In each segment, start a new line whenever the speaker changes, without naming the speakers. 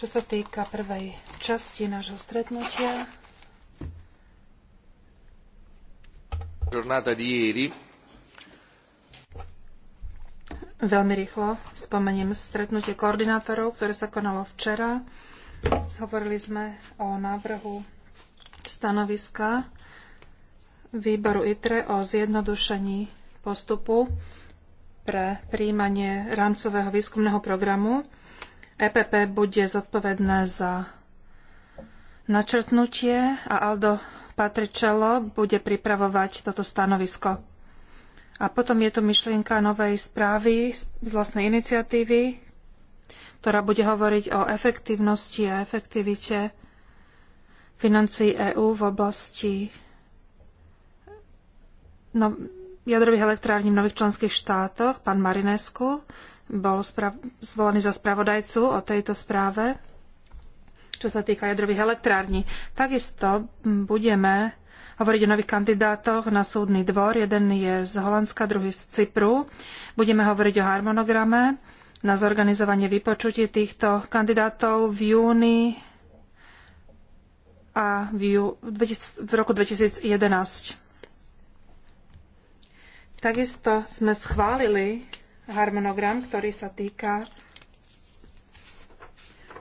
Čo sa týka prvej časti nášho stretnutia,
giornata di
Veľmi rýchlo spomeniem stretnutie koordinátorov, ktoré sa konalo včera. Hovorili sme o návrhu stanoviska výboru ITRE o zjednodušení postupu pre príjmanie rámcového výskumného programu EPP bude zodpovedné za načrtnutie a Aldo Patričelo bude pripravovať toto stanovisko. A potom je tu myšlienka novej správy z vlastnej iniciatívy, ktorá bude hovoriť o efektívnosti a efektivite financií EÚ v oblasti no, jadrových elektrární v nových členských štátoch, pán Marinescu bol zvolený za spravodajcu o tejto správe, čo sa týka jadrových elektrární. Takisto budeme hovoriť o nových kandidátoch na súdny dvor. Jeden je z Holandska, druhý z Cypru. Budeme hovoriť o harmonograme na zorganizovanie vypočutí týchto kandidátov v júni a v, jú, v roku 2011. Takisto sme schválili harmonogram, ktorý sa týka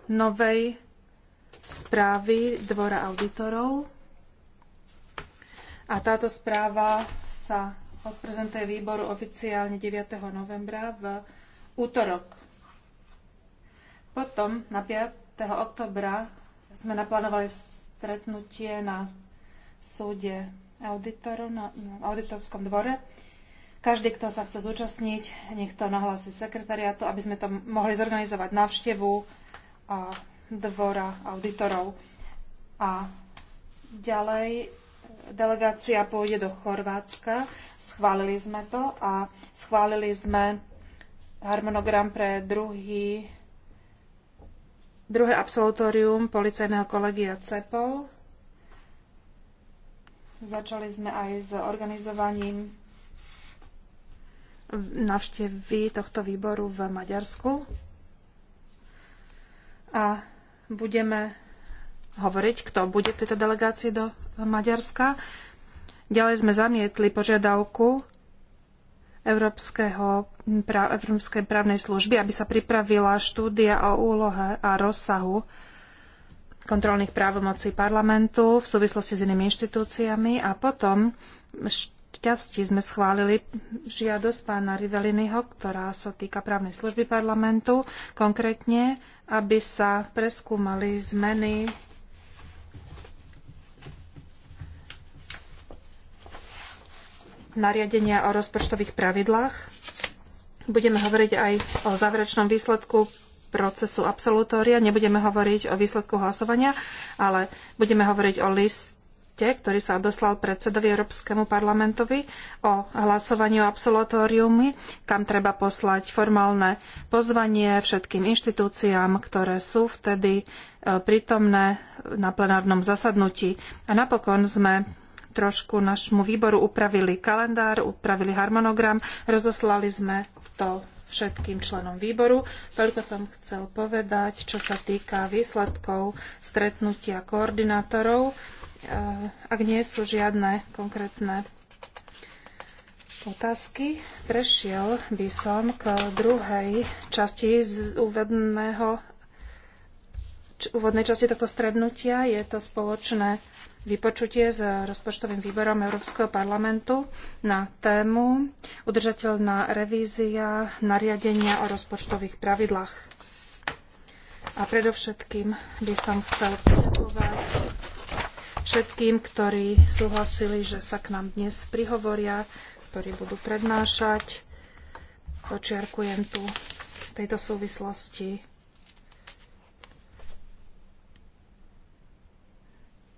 novej správy Dvora auditorov. A táto správa sa odprezentuje výboru oficiálne 9. novembra v útorok. Potom na 5. oktobra sme naplánovali stretnutie na súde auditorov na, na auditorskom dvore každý, kto sa chce zúčastniť, nech to nahlási sekretariatu, aby sme tam mohli zorganizovať návštevu a dvora auditorov. A ďalej delegácia pôjde do Chorvátska. Schválili sme to a schválili sme harmonogram pre druhý, druhé absolutórium policajného kolegia CEPOL. Začali sme aj s organizovaním navštevy tohto výboru v Maďarsku a budeme hovoriť, kto bude v tejto delegácii do Maďarska. Ďalej sme zamietli požiadavku Európskeho, Európskej právnej služby, aby sa pripravila štúdia o úlohe a rozsahu kontrolných právomocí parlamentu v súvislosti s inými inštitúciami a potom šťastí sme schválili žiadosť pána Riveliniho, ktorá sa týka právnej služby parlamentu, konkrétne, aby sa preskúmali zmeny nariadenia o rozpočtových pravidlách. Budeme hovoriť aj o záverečnom výsledku procesu absolutória. Nebudeme hovoriť o výsledku hlasovania, ale budeme hovoriť o list liste, ktorý sa odoslal predsedovi Európskemu parlamentovi o hlasovaní o absolutóriumi, kam treba poslať formálne pozvanie všetkým inštitúciám, ktoré sú vtedy e, prítomné na plenárnom zasadnutí. A napokon sme trošku našmu výboru upravili kalendár, upravili harmonogram, rozoslali sme to všetkým členom výboru. Toľko som chcel povedať, čo sa týka výsledkov stretnutia koordinátorov. Eh, ak nie sú žiadne konkrétne otázky, prešiel by som k druhej časti z úvodného úvodnej časti tohto strednutia. Je to spoločné vypočutie s rozpočtovým výborom Európskeho parlamentu na tému udržateľná revízia nariadenia o rozpočtových pravidlách. A predovšetkým by som chcel poďakovať všetkým, ktorí súhlasili, že sa k nám dnes prihovoria, ktorí budú prednášať. Počiarkujem tu v tejto súvislosti,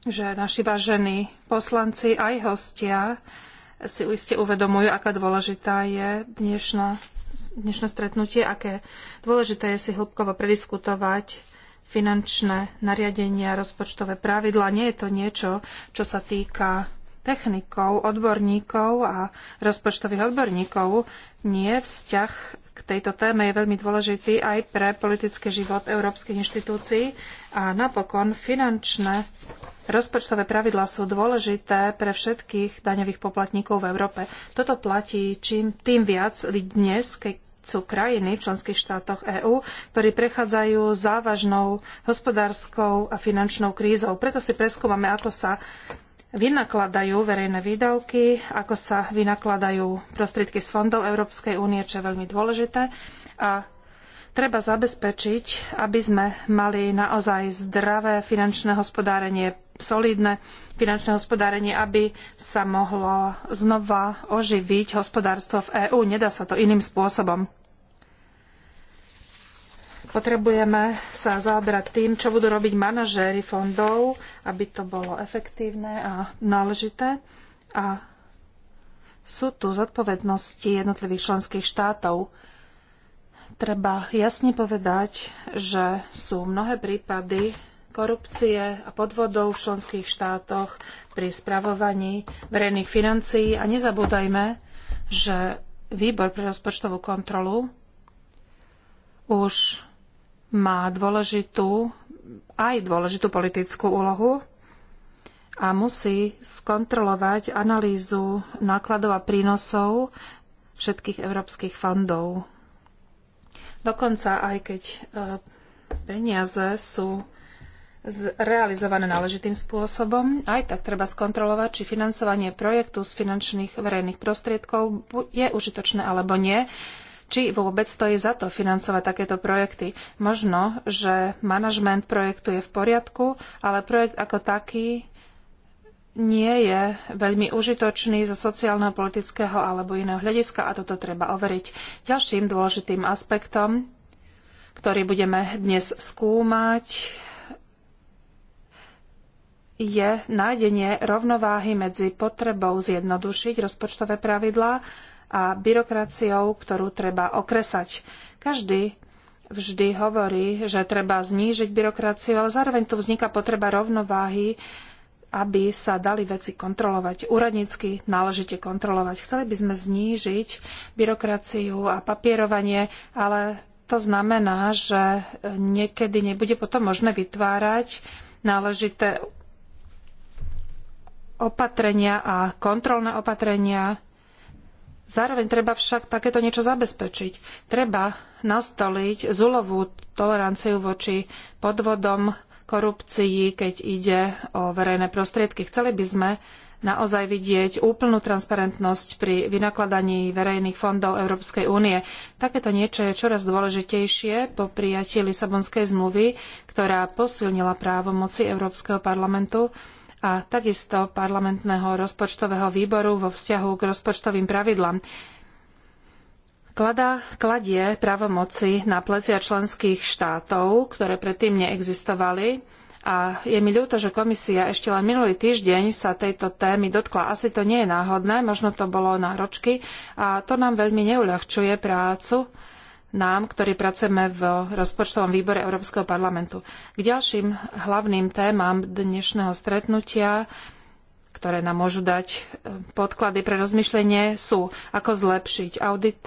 že naši vážení poslanci aj hostia si uiste uvedomujú, aká dôležitá je dnešná, dnešné stretnutie, aké dôležité je si hĺbkovo prediskutovať finančné nariadenia, rozpočtové pravidla. Nie je to niečo, čo sa týka technikov, odborníkov a rozpočtových odborníkov. Nie, vzťah k tejto téme je veľmi dôležitý aj pre politický život európskych inštitúcií a napokon finančné rozpočtové pravidla sú dôležité pre všetkých daňových poplatníkov v Európe. Toto platí čím tým viac dnes, keď sú krajiny v členských štátoch EÚ, ktorí prechádzajú závažnou hospodárskou a finančnou krízou. Preto si preskúmame, ako sa vynakladajú verejné výdavky, ako sa vynakladajú prostriedky z fondov Európskej únie, čo je veľmi dôležité. A treba zabezpečiť, aby sme mali naozaj zdravé finančné hospodárenie solidné finančné hospodárenie, aby sa mohlo znova oživiť hospodárstvo v EÚ. Nedá sa to iným spôsobom. Potrebujeme sa zaoberať tým, čo budú robiť manažéri fondov, aby to bolo efektívne a náležité. A sú tu zodpovednosti jednotlivých členských štátov. Treba jasne povedať, že sú mnohé prípady korupcie a podvodov v členských štátoch pri spravovaní verejných financií a nezabúdajme, že Výbor pre rozpočtovú kontrolu už má dôležitú, aj dôležitú politickú úlohu a musí skontrolovať analýzu nákladov a prínosov všetkých európskych fondov. Dokonca aj keď e, peniaze sú realizované náležitým spôsobom. Aj tak treba skontrolovať, či financovanie projektu z finančných verejných prostriedkov je užitočné alebo nie či vôbec stojí za to financovať takéto projekty. Možno, že manažment projektu je v poriadku, ale projekt ako taký nie je veľmi užitočný zo sociálneho, politického alebo iného hľadiska a toto treba overiť. Ďalším dôležitým aspektom, ktorý budeme dnes skúmať, je nájdenie rovnováhy medzi potrebou zjednodušiť rozpočtové pravidlá a byrokraciou, ktorú treba okresať. Každý vždy hovorí, že treba znížiť byrokraciu, ale zároveň tu vzniká potreba rovnováhy, aby sa dali veci kontrolovať, úradnícky náležite kontrolovať. Chceli by sme znížiť byrokraciu a papierovanie, ale to znamená, že niekedy nebude potom možné vytvárať náležité opatrenia a kontrolné opatrenia. Zároveň treba však takéto niečo zabezpečiť. Treba nastoliť zulovú toleranciu voči podvodom, korupcii, keď ide o verejné prostriedky. Chceli by sme naozaj vidieť úplnú transparentnosť pri vynakladaní verejných fondov Európskej únie. Takéto niečo je čoraz dôležitejšie po prijatí Lisabonskej zmluvy, ktorá posilnila právomoci Európskeho parlamentu a takisto parlamentného rozpočtového výboru vo vzťahu k rozpočtovým pravidlám. Klada, kladie právomoci na plecia členských štátov, ktoré predtým neexistovali, a je mi ľúto, že komisia ešte len minulý týždeň sa tejto témy dotkla. Asi to nie je náhodné, možno to bolo náročky a to nám veľmi neuľahčuje prácu nám, ktorí pracujeme v rozpočtovom výbore Európskeho parlamentu. K ďalším hlavným témam dnešného stretnutia, ktoré nám môžu dať e, podklady pre rozmýšľanie, sú ako zlepšiť audit,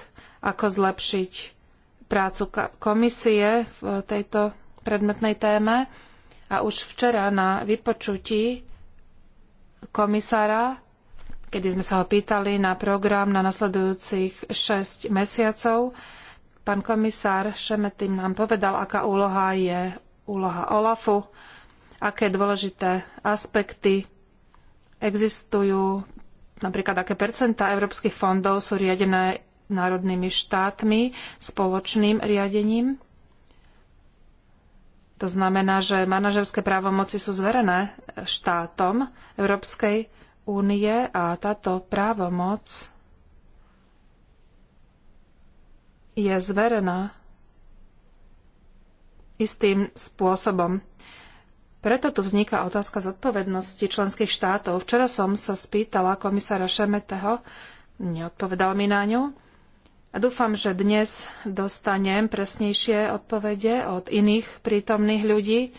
ako zlepšiť prácu komisie v tejto predmetnej téme. A už včera na vypočutí komisára, kedy sme sa ho pýtali na program na nasledujúcich 6 mesiacov, Pán komisár Šemetým nám povedal, aká úloha je úloha OLAFu, aké dôležité aspekty existujú, napríklad aké percentá európskych fondov sú riadené národnými štátmi spoločným riadením. To znamená, že manažerské právomoci sú zverené štátom Európskej únie a táto právomoc je zverená istým spôsobom. Preto tu vzniká otázka zodpovednosti členských štátov. Včera som sa spýtala komisára Šemeteho, neodpovedal mi na ňu. A dúfam, že dnes dostanem presnejšie odpovede od iných prítomných ľudí,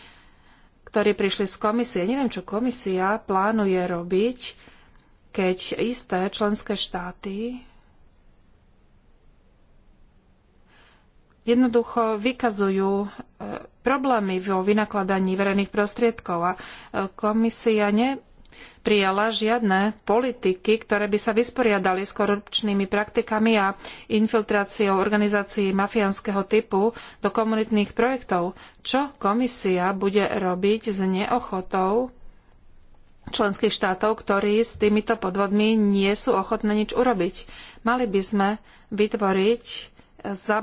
ktorí prišli z komisie. Neviem, čo komisia plánuje robiť, keď isté členské štáty jednoducho vykazujú e, problémy vo vynakladaní verejných prostriedkov a e, komisia neprijala žiadne politiky, ktoré by sa vysporiadali s korupčnými praktikami a infiltráciou organizácií mafiánskeho typu do komunitných projektov. Čo komisia bude robiť s neochotou členských štátov, ktorí s týmito podvodmi nie sú ochotné nič urobiť. Mali by sme vytvoriť za,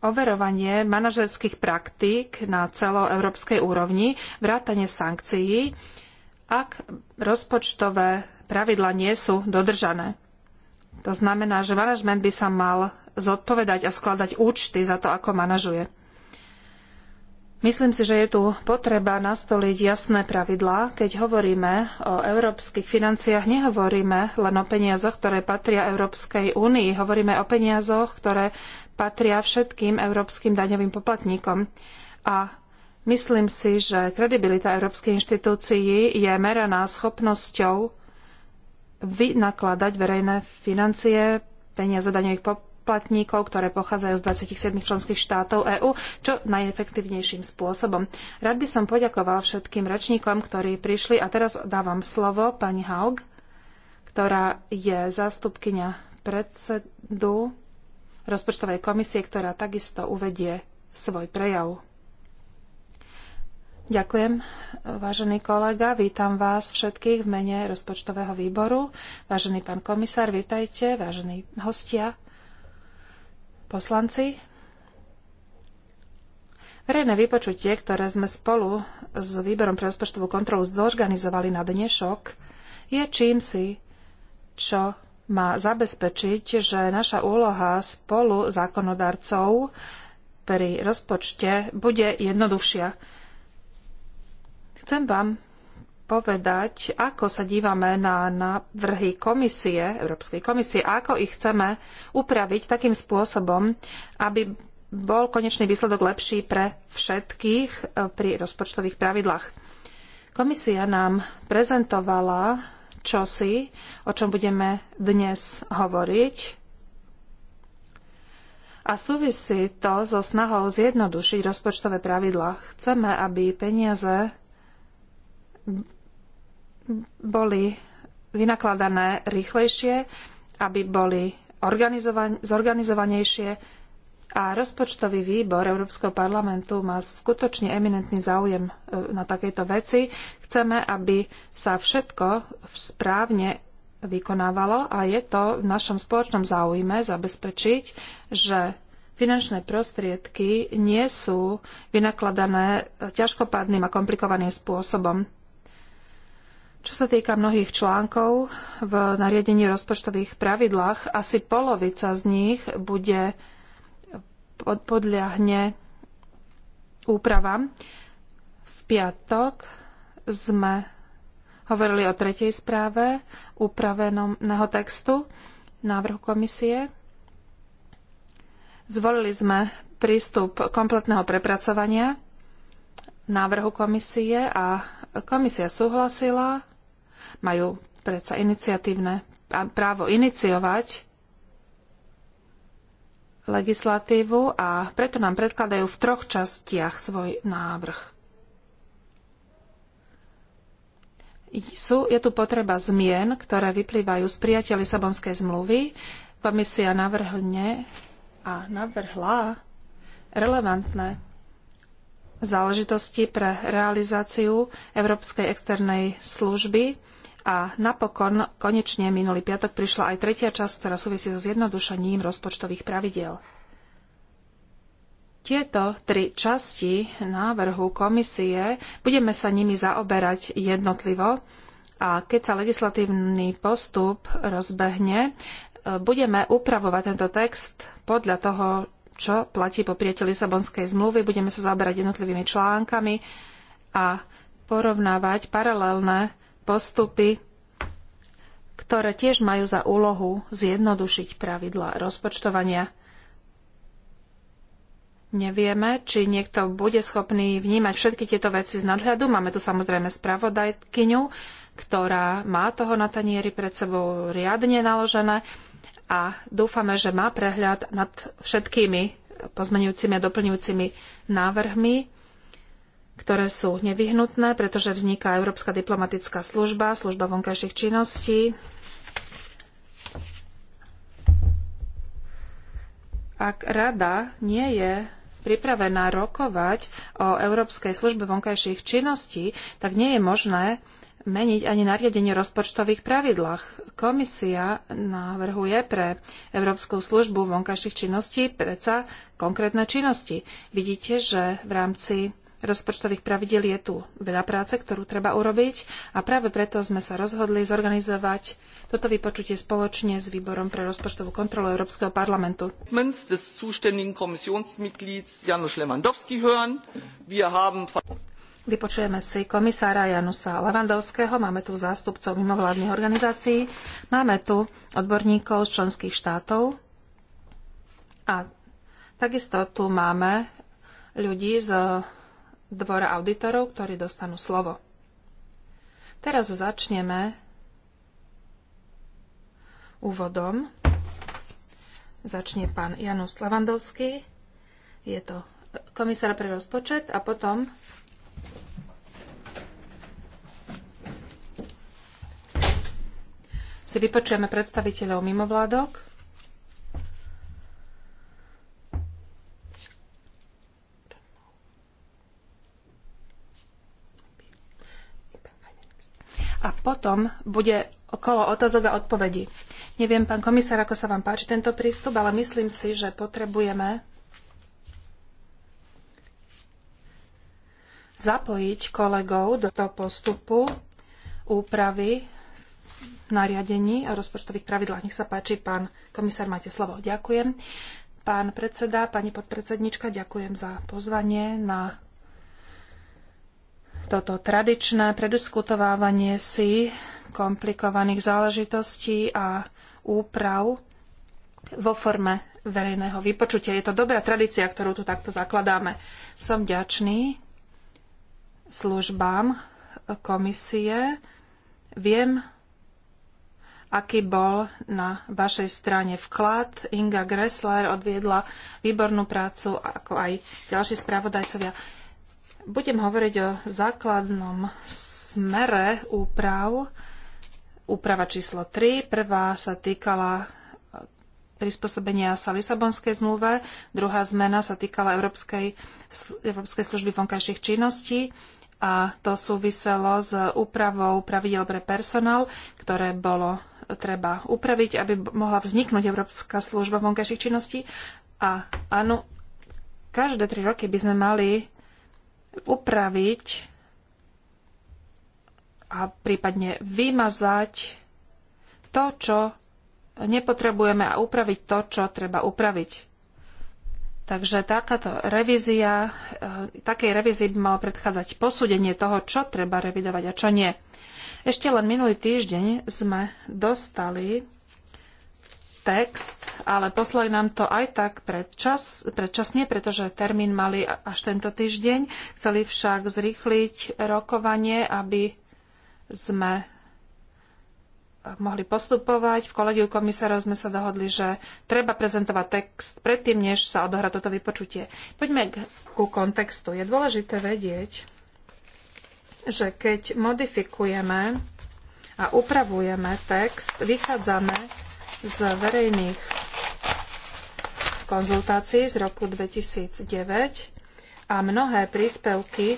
overovanie manažerských praktík na celoeurópskej úrovni, vrátanie sankcií, ak rozpočtové pravidlá nie sú dodržané. To znamená, že manažment by sa mal zodpovedať a skladať účty za to, ako manažuje. Myslím si, že je tu potreba nastoliť jasné pravidlá. Keď hovoríme o európskych financiách, nehovoríme len o peniazoch, ktoré patria Európskej únii. Hovoríme o peniazoch, ktoré patria všetkým európskym daňovým poplatníkom. A myslím si, že kredibilita európskych inštitúcií je meraná schopnosťou vynakladať verejné financie, peniaze daňových poplatníkov poplatníkov, ktoré pochádzajú z 27 členských štátov EÚ, čo najefektívnejším spôsobom. Rád by som poďakoval všetkým rečníkom, ktorí prišli a teraz dávam slovo pani Haug, ktorá je zástupkyňa predsedu rozpočtovej komisie, ktorá takisto uvedie svoj prejav. Ďakujem, vážený kolega. Vítam vás všetkých v mene rozpočtového výboru. Vážený pán komisár, vítajte, vážení hostia poslanci. Verejné vypočutie, ktoré sme spolu s Výberom pre rozpočtovú kontrolu zorganizovali na dnešok, je čím si, čo má zabezpečiť, že naša úloha spolu zákonodarcov pri rozpočte bude jednoduchšia. Chcem vám povedať, ako sa dívame na návrhy komisie, Európskej komisie a ako ich chceme upraviť takým spôsobom, aby bol konečný výsledok lepší pre všetkých eh, pri rozpočtových pravidlách. Komisia nám prezentovala čosi, o čom budeme dnes hovoriť. A súvisí to so snahou zjednodušiť rozpočtové pravidlá. Chceme, aby peniaze boli vynakladané rýchlejšie, aby boli zorganizovanejšie a rozpočtový výbor Európskeho parlamentu má skutočne eminentný záujem e, na takejto veci. Chceme, aby sa všetko správne vykonávalo a je to v našom spoločnom záujme zabezpečiť, že finančné prostriedky nie sú vynakladané ťažkopádnym a komplikovaným spôsobom. Čo sa týka mnohých článkov v nariadení rozpočtových pravidlách, asi polovica z nich bude podľahne úpravám. V piatok sme hovorili o tretej správe upraveného textu návrhu komisie. Zvolili sme prístup kompletného prepracovania návrhu komisie a komisia súhlasila, majú predsa iniciatívne právo iniciovať legislatívu a preto nám predkladajú v troch častiach svoj návrh. Sú, je tu potreba zmien, ktoré vyplývajú z prijatia Lisabonskej zmluvy. Komisia navrhne a navrhla relevantné záležitosti pre realizáciu Európskej externej služby a napokon, konečne minulý piatok, prišla aj tretia časť, ktorá súvisí so zjednodušením rozpočtových pravidiel. Tieto tri časti návrhu komisie budeme sa nimi zaoberať jednotlivo a keď sa legislatívny postup rozbehne, budeme upravovať tento text podľa toho, čo platí po prijatí Lisabonskej zmluvy. Budeme sa zaoberať jednotlivými článkami a porovnávať paralelné postupy, ktoré tiež majú za úlohu zjednodušiť pravidla rozpočtovania. Nevieme, či niekto bude schopný vnímať všetky tieto veci z nadhľadu. Máme tu samozrejme spravodajkyňu, ktorá má toho na tanieri pred sebou riadne naložené a dúfame, že má prehľad nad všetkými pozmenujúcimi a doplňujúcimi návrhmi, ktoré sú nevyhnutné, pretože vzniká Európska diplomatická služba, služba vonkajších činností. Ak rada nie je pripravená rokovať o Európskej službe vonkajších činností, tak nie je možné meniť ani nariadenie o rozpočtových pravidlách. Komisia navrhuje pre Európsku službu vonkajších činností predsa konkrétne činnosti. Vidíte, že v rámci rozpočtových pravidel je tu veľa práce, ktorú treba urobiť a práve preto sme sa rozhodli zorganizovať toto vypočutie spoločne s Výborom pre rozpočtovú kontrolu Európskeho parlamentu. Vypočujeme si komisára Janusa Levandovského, máme tu zástupcov mimovládnych organizácií, máme tu odborníkov z členských štátov a takisto tu máme ľudí z dvora auditorov, ktorí dostanú slovo. Teraz začneme úvodom. Začne pán Janus Levandovský, je to komisár pre rozpočet a potom si vypočujeme predstaviteľov mimovládok. A potom bude okolo otázok a odpovedí. Neviem, pán komisár, ako sa vám páči tento prístup, ale myslím si, že potrebujeme zapojiť kolegov do toho postupu úpravy nariadení a rozpočtových pravidlách. Nech sa páči, pán komisár, máte slovo. Ďakujem. Pán predseda, pani podpredsednička, ďakujem za pozvanie na toto tradičné prediskutovávanie si komplikovaných záležitostí a úprav vo forme verejného vypočutia. Je to dobrá tradícia, ktorú tu takto zakladáme. Som ďačný službám komisie. Viem, aký bol na vašej strane vklad. Inga Gressler odviedla výbornú prácu, ako aj ďalší spravodajcovia. Budem hovoriť o základnom smere úprav. Úprava číslo 3. Prvá sa týkala prispôsobenia sa Lisabonskej zmluve, druhá zmena sa týkala Európskej, Európskej služby vonkajších činností a to súviselo s úpravou pravidel pre personál, ktoré bolo treba upraviť, aby mohla vzniknúť Európska služba vonkajších činností. A áno, každé tri roky by sme mali upraviť a prípadne vymazať to, čo nepotrebujeme a upraviť to, čo treba upraviť. Takže takáto revízia, e, takej revízii by malo predchádzať posúdenie toho, čo treba revidovať a čo nie. Ešte len minulý týždeň sme dostali text, ale poslali nám to aj tak predčas, predčasne, pretože termín mali až tento týždeň. Chceli však zrýchliť rokovanie, aby sme mohli postupovať. V kolegiu komisárov sme sa dohodli, že treba prezentovať text predtým, než sa odohrá toto vypočutie. Poďme ku kontextu. Je dôležité vedieť, že keď modifikujeme a upravujeme text, vychádzame z verejných konzultácií z roku 2009 a mnohé príspevky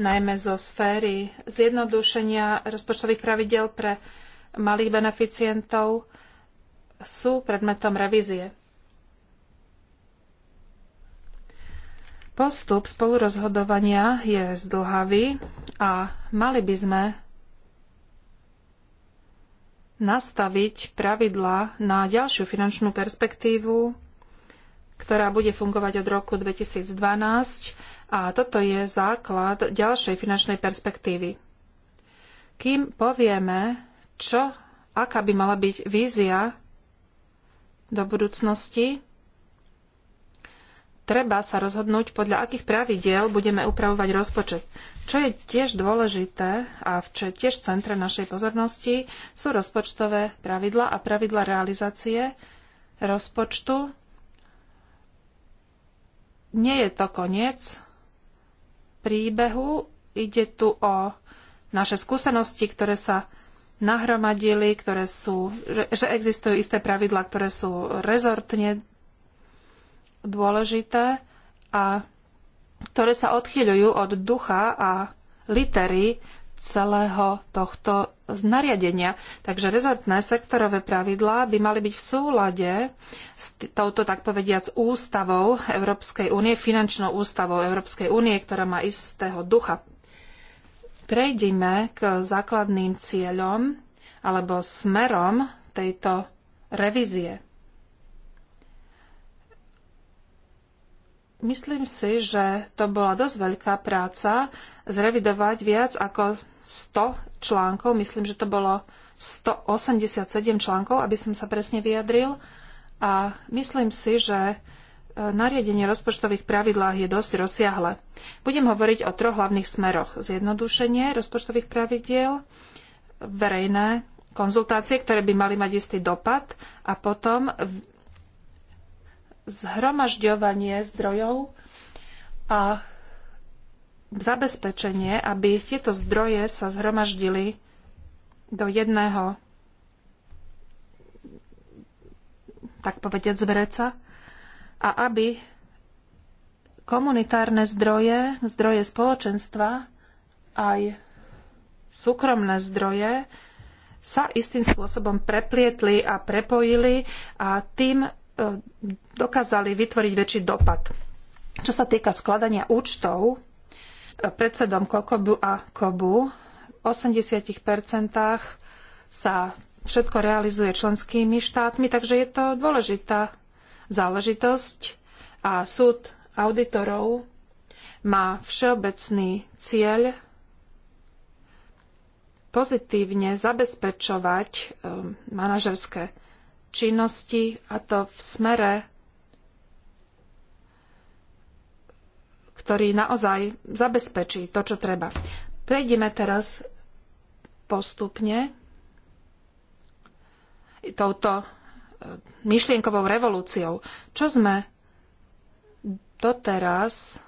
najmä zo sféry zjednodušenia rozpočtových pravidel pre malých beneficientov, sú predmetom revízie. Postup spolurozhodovania je zdlhavý a mali by sme nastaviť pravidla na ďalšiu finančnú perspektívu, ktorá bude fungovať od roku 2012 a toto je základ ďalšej finančnej perspektívy. Kým povieme, čo, aká by mala byť vízia do budúcnosti, treba sa rozhodnúť, podľa akých pravidiel budeme upravovať rozpočet. Čo je tiež dôležité a v čo je tiež centre našej pozornosti sú rozpočtové pravidla a pravidla realizácie rozpočtu. Nie je to koniec príbehu. Ide tu o naše skúsenosti, ktoré sa nahromadili, ktoré sú, že, že existujú isté pravidlá, ktoré sú rezortne dôležité a ktoré sa odchyľujú od ducha a litery celého tohto z nariadenia. Takže rezortné sektorové pravidlá by mali byť v súlade s touto, tak povediac, ústavou Európskej únie, finančnou ústavou Európskej únie, ktorá má istého ducha. Prejdime k základným cieľom alebo smerom tejto revízie. Myslím si, že to bola dosť veľká práca zrevidovať viac ako 100 článkov. Myslím, že to bolo 187 článkov, aby som sa presne vyjadril. A myslím si, že e, nariadenie rozpočtových pravidlách je dosť rozsiahle. Budem hovoriť o troch hlavných smeroch. Zjednodušenie rozpočtových pravidiel, verejné konzultácie, ktoré by mali mať istý dopad a potom zhromažďovanie zdrojov a zabezpečenie, aby tieto zdroje sa zhromaždili do jedného, tak povedať zvereca a aby komunitárne zdroje, zdroje spoločenstva aj súkromné zdroje sa istým spôsobom preplietli a prepojili a tým E, dokázali vytvoriť väčší dopad. Čo sa týka skladania účtov, e, predsedom Kokobu a Kobu v 80% sa všetko realizuje členskými štátmi, takže je to dôležitá záležitosť a súd auditorov má všeobecný cieľ pozitívne zabezpečovať e, manažerské činnosti a to v smere, ktorý naozaj zabezpečí to, čo treba. Prejdeme teraz postupne touto e, myšlienkovou revolúciou. Čo sme doteraz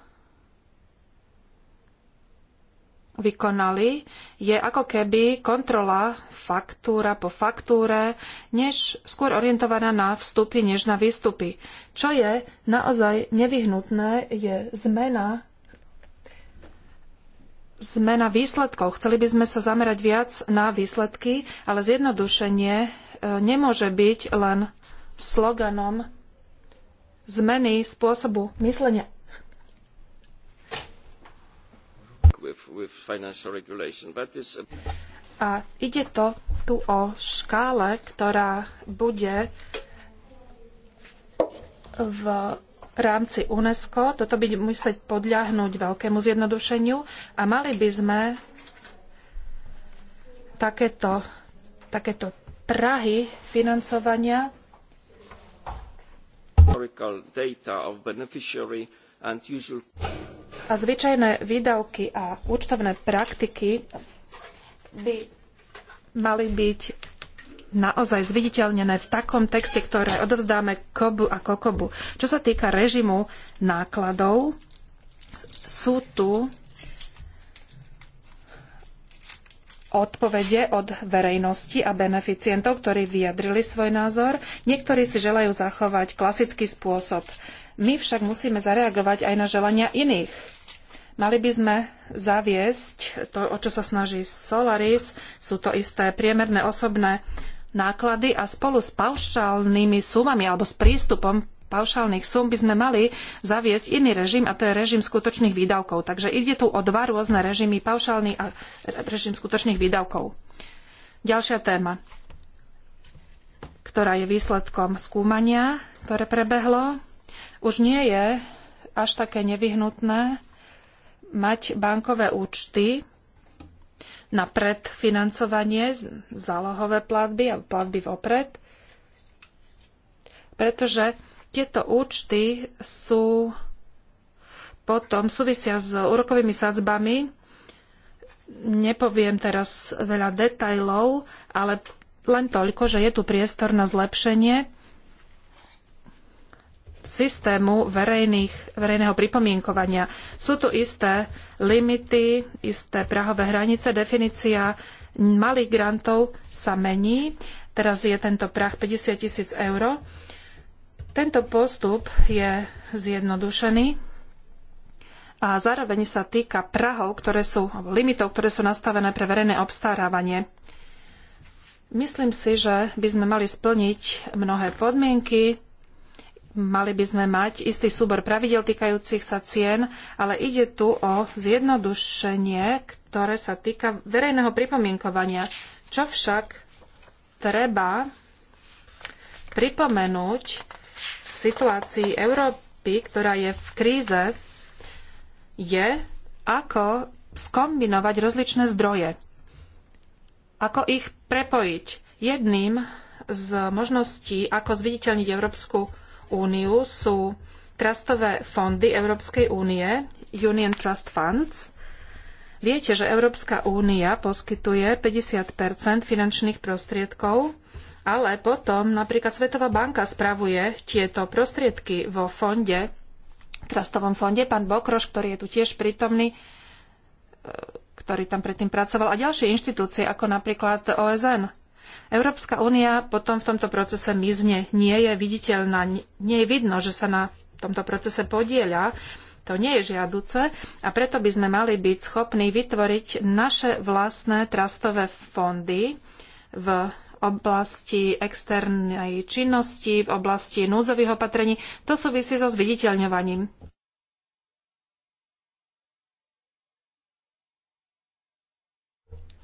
vykonali, je ako keby kontrola faktúra po faktúre, než skôr orientovaná na vstupy, než na výstupy. Čo je naozaj nevyhnutné, je zmena zmena výsledkov. Chceli by sme sa zamerať viac na výsledky, ale zjednodušenie e, nemôže byť len sloganom zmeny spôsobu myslenia A ide to tu o škále, ktorá bude v rámci UNESCO. Toto by musieť podľahnúť veľkému zjednodušeniu a mali by sme takéto, takéto prahy financovania
data of beneficiary and usual
a zvyčajné výdavky a účtovné praktiky by mali byť naozaj zviditeľnené v takom texte, ktoré odovzdáme KOBu a KOKOBu. Čo sa týka režimu nákladov, sú tu odpovede od verejnosti a beneficientov, ktorí vyjadrili svoj názor. Niektorí si želajú zachovať klasický spôsob my však musíme zareagovať aj na želania iných. Mali by sme zaviesť to, o čo sa snaží Solaris, sú to isté priemerné osobné náklady a spolu s paušálnymi sumami alebo s prístupom paušálnych sum by sme mali zaviesť iný režim a to je režim skutočných výdavkov. Takže ide tu o dva rôzne režimy, paušálny a režim skutočných výdavkov. Ďalšia téma, ktorá je výsledkom skúmania, ktoré prebehlo už nie je až také nevyhnutné mať bankové účty na predfinancovanie, zálohové platby a platby vopred, pretože tieto účty sú potom súvisia s úrokovými sadzbami. Nepoviem teraz veľa detajlov, ale len toľko, že je tu priestor na zlepšenie systému verejných, verejného pripomienkovania. Sú tu isté limity, isté prahové hranice, definícia malých grantov sa mení. Teraz je tento prah 50 tisíc eur. Tento postup je zjednodušený a zároveň sa týka prahov, ktoré sú, limitov, ktoré sú nastavené pre verejné obstarávanie. Myslím si, že by sme mali splniť mnohé podmienky, Mali by sme mať istý súbor pravidel týkajúcich sa cien, ale ide tu o zjednodušenie, ktoré sa týka verejného pripomienkovania. Čo však treba pripomenúť v situácii Európy, ktorá je v kríze, je, ako skombinovať rozličné zdroje. Ako ich prepojiť. Jedným z možností, ako zviditeľniť Európsku úniu sú trastové fondy Európskej únie, Union Trust Funds. Viete, že Európska únia poskytuje 50 finančných prostriedkov, ale potom napríklad Svetová banka spravuje tieto prostriedky vo fonde, trustovom fonde. Pán Bokroš, ktorý je tu tiež prítomný, e, ktorý tam predtým pracoval, a ďalšie inštitúcie, ako napríklad OSN. Európska únia potom v tomto procese mizne, nie je viditeľná, nie je vidno, že sa na tomto procese podieľa. To nie je žiaduce a preto by sme mali byť schopní vytvoriť naše vlastné trastové fondy v oblasti externej činnosti, v oblasti núdzových opatrení. To súvisí so zviditeľňovaním.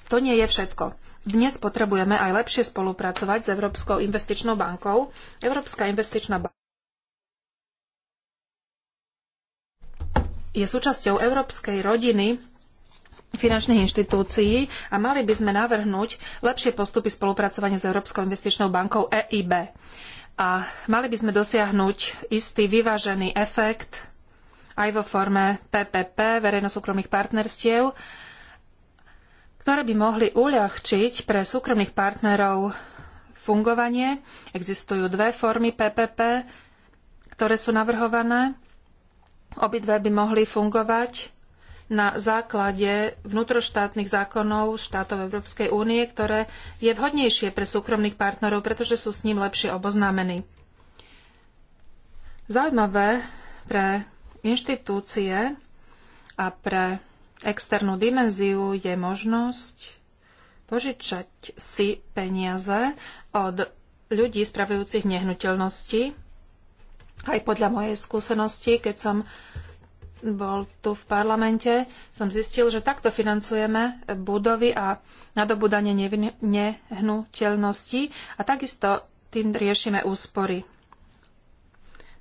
To nie je všetko. Dnes potrebujeme aj lepšie spolupracovať s Európskou investičnou bankou. Európska investičná banka je súčasťou európskej rodiny finančných inštitúcií a mali by sme navrhnúť lepšie postupy spolupracovania s Európskou investičnou bankou EIB. A mali by sme dosiahnuť istý vyvážený efekt aj vo forme PPP, verejno-súkromných partnerstiev, ktoré by mohli uľahčiť pre súkromných partnerov fungovanie. Existujú dve formy PPP, ktoré sú navrhované. Obidve by mohli fungovať na základe vnútroštátnych zákonov štátov Európskej únie, ktoré je vhodnejšie pre súkromných partnerov, pretože sú s ním lepšie oboznámení. Zaujímavé pre inštitúcie a pre externú dimenziu je možnosť požičať si peniaze od ľudí spravujúcich nehnuteľnosti. Aj podľa mojej skúsenosti, keď som bol tu v parlamente, som zistil, že takto financujeme budovy a nadobudanie nehnuteľnosti a takisto tým riešime úspory.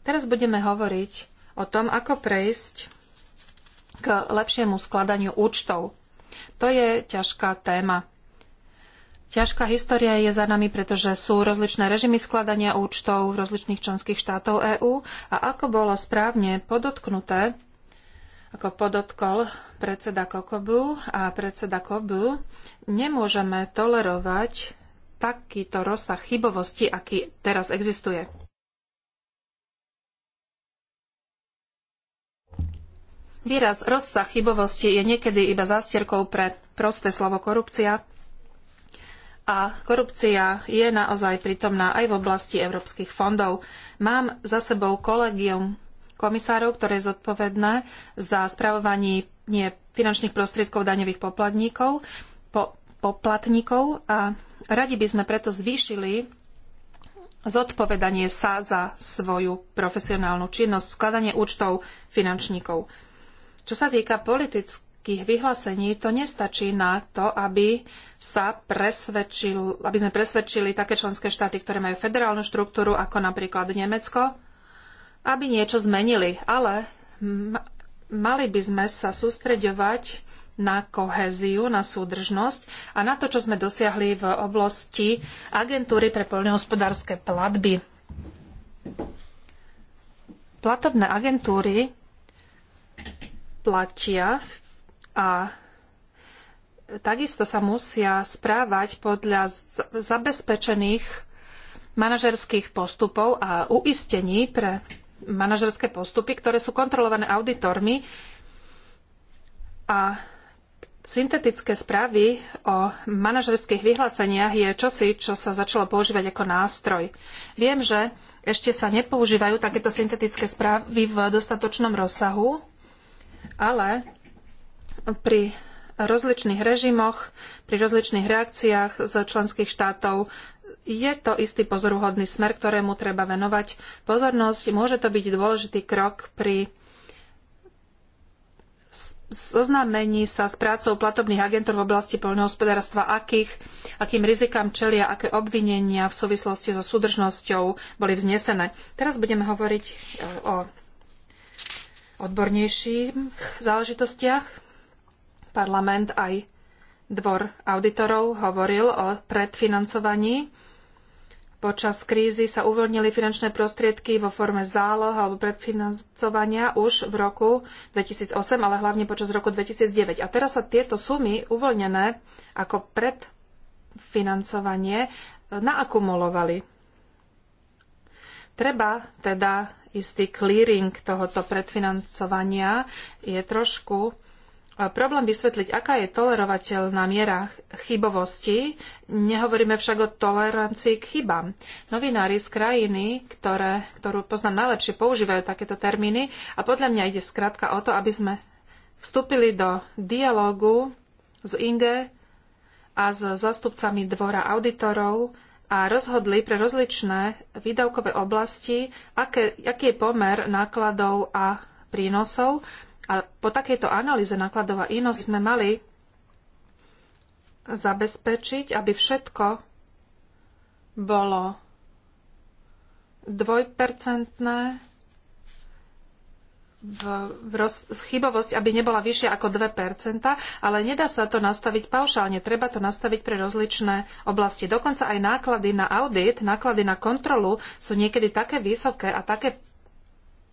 Teraz budeme hovoriť o tom, ako prejsť k lepšiemu skladaniu účtov. To je ťažká téma. Ťažká história je za nami, pretože sú rozličné režimy skladania účtov rozličných členských štátov EÚ a ako bolo správne podotknuté, ako podotkol predseda Kokobu a predseda Kobu, nemôžeme tolerovať takýto rozsah chybovosti, aký teraz existuje. Výraz rozsah chybovosti je niekedy iba zástierkou pre prosté slovo korupcia a korupcia je naozaj prítomná aj v oblasti európskych fondov. Mám za sebou kolegium komisárov, ktoré je zodpovedné za spravovanie finančných prostriedkov daňových poplatníkov, po, poplatníkov a radi by sme preto zvýšili zodpovedanie sa za svoju profesionálnu činnosť, skladanie účtov finančníkov. Čo sa týka politických vyhlásení, to nestačí na to, aby, sa presvedčil, aby sme presvedčili také členské štáty, ktoré majú federálnu štruktúru, ako napríklad Nemecko, aby niečo zmenili. Ale mali by sme sa sústreďovať na kohéziu, na súdržnosť a na to, čo sme dosiahli v oblasti agentúry pre poľnohospodárske platby. Platobné agentúry platia a takisto sa musia správať podľa zabezpečených manažerských postupov a uistení pre manažerské postupy, ktoré sú kontrolované auditormi a syntetické správy o manažerských vyhláseniach je čosi, čo sa začalo používať ako nástroj. Viem, že ešte sa nepoužívajú takéto syntetické správy v dostatočnom rozsahu, ale pri rozličných režimoch, pri rozličných reakciách z členských štátov je to istý pozoruhodný smer, ktorému treba venovať pozornosť. Môže to byť dôležitý krok pri zoznámení sa s prácou platobných agentov v oblasti poľnohospodárstva, akých, akým rizikám čelia, aké obvinenia v súvislosti so súdržnosťou boli vznesené. Teraz budeme hovoriť e, o odbornejších záležitostiach. Parlament aj dvor auditorov hovoril o predfinancovaní. Počas krízy sa uvoľnili finančné prostriedky vo forme záloh alebo predfinancovania už v roku 2008, ale hlavne počas roku 2009. A teraz sa tieto sumy uvoľnené ako predfinancovanie naakumulovali. Treba teda istý clearing tohoto predfinancovania, je trošku e, problém vysvetliť, aká je tolerovateľná miera chybovosti. Nehovoríme však o tolerancii k chybám. Novinári z krajiny, ktoré, ktorú poznám najlepšie, používajú takéto termíny a podľa mňa ide skrátka o to, aby sme vstúpili do dialógu s INGE a s zastupcami dvora auditorov a rozhodli pre rozličné výdavkové oblasti, aké, aký je pomer nákladov a prínosov. A po takejto analýze nákladov a prínosov sme mali zabezpečiť, aby všetko bolo dvojpercentné v, v roz, chybovosť, aby nebola vyššia ako 2%, ale nedá sa to nastaviť paušálne. Treba to nastaviť pre rozličné oblasti. Dokonca aj náklady na audit, náklady na kontrolu sú niekedy také vysoké a také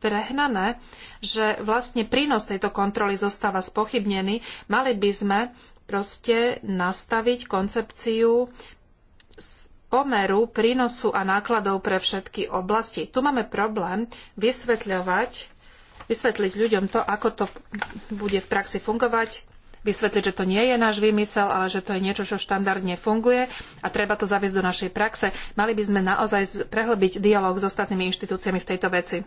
prehnané, že vlastne prínos tejto kontroly zostáva spochybnený. Mali by sme proste nastaviť koncepciu pomeru prínosu a nákladov pre všetky oblasti. Tu máme problém vysvetľovať vysvetliť ľuďom to, ako to bude v praxi fungovať, vysvetliť, že to nie je náš výmysel, ale že to je niečo, čo štandardne funguje a treba to zaviesť do našej praxe. Mali by sme naozaj prehlbiť dialog s ostatnými inštitúciami v tejto veci.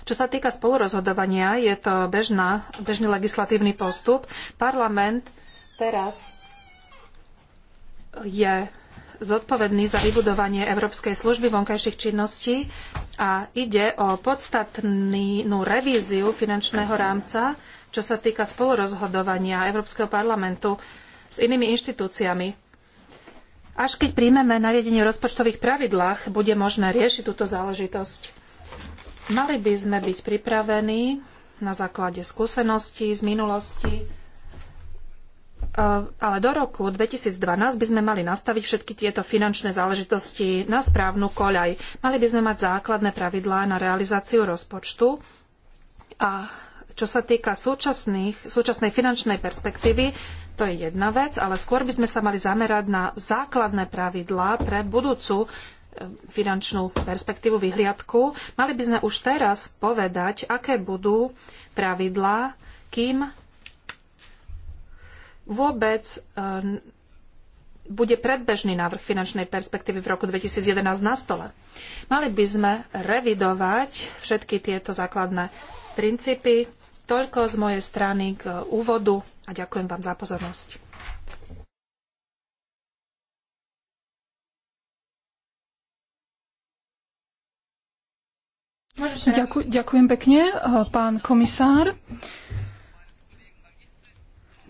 Čo sa týka spolurozhodovania, je to bežná, bežný legislatívny postup. Parlament teraz je zodpovedný za vybudovanie Európskej služby vonkajších činností a ide o podstatnú revíziu finančného rámca, čo sa týka spolurozhodovania Európskeho parlamentu s inými inštitúciami. Až keď príjmeme nariadenie o rozpočtových pravidlách, bude možné riešiť túto záležitosť. Mali by sme byť pripravení na základe skúseností z minulosti Eh, ale do roku 2012 by sme mali nastaviť všetky tieto finančné záležitosti na správnu koľaj. Mali by sme mať základné pravidlá na realizáciu rozpočtu a čo sa týka súčasnej finančnej perspektívy, to je jedna vec, ale skôr by sme sa mali zamerať na základné pravidlá pre budúcu eh, finančnú perspektívu, vyhliadku. Mali by sme už teraz povedať, aké budú pravidlá, kým vôbec e, bude predbežný návrh finančnej perspektívy v roku 2011 na stole. Mali by sme revidovať všetky tieto základné princípy. Toľko z mojej strany k úvodu a ďakujem vám za pozornosť.
Ďakujem, ďakujem pekne, e, pán komisár.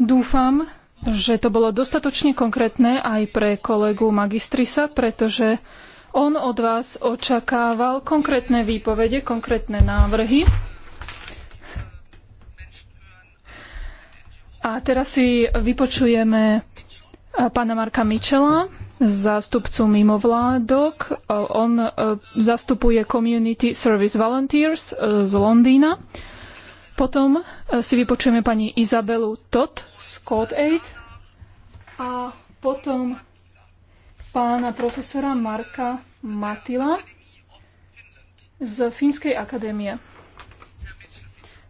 Dúfam, že to bolo dostatočne konkrétne aj pre kolegu Magistrisa, pretože on od vás očakával konkrétne výpovede, konkrétne návrhy. A teraz si vypočujeme eh, pána Marka Michela, zástupcu mimovládok. Eh, on eh, zastupuje Community Service Volunteers z Londýna. Potom e, si vypočujeme pani Izabelu Todd z Code Aid a potom pána profesora Marka Matila z Fínskej akadémie.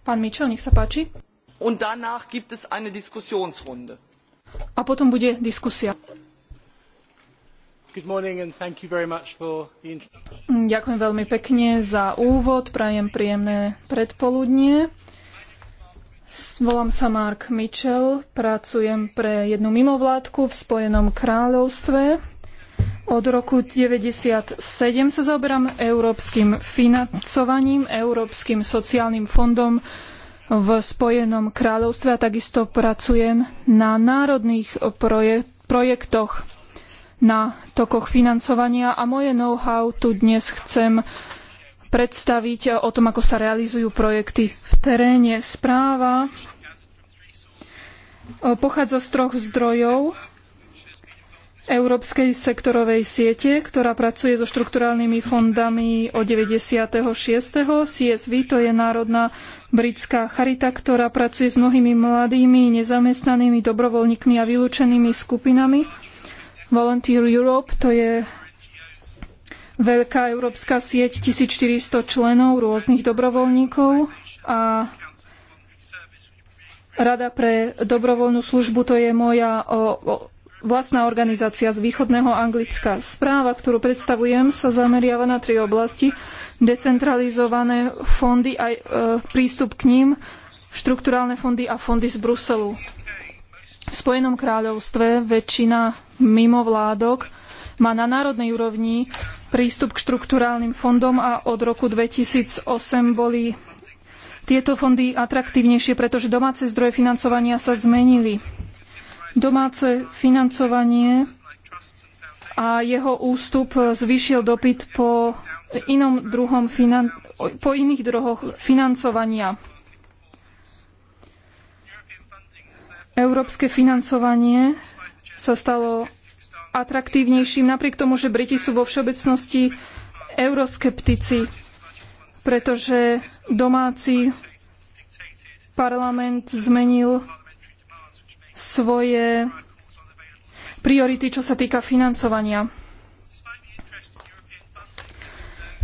Pán Mitchell, nech sa páči.
Und danach gibt es eine Diskussionsrunde.
A potom bude diskusia.
Good morning and thank you very much for the...
Ďakujem veľmi pekne za úvod, prajem príjemné predpoludnie. Volám sa Mark Mitchell, pracujem pre jednu mimovládku v Spojenom kráľovstve. Od roku 1997 sa zaoberám európskym financovaním, Európskym sociálnym fondom v Spojenom kráľovstve a takisto pracujem na národných projek projektoch na tokoch financovania a moje know-how tu dnes chcem predstaviť o tom, ako sa realizujú projekty v teréne. Správa e, pochádza z troch zdrojov. Európskej sektorovej siete, ktorá pracuje so štrukturálnymi fondami od 96. CSV, to je národná britská charita, ktorá pracuje s mnohými mladými, nezamestnanými, dobrovoľníkmi a vylúčenými skupinami. Volunteer Europe, to je veľká európska sieť 1400 členov rôznych dobrovoľníkov a Rada pre dobrovoľnú službu to je moja o, o, vlastná organizácia z východného Anglicka. Správa, ktorú predstavujem, sa zameriava na tri oblasti. Decentralizované fondy, a e, prístup k ním, štrukturálne fondy a fondy z Bruselu. V Spojenom kráľovstve väčšina mimovládok má na národnej úrovni prístup k štrukturálnym fondom a od roku 2008 boli tieto fondy atraktívnejšie, pretože domáce zdroje financovania sa zmenili. Domáce financovanie a jeho ústup zvýšil dopyt po inom druhom finan- po iných druhoch financovania. Európske financovanie sa stalo atraktívnejším, napriek tomu, že Briti sú vo všeobecnosti euroskeptici, pretože domáci parlament zmenil svoje priority, čo sa týka financovania.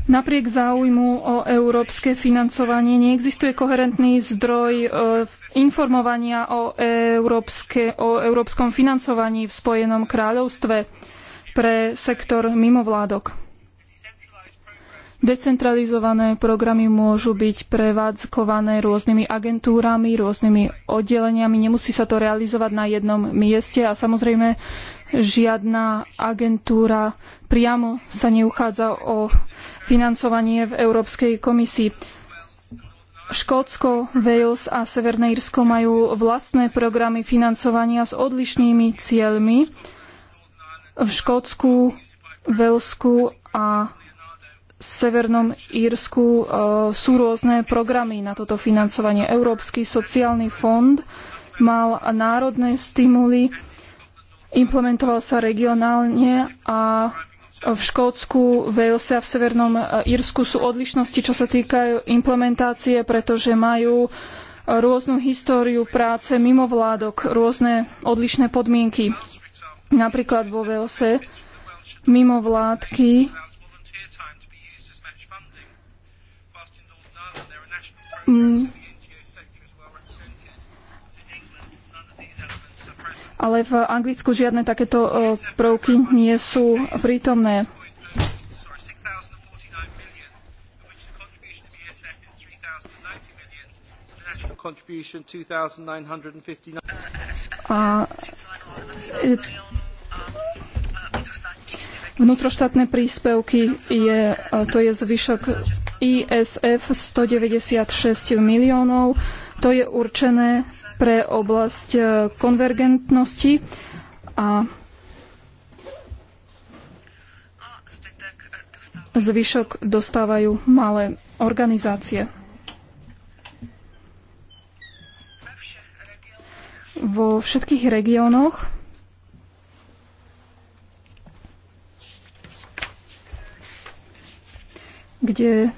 Napriek záujmu o európske financovanie neexistuje koherentný zdroj e, informovania o, európske, o európskom financovaní v Spojenom kráľovstve pre sektor mimovládok. Decentralizované programy môžu byť prevádzkované rôznymi agentúrami, rôznymi oddeleniami. Nemusí sa to realizovať na jednom mieste a samozrejme Žiadna agentúra priamo sa neuchádza o financovanie v Európskej komisii. Škótsko, Wales a Severné Írsko majú vlastné programy financovania s odlišnými cieľmi. V Škótsku, Walesku a Severnom Írsku e, sú rôzne programy na toto financovanie. Európsky sociálny fond mal národné stimuly implementoval sa regionálne a v Škótsku, Walese a v Severnom e, Írsku sú odlišnosti, čo sa týka implementácie, pretože majú rôznu históriu práce mimo vládok, rôzne odlišné podmienky. Napríklad vo Walese mimo vládky ale v Anglicku žiadne takéto e, prvky nie sú prítomné. A e, vnútroštátne príspevky je, e, to je zvyšok ISF 196 miliónov, to je určené pre oblasť e, konvergentnosti a zvyšok dostávajú malé organizácie. Vo všetkých regiónoch kde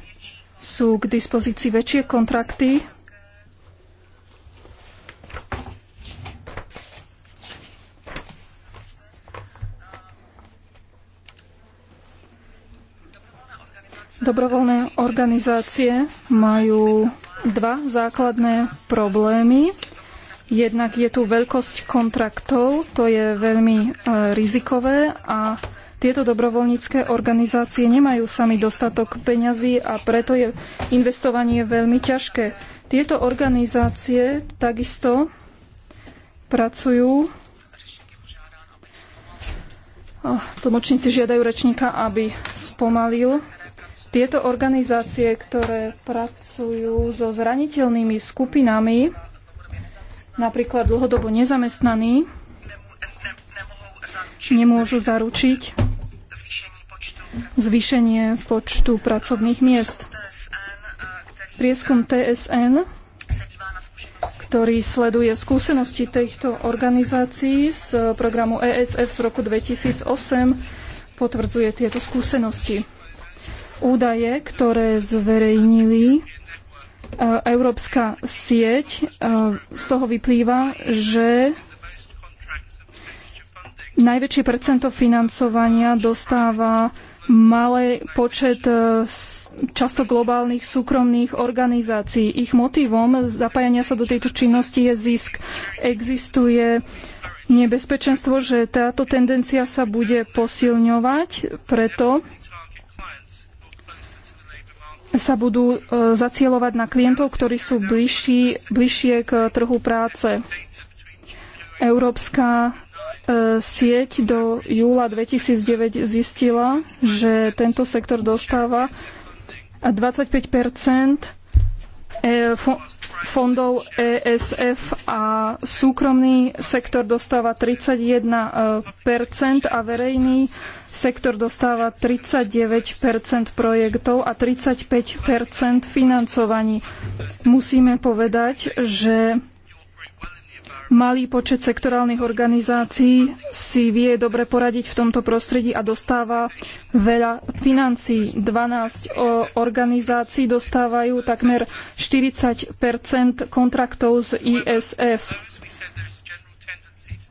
sú k dispozícii väčšie kontrakty, Dobrovoľné organizácie majú dva základné problémy. Jednak je tu veľkosť kontraktov, to je veľmi e, rizikové a tieto dobrovoľnícke organizácie nemajú sami dostatok peňazí a preto je investovanie veľmi ťažké. Tieto organizácie takisto pracujú. Tlmočníci žiadajú rečníka, aby spomalil tieto organizácie, ktoré pracujú so zraniteľnými skupinami, napríklad dlhodobo nezamestnaní, nemôžu zaručiť zvýšenie počtu pracovných miest. Prieskum TSN, ktorý sleduje skúsenosti týchto organizácií z programu ESF z roku 2008, potvrdzuje tieto skúsenosti údaje, ktoré zverejnili e, Európska sieť, e, z toho vyplýva, že najväčšie percento financovania dostáva malý počet e, často globálnych súkromných organizácií. Ich motivom zapájania sa do tejto činnosti je zisk. Existuje nebezpečenstvo, že táto tendencia sa bude posilňovať, preto sa budú e, zacielovať na klientov, ktorí sú bližší, bližšie k trhu práce. Európska e, sieť do júla 2009 zistila, že tento sektor dostáva 25 E, fondov ESF a súkromný sektor dostáva 31 e, a verejný sektor dostáva 39 projektov a 35 financovaní. Musíme povedať, že Malý počet sektorálnych organizácií si vie dobre poradiť v tomto prostredí a dostáva veľa financií. 12 organizácií dostávajú takmer 40 kontraktov z ISF.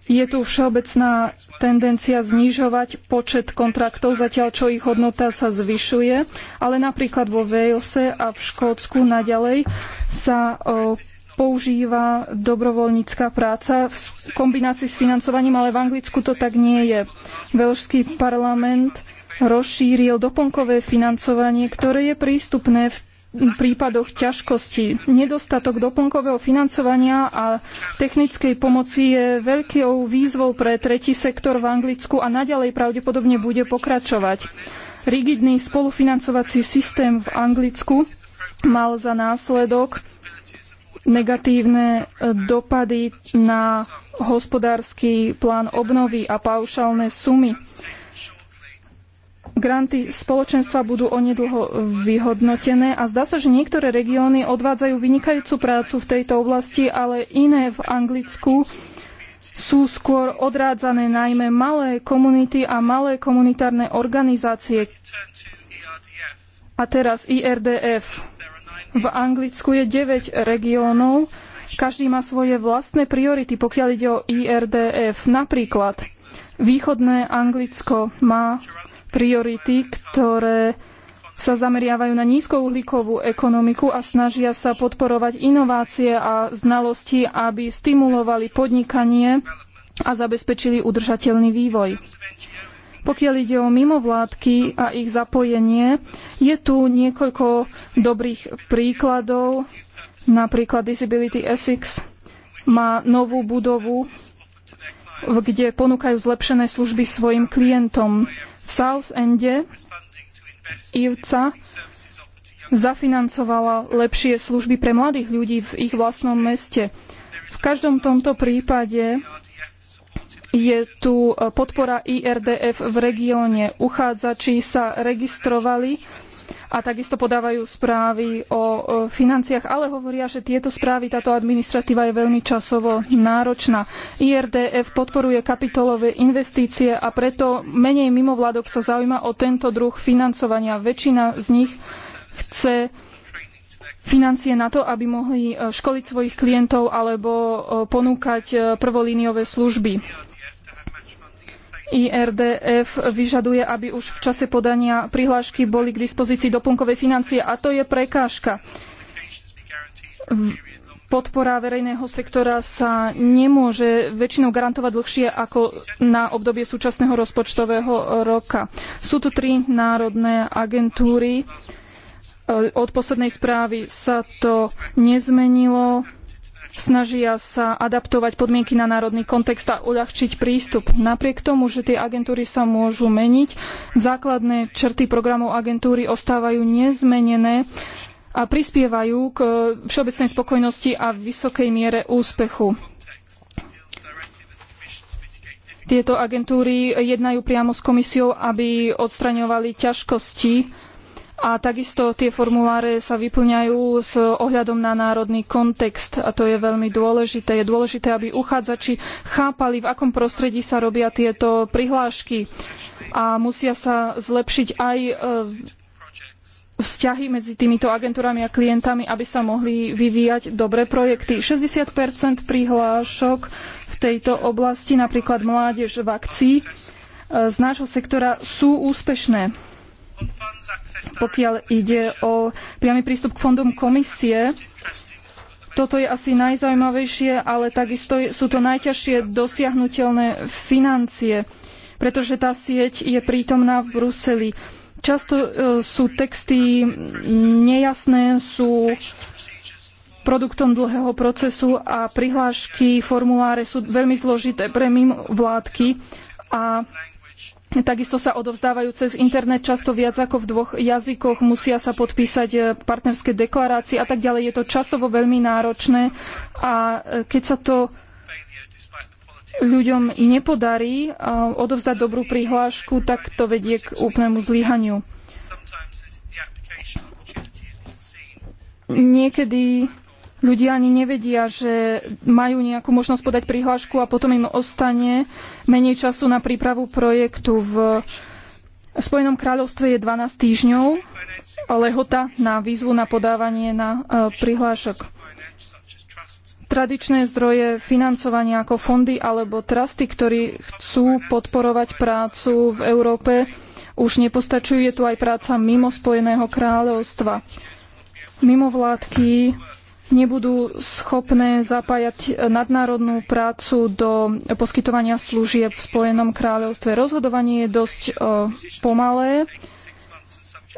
Je tu všeobecná tendencia znižovať počet kontraktov, zatiaľ čo ich hodnota sa zvyšuje, ale napríklad vo Walese a v Škótsku naďalej sa používa dobrovoľnícká práca v kombinácii s financovaním, ale v Anglicku to tak nie je. Velšský parlament rozšíril doplnkové financovanie, ktoré je prístupné v prípadoch ťažkosti. Nedostatok doplnkového financovania a technickej pomoci je veľkou výzvou pre tretí sektor v Anglicku a naďalej pravdepodobne bude pokračovať. Rigidný spolufinancovací systém v Anglicku mal za následok negatívne e, dopady na hospodársky plán obnovy a paušálne sumy. Granty spoločenstva budú onedlho vyhodnotené a zdá sa, že niektoré regióny odvádzajú vynikajúcu prácu v tejto oblasti, ale iné v Anglicku sú skôr odrádzané najmä malé komunity a malé komunitárne organizácie. A teraz IRDF. V Anglicku je 9 regiónov, každý má svoje vlastné priority, pokiaľ ide o IRDF. Napríklad východné Anglicko má priority, ktoré sa zameriavajú na nízkouhlíkovú ekonomiku a snažia sa podporovať inovácie a znalosti, aby stimulovali podnikanie a zabezpečili udržateľný vývoj. Pokiaľ ide o mimovládky a ich zapojenie, je tu niekoľko dobrých príkladov. Napríklad Disability Essex má novú budovu, kde ponúkajú zlepšené služby svojim klientom. V South Ende IVCA zafinancovala lepšie služby pre mladých ľudí v ich vlastnom meste. V každom tomto prípade je tu e, podpora IRDF v regióne. Uchádzači sa registrovali a takisto podávajú správy o e, financiách, ale hovoria, že tieto správy, táto administratíva je veľmi časovo náročná. IRDF podporuje kapitolové investície a preto menej mimovládok sa zaujíma o tento druh financovania. Väčšina z nich chce financie na to, aby mohli e, školiť svojich klientov alebo ponúkať prvolíniové služby. IRDF vyžaduje, aby už v čase podania prihlášky boli k dispozícii doplnkové financie a to je prekážka. Podpora verejného sektora sa nemôže väčšinou garantovať dlhšie ako na obdobie súčasného rozpočtového roka. Sú tu tri národné agentúry. Od poslednej správy sa to nezmenilo snažia sa adaptovať podmienky na národný kontext a uľahčiť prístup. Napriek tomu, že tie agentúry sa môžu meniť, základné črty programov agentúry ostávajú nezmenené a prispievajú k eh, všeobecnej spokojnosti a vysokej miere úspechu. Tieto agentúry jednajú priamo s komisiou, aby odstraňovali ťažkosti a takisto tie formuláre sa vyplňajú s ohľadom na národný kontext a to je veľmi dôležité. Je dôležité, aby uchádzači chápali, v akom prostredí sa robia tieto prihlášky a musia sa zlepšiť aj e, vzťahy medzi týmito agentúrami a klientami, aby sa mohli vyvíjať dobré projekty. 60 prihlášok v tejto oblasti, napríklad mládež v akcii, e, z nášho sektora sú úspešné. Pokiaľ ide o priamy prístup k fondom komisie, toto je asi najzaujímavejšie, ale takisto sú to najťažšie dosiahnuteľné financie, pretože tá sieť je prítomná v Bruseli. Často e, sú texty nejasné, sú produktom dlhého procesu a prihlášky, formuláre sú veľmi zložité pre mimovládky a Takisto sa odovzdávajú cez internet často viac ako v dvoch jazykoch, musia sa podpísať e, partnerské deklarácie a tak ďalej. Je to časovo veľmi náročné a e, keď sa to
ľuďom nepodarí e, odovzdať dobrú prihlášku, tak to vedie k úplnému zlyhaniu.
Niekedy ľudia ani nevedia, že majú nejakú možnosť podať prihlášku a potom im ostane menej času na prípravu projektu. V Spojenom kráľovstve je 12 týždňov lehota na výzvu na podávanie na e, prihlášok. Tradičné zdroje financovania ako fondy alebo trusty, ktorí chcú podporovať prácu v Európe, už nepostačuje tu aj práca mimo Spojeného kráľovstva. Mimovládky nebudú schopné zapájať nadnárodnú prácu do poskytovania služieb v Spojenom kráľovstve. Rozhodovanie je dosť e, pomalé.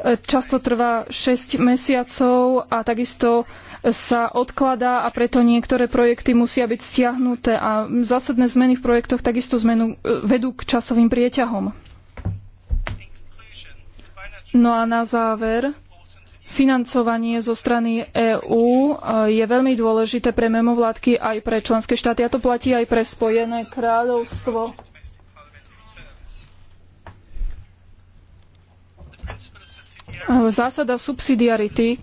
E, často trvá 6 mesiacov a takisto sa odkladá a preto niektoré projekty musia byť stiahnuté a zásadné zmeny v projektoch takisto zmenu, e, vedú k časovým prieťahom. No a na záver, financovanie zo strany EÚ eh, je veľmi dôležité pre memovládky aj pre členské štáty a to platí aj pre Spojené kráľovstvo. Zásada subsidiarity,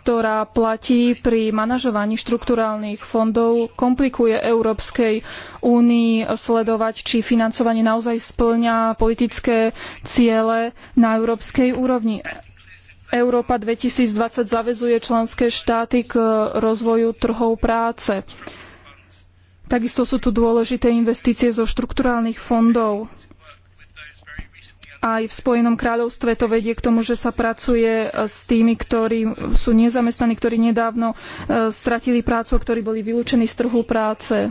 ktorá platí pri manažovaní štrukturálnych fondov, komplikuje Európskej únii sledovať, či financovanie naozaj spĺňa politické ciele na európskej úrovni. Európa 2020 zavezuje členské štáty k e, rozvoju trhov práce. Takisto sú tu dôležité investície zo štrukturálnych fondov. Aj v Spojenom kráľovstve to vedie k tomu, že sa pracuje e, s tými, ktorí sú nezamestnaní, ktorí nedávno e, stratili prácu a ktorí boli vylúčení z trhu práce.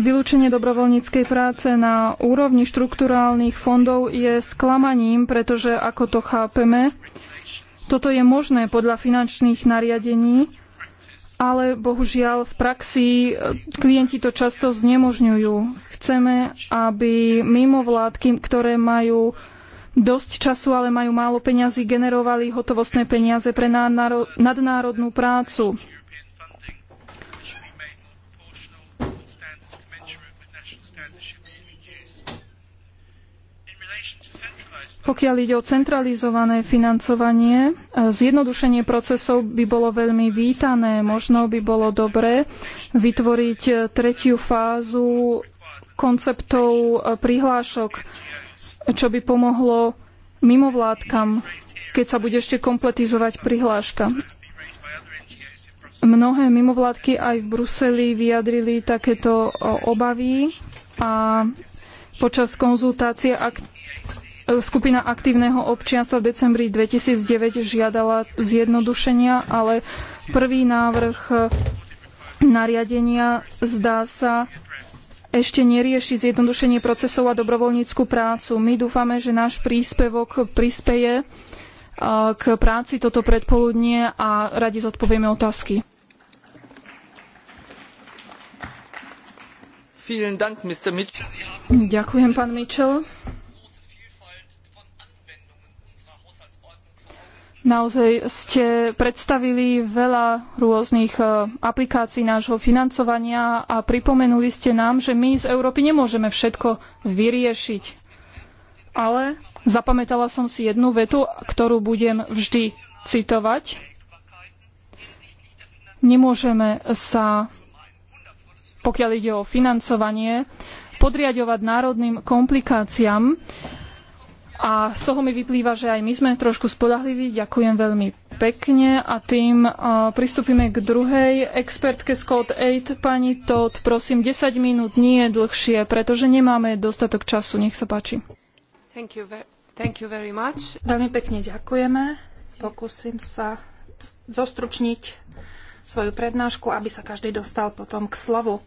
Vylúčenie dobrovoľníckej práce na úrovni štrukturálnych fondov je sklamaním, pretože ako to chápeme, toto je možné podľa finančných nariadení, ale bohužiaľ v praxi e, klienti to často znemožňujú. Chceme, aby mimovládky, ktoré majú dosť času, ale majú málo peňazí, generovali hotovostné peniaze pre nadnárodnú prácu. Pokiaľ ide o centralizované financovanie, e, zjednodušenie procesov by bolo veľmi vítané. Možno by bolo dobré vytvoriť e, tretiu fázu konceptov e, prihlášok, čo by pomohlo mimovládkam, keď sa bude ešte kompletizovať prihláška. Mnohé mimovládky aj v Bruseli vyjadrili takéto obavy a počas konzultácie, skupina aktívneho občianstva v decembri 2009 žiadala zjednodušenia, ale prvý návrh eh, nariadenia zdá sa ešte nerieši zjednodušenie procesov a dobrovoľníckú prácu. My dúfame, že náš príspevok prispeje eh, k práci toto predpoludnie a radi zodpovieme otázky. Ďakujem, pán Mitchell. Naozaj ste predstavili veľa rôznych e, aplikácií nášho financovania a pripomenuli ste nám, že my z Európy nemôžeme všetko vyriešiť. Ale zapamätala som si jednu vetu, ktorú budem vždy citovať. Nemôžeme sa, pokiaľ ide o financovanie, podriadovať národným komplikáciám a z toho mi vyplýva, že aj my sme trošku spolahliví. Ďakujem veľmi pekne a tým uh, pristúpime k druhej expertke z Code 8. Pani Todd, prosím, 10 minút, nie dlhšie, pretože nemáme dostatok času. Nech sa páči.
Thank you, thank you very much. Veľmi pekne ďakujeme. Pokúsim sa zostručniť svoju prednášku, aby sa každý dostal potom k slovu.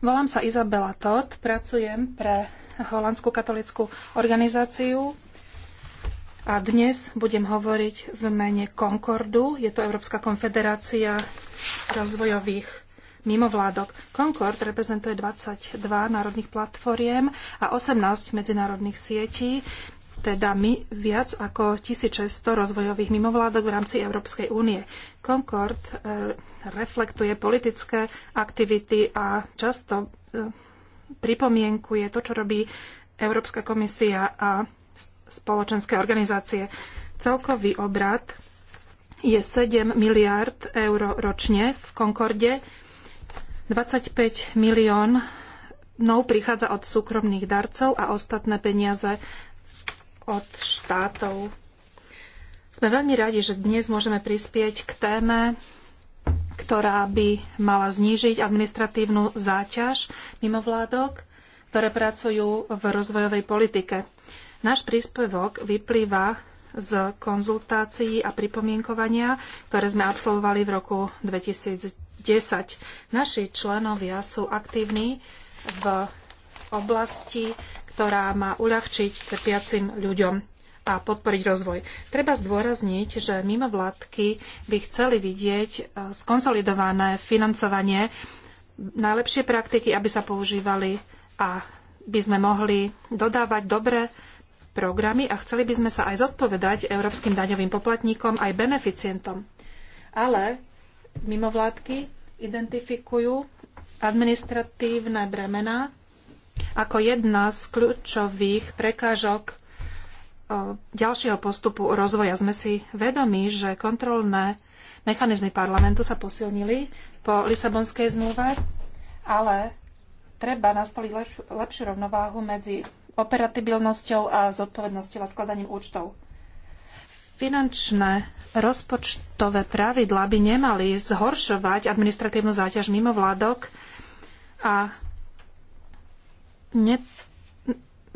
Volám sa Izabela Todd, pracujem pre Holandskú katolickú organizáciu a dnes budem hovoriť v mene Concordu, je to Európska konfederácia rozvojových mimovládok. Concord reprezentuje 22 národných platformiem a 18 medzinárodných sietí, teda my viac ako 1600 rozvojových mimovládok v rámci Európskej únie. Concord eh, reflektuje politické aktivity a často eh, pripomienkuje to, čo robí Európska komisia a spoločenské organizácie. Celkový obrad je 7 miliard eur ročne v Konkorde. 25 miliónov prichádza od súkromných darcov a ostatné peniaze od štátov. Sme veľmi radi, že dnes môžeme prispieť k téme, ktorá by mala znížiť administratívnu záťaž mimovládok, ktoré pracujú v rozvojovej politike. Náš príspevok vyplýva z konzultácií a pripomienkovania, ktoré sme absolvovali v roku 2010. Naši členovia sú aktívni v oblasti, ktorá má uľahčiť trpiacim ľuďom a podporiť rozvoj. Treba zdôrazniť, že mimovládky by chceli vidieť e, skonsolidované financovanie najlepšie praktiky, aby sa používali a by sme mohli dodávať dobré programy a chceli by sme sa aj zodpovedať európskym daňovým poplatníkom, aj beneficientom. Ale mimovládky identifikujú administratívne bremená ako jedna z kľúčových prekážok ďalšieho postupu rozvoja. Sme si vedomi, že kontrolné mechanizmy parlamentu sa posilnili po Lisabonskej zmluve, ale treba nastoliť lepšiu rovnováhu medzi operatibilnosťou a zodpovednosťou a skladaním účtov. Finančné rozpočtové pravidlá by nemali zhoršovať administratívnu záťaž mimo vládok a ne,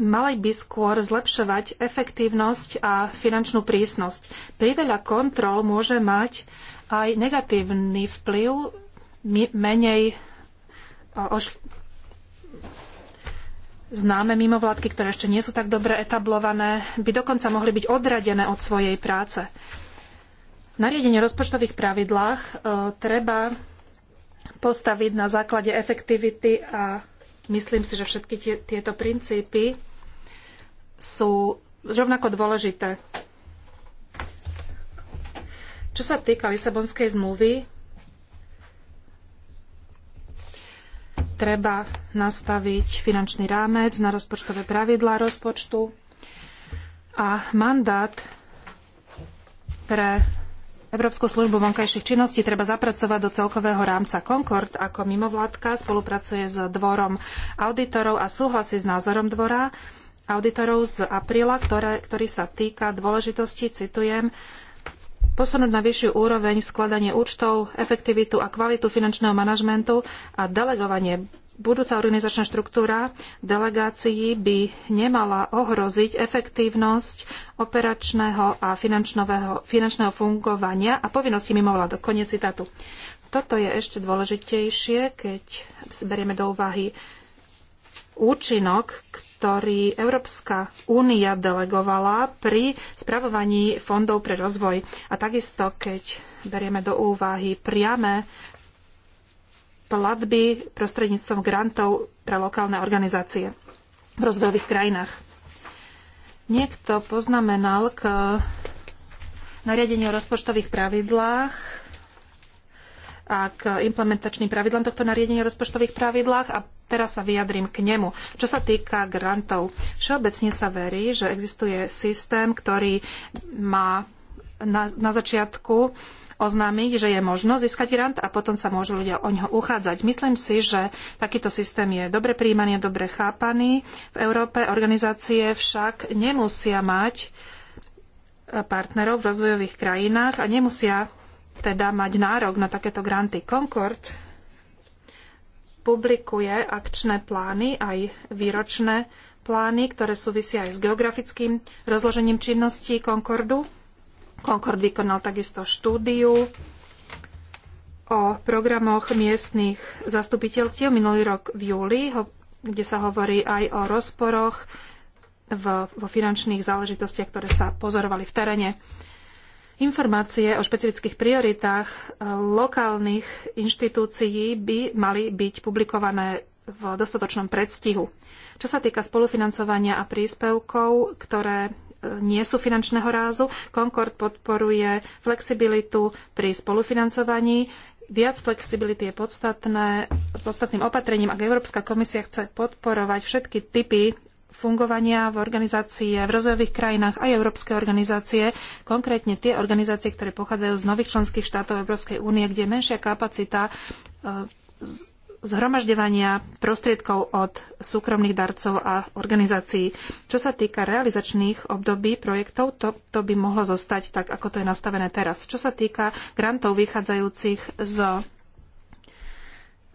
mali by skôr zlepšovať efektívnosť a finančnú prísnosť. Priveľa kontrol môže mať aj negatívny vplyv menej známe mimovládky, ktoré ešte nie sú tak dobre etablované, by dokonca mohli byť odradené od svojej práce. Nariadenie o rozpočtových pravidlách e, treba postaviť na základe efektivity a myslím si, že všetky tie, tieto princípy sú rovnako dôležité. Čo sa týka Lisabonskej zmluvy, treba nastaviť finančný rámec na rozpočtové pravidlá rozpočtu a mandát pre Európsku službu vonkajších činností treba zapracovať do celkového rámca Concord, ako mimovládka spolupracuje s dvorom auditorov a súhlasí s názorom dvora auditorov z apríla, ktoré, ktorý sa týka dôležitosti, citujem, posunúť na vyššiu úroveň skladanie účtov, efektivitu a kvalitu finančného manažmentu a delegovanie. Budúca organizačná štruktúra delegácií by nemala ohroziť efektívnosť operačného a finančného fungovania a povinnosti mimo mimovládok. Koniec citátu. Toto je ešte dôležitejšie, keď berieme do úvahy účinok, ktorý Európska únia delegovala pri spravovaní fondov pre rozvoj. A takisto, keď berieme do úvahy priame platby prostredníctvom grantov pre lokálne organizácie v rozvojových krajinách. Niekto poznamenal k nariadeniu o rozpočtových pravidlách a k implementačným pravidlám tohto nariadenia o rozpočtových pravidlách a teraz sa vyjadrím k nemu. Čo sa týka grantov, všeobecne sa verí, že existuje systém, ktorý má na, na začiatku oznámiť, že je možno získať grant a potom sa môžu ľudia o ňo uchádzať. Myslím si, že takýto systém je dobre príjmaný a dobre chápaný. V Európe organizácie však nemusia mať partnerov v rozvojových krajinách a nemusia teda mať nárok na takéto granty. Concord publikuje akčné plány, aj výročné plány, ktoré súvisia aj s geografickým rozložením činností Concordu. Concord vykonal takisto štúdiu o programoch miestnych zastupiteľstiev minulý rok v júli, kde sa hovorí aj o rozporoch v, vo finančných záležitostiach, ktoré sa pozorovali v teréne. Informácie o špecifických prioritách eh, lokálnych inštitúcií by mali byť publikované v dostatočnom predstihu. Čo sa týka spolufinancovania a príspevkov, ktoré eh, nie sú finančného rázu, Concord podporuje flexibilitu pri spolufinancovaní. Viac flexibility je podstatné, podstatným opatrením, ak Európska komisia chce podporovať všetky typy fungovania v organizácii v rozvojových krajinách aj európske organizácie, konkrétne tie organizácie, ktoré pochádzajú z nových členských štátov Európskej únie, kde je menšia kapacita e, zhromažďovania prostriedkov od súkromných darcov a organizácií. Čo sa týka realizačných období projektov, to, to by mohlo zostať tak, ako to je nastavené teraz. Čo sa týka grantov vychádzajúcich z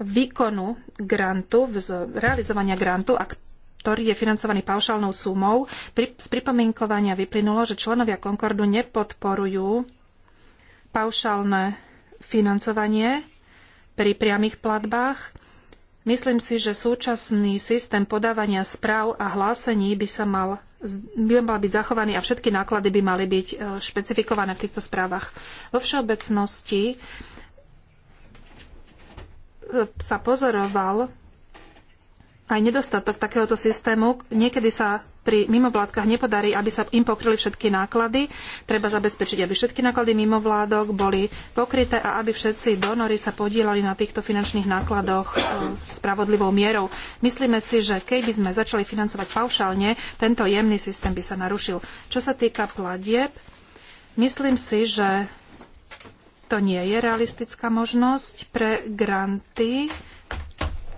výkonu grantu, z realizovania grantu, ak ktorý je financovaný paušálnou sumou. Pri, z pripomienkovania vyplynulo, že členovia Concordu nepodporujú paušálne financovanie pri priamých platbách. Myslím si, že súčasný systém podávania správ a hlásení by sa mal, by mal byť zachovaný a všetky náklady by mali byť e, špecifikované v týchto správach. Vo všeobecnosti e, sa pozoroval aj nedostatok takéhoto systému. Niekedy sa pri mimovládkach nepodarí, aby sa im pokryli všetky náklady. Treba zabezpečiť, aby všetky náklady mimovládok boli pokryté a aby všetci donory sa podielali na týchto finančných nákladoch e, spravodlivou mierou. Myslíme si, že keby sme začali financovať paušálne, tento jemný systém by sa narušil. Čo sa týka platieb, myslím si, že to nie je realistická možnosť pre granty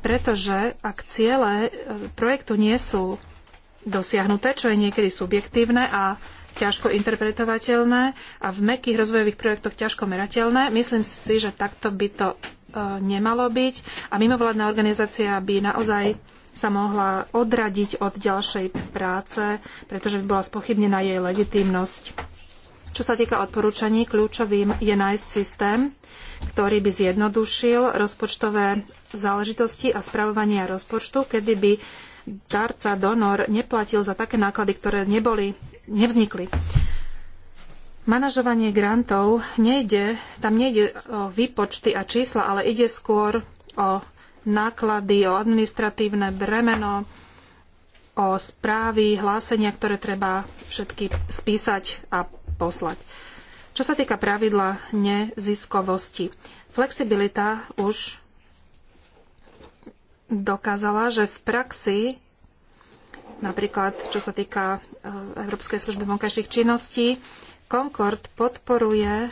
pretože ak ciele e, projektu nie sú dosiahnuté, čo je niekedy subjektívne a ťažko interpretovateľné a v mekých rozvojových projektoch ťažko merateľné. Myslím si, že takto by to e, nemalo byť a mimovládna organizácia by naozaj sa mohla odradiť od ďalšej práce, pretože by bola spochybnená jej legitímnosť. Čo sa týka odporúčaní, kľúčovým je nájsť systém, ktorý by zjednodušil rozpočtové záležitosti a spravovanie rozpočtu, kedy by darca, donor neplatil za také náklady, ktoré neboli, nevznikli. Manažovanie grantov nejde, tam nejde o výpočty a čísla, ale ide skôr o náklady, o administratívne bremeno, o správy, hlásenia, ktoré treba všetky spísať a poslať. Čo sa týka pravidla neziskovosti, flexibilita už dokázala, že v praxi, napríklad čo sa týka e, Európskej služby vonkajších činností, Concord podporuje,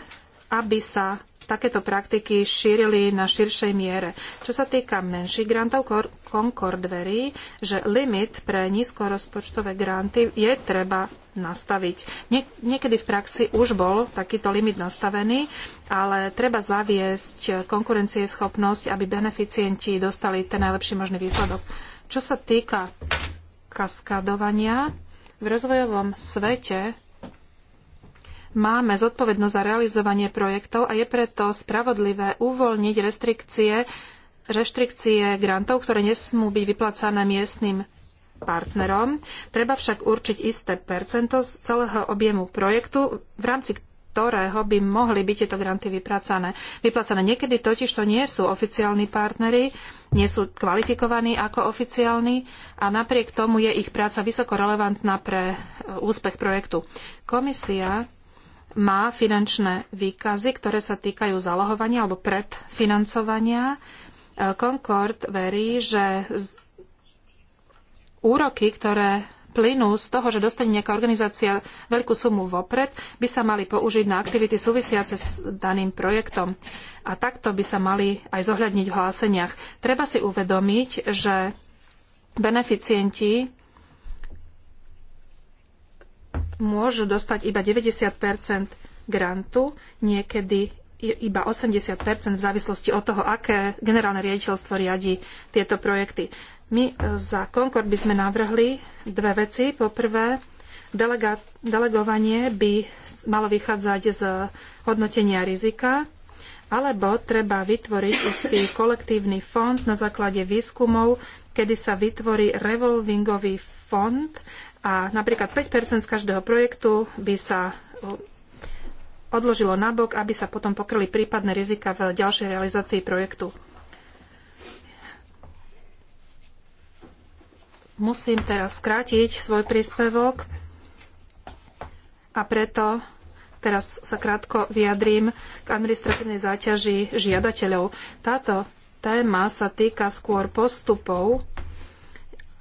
aby sa takéto praktiky šírili na širšej miere. Čo sa týka menších grantov, Concord verí, že limit pre nízkorozpočtové granty je treba nastaviť. Nie, niekedy v praxi už bol takýto limit nastavený, ale treba zaviesť konkurencieschopnosť, aby beneficienti dostali ten najlepší možný výsledok. Čo sa týka kaskadovania, v rozvojovom svete máme zodpovednosť za realizovanie projektov a je preto spravodlivé uvoľniť restrikcie, reštrikcie grantov, ktoré nesmú byť vyplácané miestnym partnerom. Treba však určiť isté percento z celého objemu projektu, v rámci ktorého by mohli byť tieto granty vypracané. vyplacané. Niekedy totiž to nie sú oficiálni partnery, nie sú kvalifikovaní ako oficiálni a napriek tomu je ich práca vysoko relevantná pre e, úspech projektu. Komisia má finančné výkazy, ktoré sa týkajú zalohovania alebo predfinancovania. E, Concord verí, že úroky, ktoré plynú z toho, že dostane nejaká organizácia veľkú sumu vopred, by sa mali použiť na aktivity súvisiace s daným projektom. A takto by sa mali aj zohľadniť v hláseniach. Treba si uvedomiť, že beneficienti môžu dostať iba 90 grantu, niekedy iba 80 v závislosti od toho, aké generálne riaditeľstvo riadi tieto projekty. My e, za Concord by sme navrhli dve veci. Poprvé, delega- delegovanie by malo vychádzať z hodnotenia rizika, alebo treba vytvoriť istý kolektívny fond na základe výskumov, kedy sa vytvorí revolvingový fond a napríklad 5 z každého projektu by sa odložilo nabok, aby sa potom pokryli prípadné rizika v ďalšej realizácii projektu. Musím teraz skrátiť svoj príspevok a preto teraz sa krátko vyjadrím k administratívnej záťaži žiadateľov. Táto téma sa týka skôr postupov,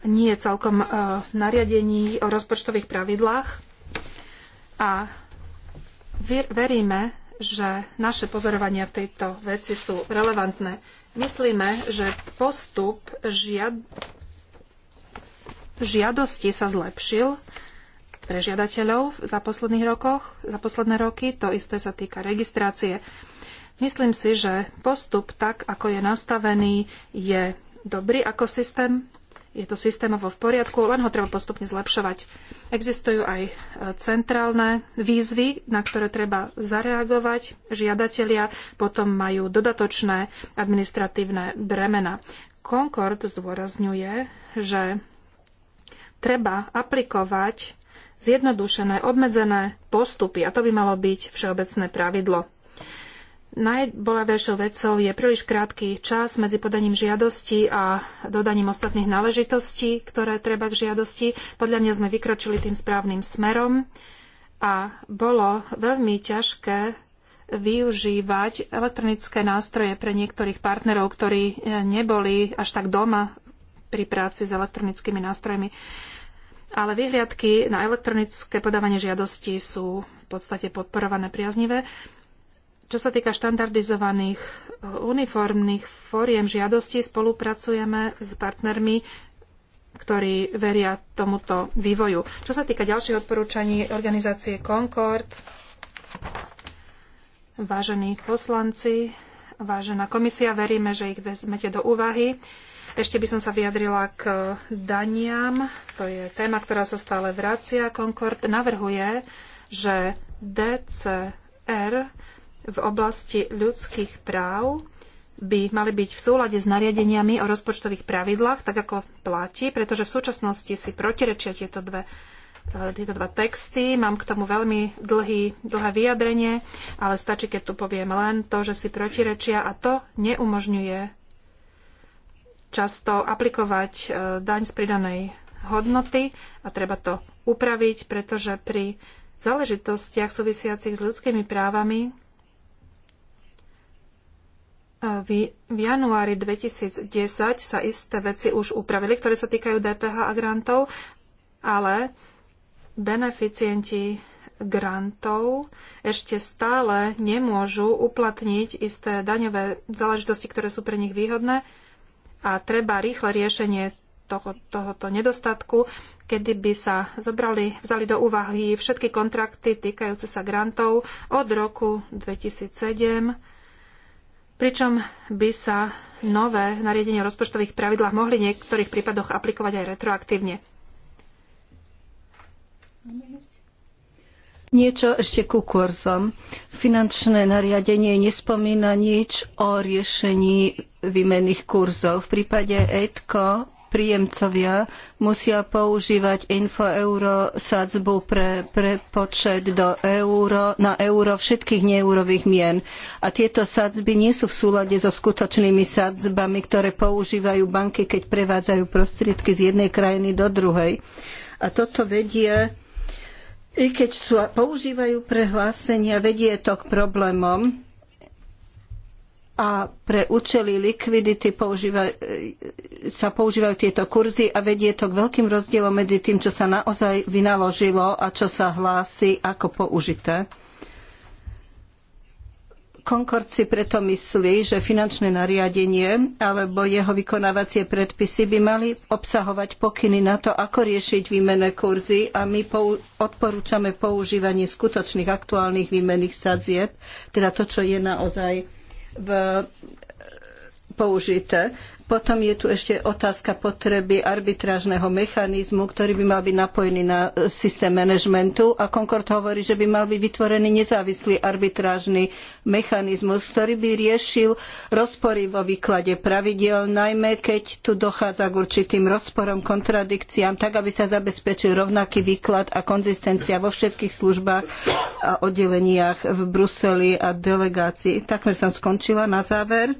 nie celkom e, nariadení o rozpočtových pravidlách a veríme, že naše pozorovania v tejto veci sú relevantné. Myslíme, že postup žiad žiadosti sa zlepšil pre žiadateľov za posledných rokoch, za posledné roky. To isté sa týka registrácie. Myslím si, že postup tak, ako je nastavený, je dobrý ako systém. Je to systémovo v poriadku, len ho treba postupne zlepšovať. Existujú aj e, centrálne výzvy, na ktoré treba zareagovať. Žiadatelia potom majú dodatočné administratívne bremena. Concord zdôrazňuje, že treba aplikovať zjednodušené, obmedzené postupy a to by malo byť všeobecné pravidlo. Najbolavejšou vecou je príliš krátky čas medzi podaním žiadosti a dodaním ostatných náležitostí, ktoré treba k žiadosti. Podľa mňa sme vykročili tým správnym smerom a bolo veľmi ťažké využívať elektronické nástroje pre niektorých partnerov, ktorí neboli až tak doma pri práci s elektronickými nástrojmi. Uh, ale vyhliadky na elektronické podávanie žiadosti sú v podstate podporované priaznivé. Čo sa týka štandardizovaných eh, uniformných fóriem žiadosti, spolupracujeme s partnermi, ktorí veria tomuto vývoju. Čo sa týka ďalších odporúčaní organizácie Concord, vážení poslanci, vážená komisia, veríme, že ich vezmete do úvahy ešte by som sa vyjadrila k daniam. To je téma, ktorá sa stále vracia. Concord navrhuje, že DCR v oblasti ľudských práv by mali byť v súlade s nariadeniami o rozpočtových pravidlách, tak ako platí, pretože v súčasnosti si protirečia tieto dve eh, tieto dva texty. Mám k tomu veľmi dlhý, dlhé vyjadrenie, ale stačí, keď tu poviem len to, že si protirečia a to neumožňuje často aplikovať e, daň z pridanej hodnoty a treba to upraviť, pretože pri záležitostiach súvisiacich s ľudskými právami e, v januári 2010 sa isté veci už upravili, ktoré sa týkajú DPH a grantov, ale beneficienti grantov ešte stále nemôžu uplatniť isté daňové záležitosti, ktoré sú pre nich výhodné, a treba rýchle riešenie toho, tohoto nedostatku, kedy by sa zobrali, vzali do úvahy všetky kontrakty týkajúce sa grantov od roku 2007, pričom by sa nové nariadenie o rozpočtových pravidlách mohli v niektorých prípadoch aplikovať aj retroaktívne.
Niečo ešte ku kurzom. Finančné nariadenie nespomína nič o riešení výmenných kurzov. V prípade EDCO príjemcovia musia používať infoeuro sadzbu pre, pre počet do euro, na euro všetkých neeurových mien. A tieto sadzby nie sú v súlade so skutočnými sadzbami, ktoré používajú banky, keď prevádzajú prostriedky z jednej krajiny do druhej. A toto vedie, i keď sú, používajú prehlásenia, vedie to k problémom, a pre účely likvidity sa používajú tieto kurzy a vedie to k veľkým rozdielom medzi tým, čo sa naozaj vynaložilo a čo sa hlási ako použité. Concord si preto myslí, že finančné nariadenie alebo jeho vykonávacie predpisy by mali obsahovať pokyny na to, ako riešiť výmenné kurzy a my odporúčame používanie skutočných aktuálnych výmenných sadzieb, teda to, čo je naozaj v použité. Potom je tu ešte otázka potreby arbitrážneho mechanizmu, ktorý by mal byť napojený na e, systém manažmentu a Concord hovorí, že by mal byť vytvorený nezávislý arbitrážny mechanizmus, ktorý by riešil rozpory vo výklade pravidiel, najmä keď tu dochádza k určitým rozporom, kontradikciám, tak aby sa zabezpečil rovnaký výklad a konzistencia vo všetkých službách a oddeleniach v Bruseli a delegácii. Takmer som skončila na záver.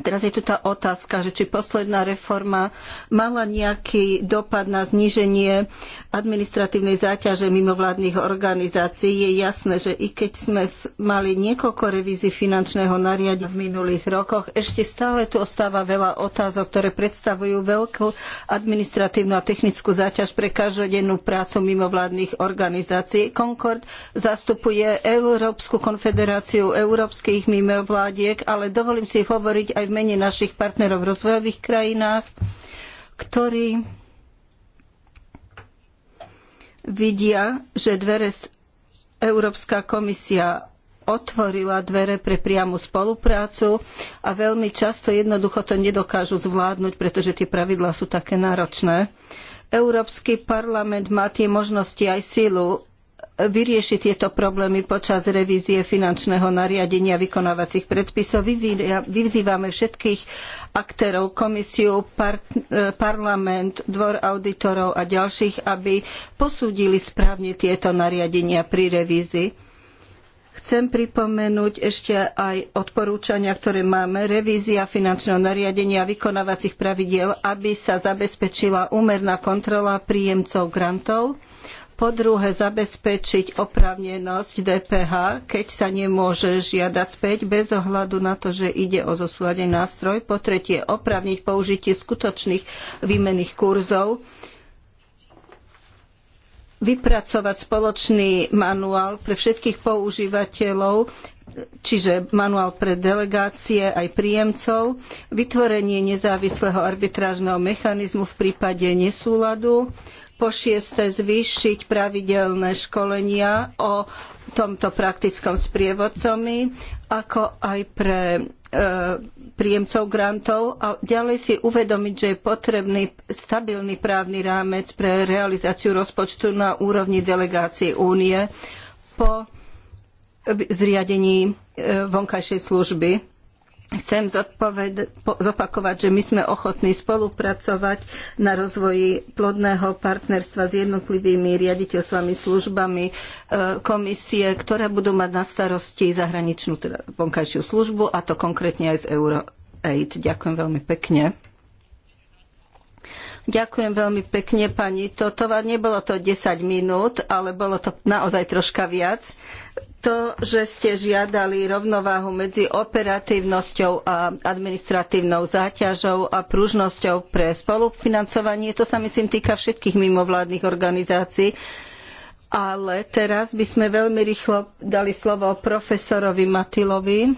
Teraz je tu tá otázka, že či posledná reforma mala nejaký dopad na zníženie administratívnej záťaže mimovládnych organizácií. Je jasné, že i keď sme mali niekoľko revízií finančného nariadenia v minulých rokoch, ešte stále tu ostáva veľa otázok, ktoré predstavujú veľkú administratívnu a technickú záťaž pre každodennú prácu mimovládnych organizácií. Concord zastupuje Európsku konfederáciu európskych mimovládiek, ale dovolím si hovoriť aj aj v mene našich partnerov v rozvojových krajinách, ktorí vidia, že dvere Európska komisia otvorila dvere pre priamu spoluprácu a veľmi často jednoducho to nedokážu zvládnuť, pretože tie pravidlá sú také náročné. Európsky parlament má tie možnosti aj sílu vyrieši tieto problémy počas revízie finančného nariadenia vykonávacích predpisov. Vyvzývame všetkých aktérov, komisiu, par, e, parlament, dvor auditorov a ďalších, aby posúdili správne tieto nariadenia pri revízii. Chcem pripomenúť ešte aj odporúčania, ktoré máme. Revízia finančného nariadenia a vykonávacích pravidiel, aby sa zabezpečila úmerná kontrola príjemcov grantov po druhé zabezpečiť oprávnenosť DPH, keď sa nemôže žiadať späť bez ohľadu na to, že ide o zosúladený nástroj, po tretie oprávniť použitie skutočných výmenných kurzov, vypracovať spoločný manuál pre všetkých používateľov, čiže manuál pre delegácie aj príjemcov, vytvorenie nezávislého arbitrážneho mechanizmu v prípade nesúladu, po šieste zvýšiť pravidelné školenia o tomto praktickom sprievodcomi, ako aj pre e, príjemcov grantov a ďalej si uvedomiť, že je potrebný stabilný právny rámec pre realizáciu rozpočtu na úrovni delegácií únie po zriadení e, vonkajšej služby Chcem zopakovať, že my sme ochotní spolupracovať na rozvoji plodného partnerstva s jednotlivými riaditeľstvami, službami e, komisie, ktoré budú mať na starosti zahraničnú, teda vonkajšiu službu, a to konkrétne aj z Euro Ďakujem veľmi pekne. Ďakujem veľmi pekne, pani Totova. Nebolo to 10 minút, ale bolo to naozaj troška viac. To, že ste žiadali rovnováhu medzi operatívnosťou a administratívnou záťažou a pružnosťou pre spolufinancovanie, to sa myslím týka všetkých mimovládnych organizácií. Ale teraz by sme veľmi rýchlo dali slovo profesorovi Matilovi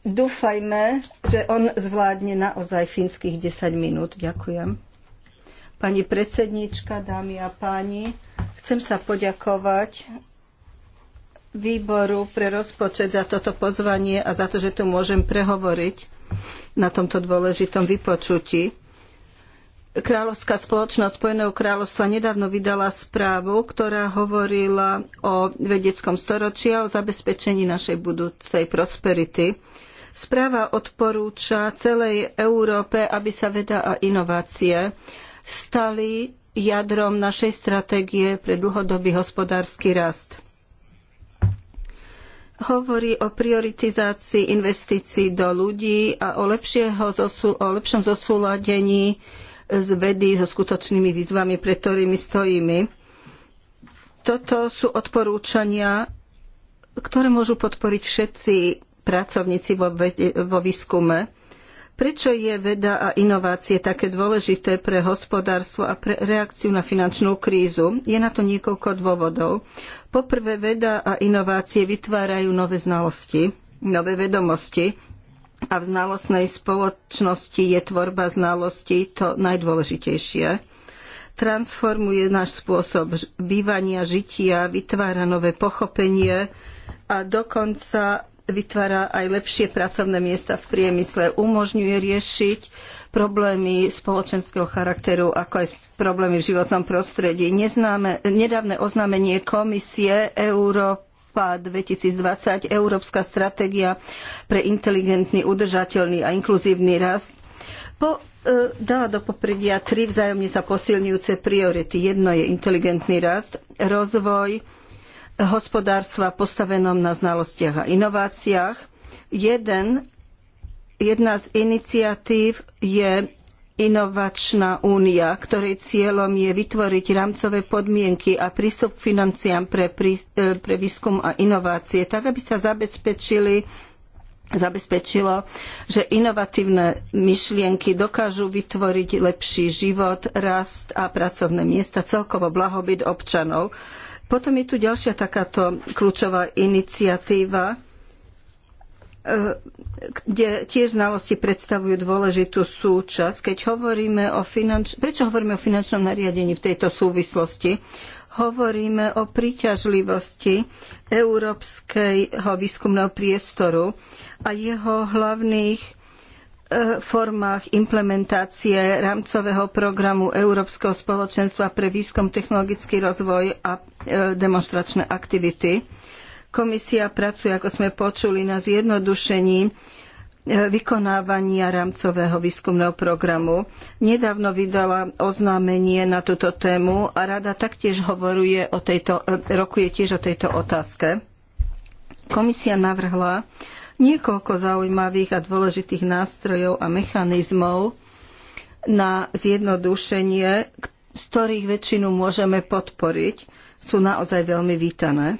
Dúfajme, že on zvládne naozaj fínskych 10 minút. Ďakujem. Pani predsednička, dámy a páni, chcem sa poďakovať výboru pre rozpočet za toto pozvanie a za to, že tu môžem prehovoriť na tomto dôležitom vypočutí. Kráľovská spoločnosť Spojeného kráľovstva nedávno vydala správu, ktorá hovorila o vedeckom storočí a o zabezpečení našej budúcej prosperity. Správa odporúča celej Európe, aby sa veda a inovácie stali jadrom našej stratégie pre dlhodobý hospodársky rast. Hovorí o prioritizácii investícií do ľudí a o, o lepšom zosúladení z vedy so skutočnými výzvami, pred ktorými stojíme. Toto sú odporúčania, ktoré môžu podporiť všetci pracovníci vo, vede, vo výskume. Prečo je veda a inovácie také dôležité pre hospodárstvo a pre reakciu na finančnú krízu? Je na to niekoľko dôvodov. Poprvé, veda a inovácie vytvárajú nové znalosti, nové vedomosti a v znalostnej spoločnosti je tvorba znalostí to najdôležitejšie. Transformuje náš spôsob bývania, žitia, vytvára nové pochopenie a dokonca vytvára aj lepšie pracovné miesta v priemysle, umožňuje riešiť problémy spoločenského charakteru, ako aj problémy v životnom prostredí. Neznáme, nedávne oznámenie komisie Európa 2020, Európska stratégia pre inteligentný, udržateľný a inkluzívny rast, po, e, dala do popredia tri vzájomne sa posilňujúce priority. Jedno je inteligentný rast, rozvoj hospodárstva postavenom na znalostiach a inováciách. Jeden, jedna z iniciatív je Inovačná únia, ktorej cieľom je vytvoriť rámcové podmienky a prístup k financiám pre, e, pre výskum a inovácie, tak aby sa zabezpečili zabezpečilo, že inovatívne myšlienky dokážu vytvoriť lepší život, rast a pracovné miesta, celkovo blahobyt občanov. Potom je tu ďalšia takáto kľúčová iniciatíva, e, kde tiež znalosti predstavujú dôležitú súčasť. Keď hovoríme o finanč... Prečo hovoríme o finančnom nariadení v tejto súvislosti? Hovoríme o príťažlivosti európskeho výskumného priestoru a jeho hlavných E, formách implementácie rámcového programu Európskeho spoločenstva pre výskum, technologický rozvoj a e, demonstračné aktivity. Komisia pracuje, ako sme počuli, na zjednodušení e, vykonávania rámcového výskumného programu. Nedávno vydala oznámenie na túto tému a rada taktiež hovoruje o tejto, rokuje tiež o tejto otázke. Komisia navrhla niekoľko zaujímavých a dôležitých nástrojov a mechanizmov na zjednodušenie, z ktorých väčšinu môžeme podporiť, sú naozaj veľmi vítané.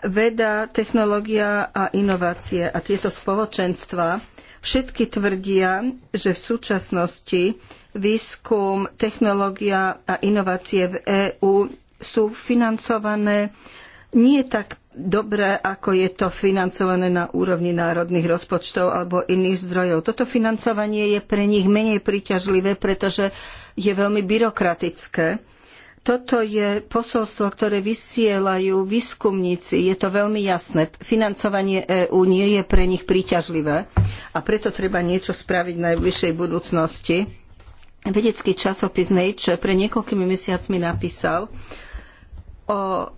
Veda, technológia a inovácie a tieto spoločenstva všetky tvrdia, že v súčasnosti výskum, technológia a inovácie v EÚ sú financované nie tak dobré, ako je to financované na úrovni národných rozpočtov alebo iných zdrojov. Toto financovanie je pre nich menej príťažlivé, pretože je veľmi byrokratické. Toto je posolstvo, ktoré vysielajú výskumníci. Je to veľmi jasné. Financovanie EÚ nie je pre nich príťažlivé a preto treba niečo spraviť v najbližšej budúcnosti. Vedecký časopis Nature pre niekoľkými mesiacmi napísal, o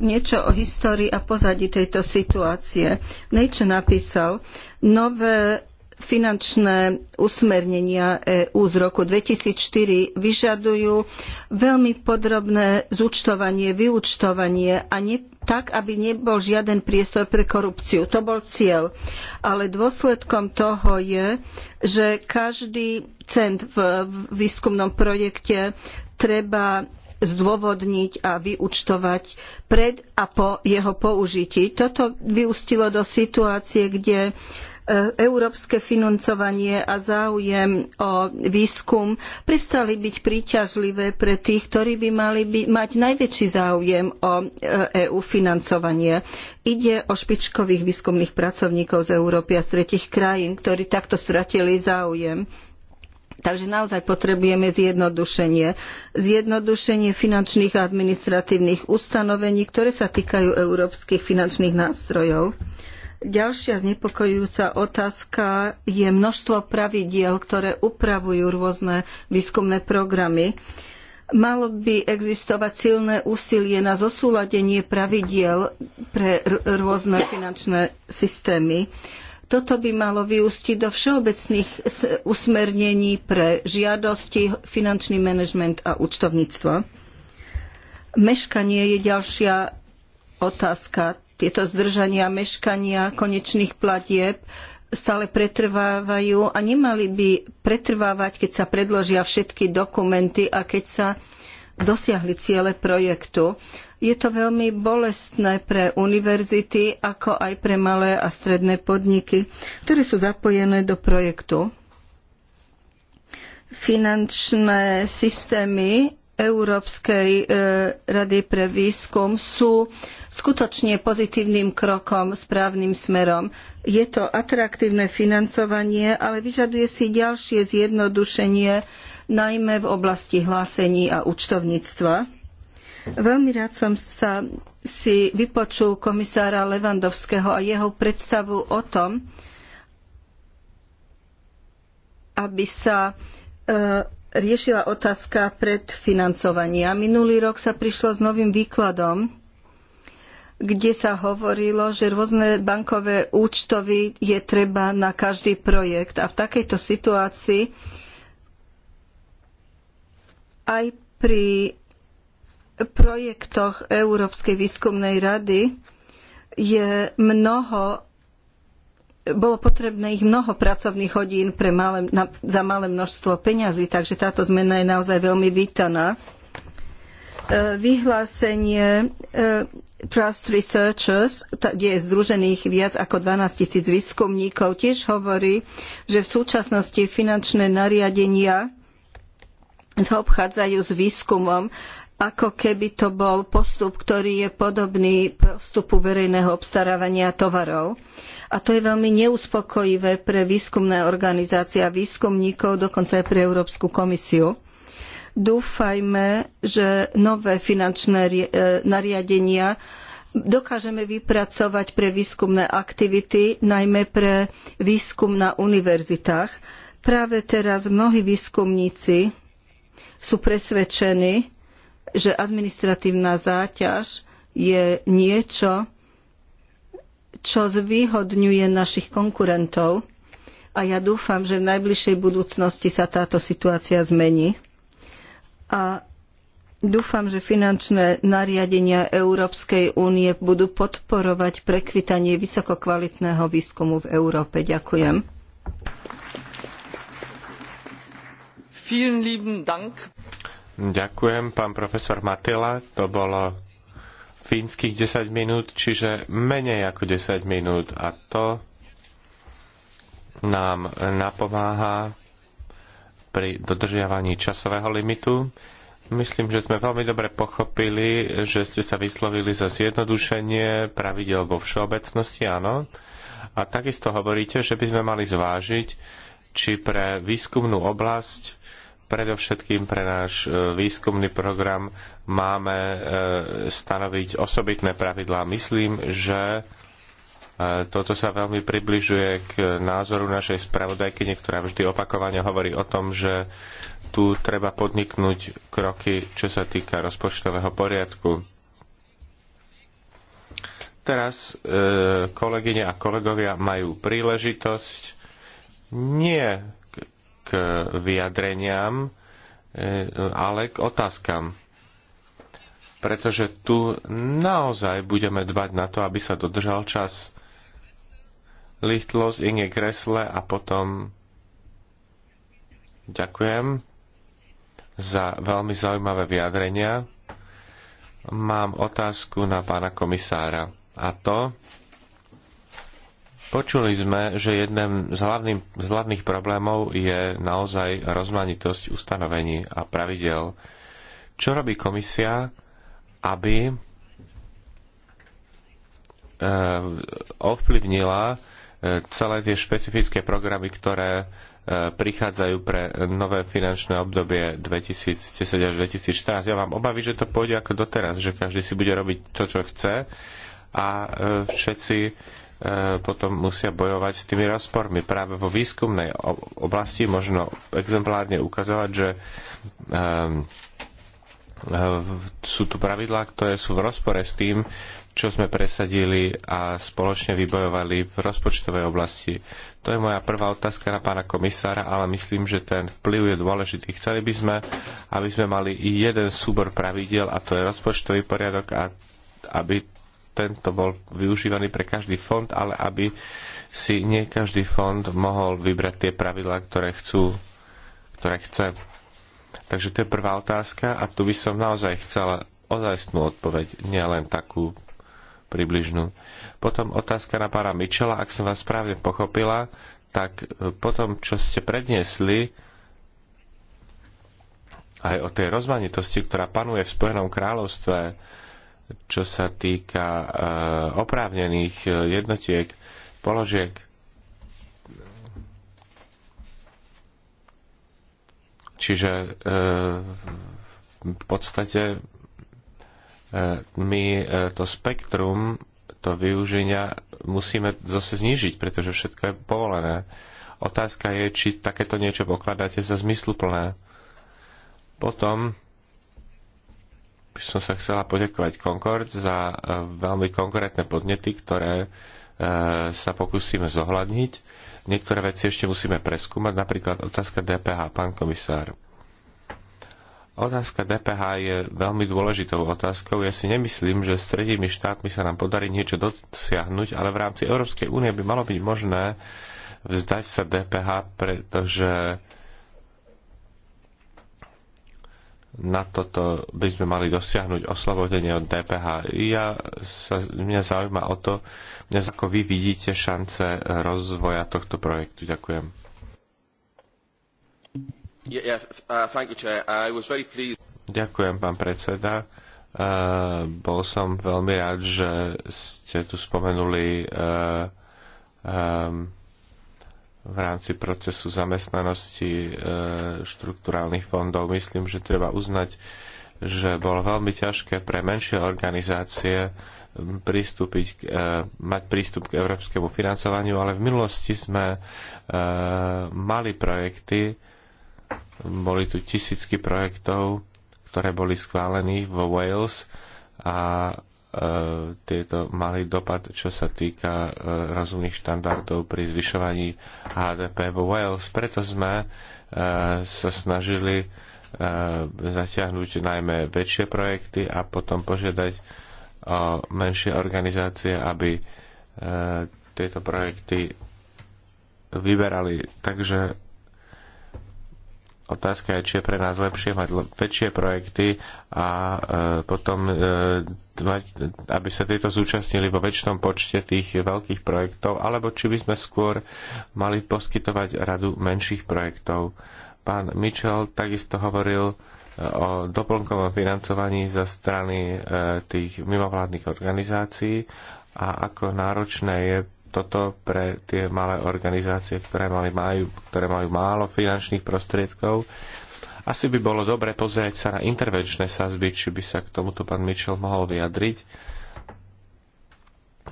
niečo o histórii a pozadí tejto situácie. Nature napísal, nové finančné usmernenia EÚ z roku 2004 vyžadujú veľmi podrobné zúčtovanie, vyúčtovanie a ne, tak, aby nebol žiaden priestor pre korupciu. To bol cieľ. Ale dôsledkom toho je, že každý cent v výskumnom projekte treba zdôvodniť a vyúčtovať pred a po jeho použití. Toto vyústilo do situácie, kde e, európske financovanie a záujem o výskum prestali byť príťažlivé pre tých, ktorí by mali by mať najväčší záujem o EU e financovanie. Ide o špičkových výskumných pracovníkov z Európy a z tretich krajín, ktorí takto stratili záujem. Takže naozaj potrebujeme zjednodušenie. Zjednodušenie finančných a administratívnych ustanovení, ktoré sa týkajú európskych finančných nástrojov. Ďalšia znepokojujúca otázka je množstvo pravidiel, ktoré upravujú rôzne výskumné programy. Malo by existovať silné úsilie na zosúladenie pravidiel pre rôzne finančné systémy. Toto by malo vyústiť do všeobecných usmernení pre žiadosti, finančný manažment a účtovníctvo. Meškanie je ďalšia otázka. Tieto zdržania meškania konečných platieb stále pretrvávajú a nemali by pretrvávať, keď sa predložia všetky dokumenty a keď sa dosiahli ciele projektu. Je to veľmi bolestné pre univerzity, ako aj pre malé a stredné podniky, ktoré sú zapojené do projektu. Finančné systémy Európskej e, rady pre výskum sú skutočne pozitívnym krokom správnym smerom. Je to atraktívne financovanie, ale vyžaduje si ďalšie zjednodušenie, najmä v oblasti hlásení a účtovníctva Veľmi rád som sa si vypočul komisára Levandovského a jeho predstavu o tom, aby sa e, riešila otázka predfinancovania. Minulý rok sa prišlo s novým výkladom, kde sa hovorilo, že rôzne bankové účtovy je treba na každý projekt. A v takejto situácii aj pri projektoch Európskej výskumnej rady je mnoho bolo potrebné ich mnoho pracovných hodín pre malé, na, za malé množstvo peňazí, takže táto zmena je naozaj veľmi vítaná. E, vyhlásenie e, Trust Researchers, kde je združených viac ako 12 tisíc výskumníkov, tiež hovorí, že v súčasnosti finančné nariadenia zaobchádzajú s výskumom ako keby to bol postup, ktorý je podobný postupu verejného obstarávania tovarov. A to je veľmi neuspokojivé pre výskumné organizácie a výskumníkov, dokonca aj pre Európsku komisiu. Dúfajme, že nové finančné e, nariadenia dokážeme vypracovať pre výskumné aktivity, najmä pre výskum na univerzitách. Práve teraz mnohí výskumníci sú presvedčení, že administratívna záťaž je niečo, čo zvýhodňuje našich konkurentov a ja dúfam, že v najbližšej budúcnosti sa táto situácia zmení. A dúfam, že finančné nariadenia Európskej únie budú podporovať prekvitanie vysokokvalitného výskumu v Európe. Ďakujem.
Ďakujem, pán profesor Matila. To bolo fínskych 10 minút, čiže menej ako 10 minút. A to nám napomáha pri dodržiavaní časového limitu. Myslím, že sme veľmi dobre pochopili, že ste sa vyslovili za zjednodušenie pravidel vo všeobecnosti, áno. A takisto hovoríte, že by sme mali zvážiť, či pre výskumnú oblasť Predovšetkým pre náš e, výskumný program máme e, stanoviť osobitné pravidlá. Myslím, že e, toto sa veľmi približuje k názoru našej spravodajkyne, ktorá vždy opakovane hovorí o tom, že tu treba podniknúť kroky, čo sa týka rozpočtového poriadku. Teraz e, kolegyne a kolegovia majú príležitosť nie k vyjadreniam, e, ale k otázkam. Pretože tu naozaj budeme dbať na to, aby sa dodržal čas. Lichtlos, Inge Kresle a potom ďakujem za veľmi zaujímavé vyjadrenia. Mám otázku na pána komisára. A to, Počuli sme, že jedným z, hlavným, z hlavných problémov je naozaj rozmanitosť ustanovení a pravidel. Čo robí komisia, aby e, ovplyvnila e, celé tie špecifické programy, ktoré e, prichádzajú pre nové finančné obdobie 2010 až 2014. Ja mám obavy, že to pôjde ako doteraz, že každý si bude robiť to, čo chce a všetci E, potom musia bojovať s tými rozpormi. Práve vo výskumnej oblasti možno exemplárne ukazovať, že e, sú tu pravidlá, ktoré sú v rozpore s tým, čo sme presadili a spoločne vybojovali v rozpočtovej oblasti. To je moja prvá otázka na pána komisára, ale myslím, že ten vplyv je dôležitý. Chceli by sme, aby sme mali jeden súbor pravidiel a to je rozpočtový poriadok a aby tento bol využívaný pre každý fond, ale aby si nie každý fond mohol vybrať tie pravidlá, ktoré chcú, ktoré chce. Takže to je prvá otázka a tu by som naozaj chcela ozajstnú odpoveď, nielen takú približnú. Potom otázka na pána Mičela, ak som vás správne pochopila, tak e, potom, čo ste predniesli, aj o tej rozmanitosti, ktorá panuje v Spojenom kráľovstve, čo sa týka eh, oprávnených eh, jednotiek, položiek, Čiže eh, v podstate my to spektrum, to využenia musíme zase znižiť, pretože všetko je povolené. Otázka je, či takéto niečo pokladáte za zmysluplné. Potom by som sa chcela poďakovať Concord za e, veľmi konkrétne podnety, ktoré e, sa pokúsime zohľadniť. Niektoré veci ešte musíme preskúmať, napríklad otázka DPH, pán komisár. Otázka DPH je veľmi dôležitou otázkou. Ja si nemyslím, že s tretími štátmi sa nám podarí niečo dosiahnuť, ale v rámci Európskej únie by malo byť možné vzdať sa DPH, pretože na toto by sme mali dosiahnuť oslobodenie od DPH. Ja sa, mňa zaujíma o to, mňa ako vy vidíte šance rozvoja tohto projektu. Ďakujem. Yeah, yeah, uh, you, Ďakujem, pán predseda. Uh, bol som veľmi rád, že ste tu spomenuli uh, um, v rámci procesu zamestnanosti e, štruktúrálnych fondov. Myslím, že treba uznať, že bolo veľmi ťažké pre menšie organizácie pristúpiť, e, mať prístup k európskemu financovaniu, ale v minulosti sme e, mali projekty, boli tu tisícky projektov, ktoré boli schválených vo Wales a E, tieto mali dopad, čo sa týka e, rozumných štandardov pri zvyšovaní HDP vo Wales. Preto sme e, sa snažili zaťahnuť najmä väčšie projekty a potom požiadať o menšie organizácie, aby tieto projekty vyberali. Takže Otázka je, či je pre nás lepšie mať väčšie projekty a e, potom, e, mať, aby sa tieto zúčastnili vo väčšom počte tých veľkých projektov, alebo či by sme skôr mali poskytovať radu menších projektov. Pán Mitchell takisto hovoril e, o doplnkovom financovaní zo strany e, tých mimovládnych organizácií a ako náročné je toto pre tie malé organizácie, ktoré, mali, majú, ktoré majú málo finančných prostriedkov. Asi by bolo dobre pozrieť sa na intervenčné sazby, či by sa k tomuto pán Mitchell mohol vyjadriť.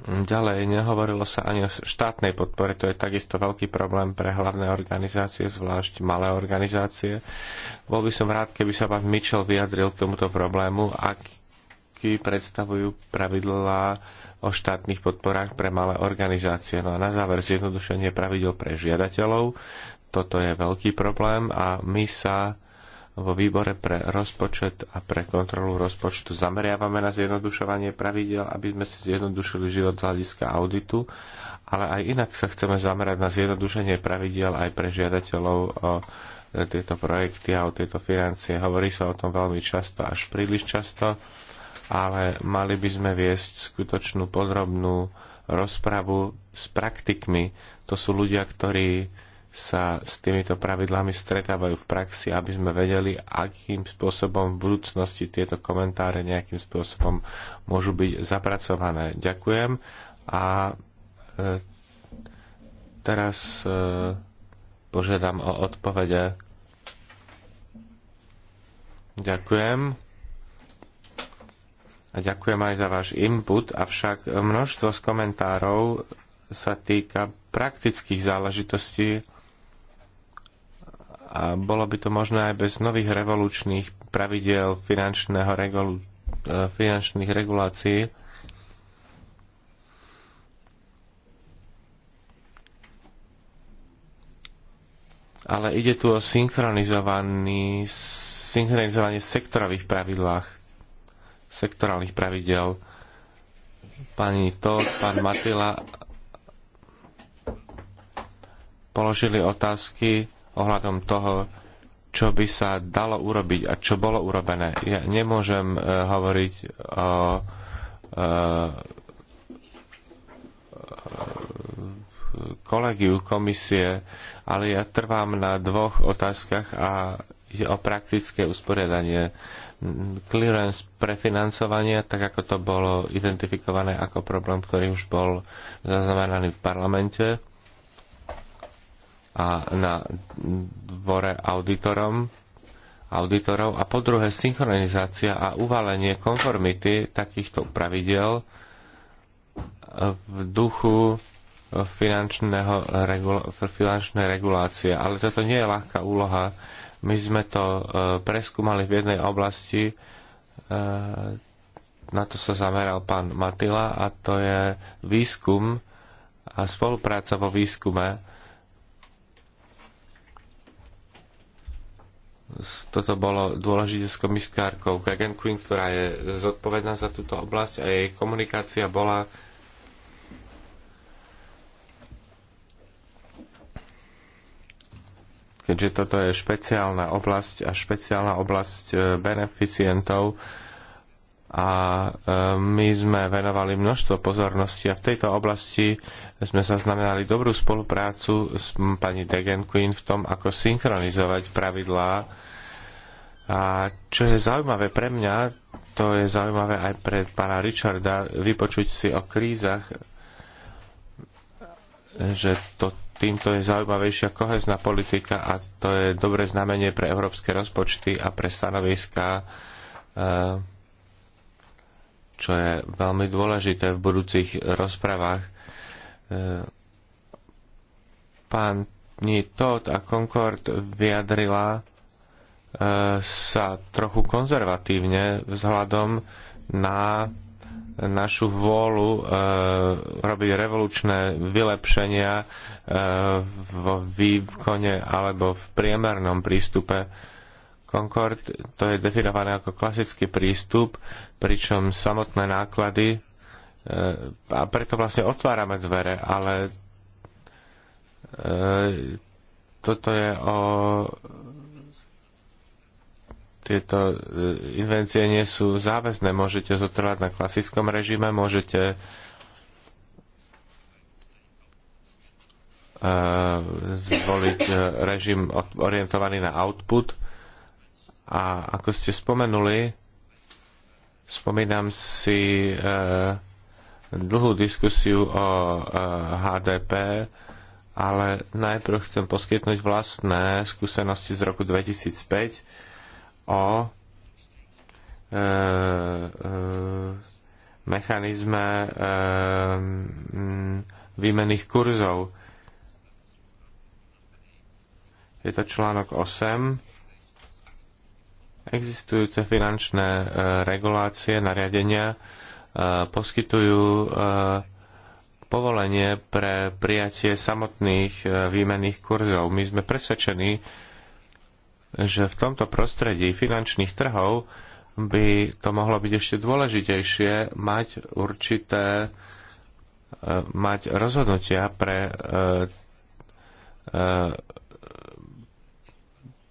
Ďalej, nehovorilo sa ani o štátnej podpore, to je takisto veľký problém pre hlavné organizácie, zvlášť malé organizácie. Bol by som rád, keby sa pán Mitchell vyjadril k tomuto problému, aký predstavujú pravidlá o štátnych podporách pre malé organizácie. No a na záver zjednodušenie pravidel pre žiadateľov. Toto je veľký problém a my sa vo výbore pre rozpočet a pre kontrolu rozpočtu zameriavame na zjednodušovanie pravidel, aby sme si zjednodušili život z hľadiska auditu, ale aj inak sa chceme zamerať na zjednodušenie pravidel aj pre žiadateľov o e, tieto projekty a o tieto financie. Hovorí sa o tom veľmi často, až príliš často ale mali by sme viesť skutočnú podrobnú rozpravu s praktikmi. To sú ľudia, ktorí sa s týmito pravidlami stretávajú v praxi, aby sme vedeli, akým spôsobom v budúcnosti tieto komentáre nejakým spôsobom môžu byť zapracované. Ďakujem a e, teraz e, požiadam o odpovede. Ďakujem. Ďakujem aj za váš input, avšak množstvo z komentárov sa týka praktických záležitostí a bolo by to možné aj bez nových revolučných pravidel finančného regulu- eh, finančných regulácií. Ale ide tu o synchronizovaný, synchronizovanie sektorových pravidlách sektorálnych pravidel. Pani To, pán Matila položili otázky ohľadom toho, čo by sa dalo urobiť a čo bolo urobené. Ja nemôžem uh, hovoriť o uh, kolegiu komisie, ale ja trvám na dvoch otázkach a je o praktické usporiadanie clearance prefinancovania, tak ako to bolo identifikované ako problém, ktorý už bol zaznamenaný v parlamente a na dvore auditorom auditorov a po druhé synchronizácia a uvalenie konformity takýchto pravidel v duchu finančného, finančnej regulácie. Ale toto nie je ľahká úloha. My sme to e, preskúmali v jednej oblasti, e, na to sa zameral pán Matila a to je výskum a spolupráca vo výskume. Toto bolo dôležité s komisárkou Kagan Queen, ktorá je zodpovedná za túto oblasť a jej komunikácia bola keďže toto je špeciálna oblasť a špeciálna oblasť e, beneficientov a e, my sme venovali množstvo pozornosti a v tejto oblasti sme zaznamenali dobrú spoluprácu s pani Degen Queen v tom, ako synchronizovať pravidlá a čo je zaujímavé pre mňa, to je zaujímavé aj pre pána Richarda, vypočuť si o krízach, že to týmto je zaujímavejšia kohezná politika a to je dobré znamenie pre európske rozpočty a pre stanoviská, eh, čo je veľmi dôležité v budúcich rozprávach. Eh, Pán Nitot a Concord vyjadrila eh, sa trochu konzervatívne vzhľadom na našu vôľu robiť revolučné vylepšenia vo výkone alebo v priemernom prístupe. Concord to je definované ako klasický prístup, pričom samotné náklady e, a preto vlastne otvárame dvere, ale e, toto je o tieto e, invencie nie sú záväzné. Môžete zotrvať na klasickom režime, môžete E, zvoliť e, režim orientovaný na output. A ako ste spomenuli, spomínam si e, dlhú diskusiu o HDP, ale najprv chcem poskytnúť vlastné skúsenosti z roku 2005 o mechanizme výmených kurzov je to článok 8. Existujúce finančné e, regulácie, nariadenia e, poskytujú e, povolenie pre prijatie samotných výmenných kurzov. My sme presvedčení, že v tomto prostredí finančných trhov by to mohlo byť ešte dôležitejšie mať určité mať rozhodnutia pre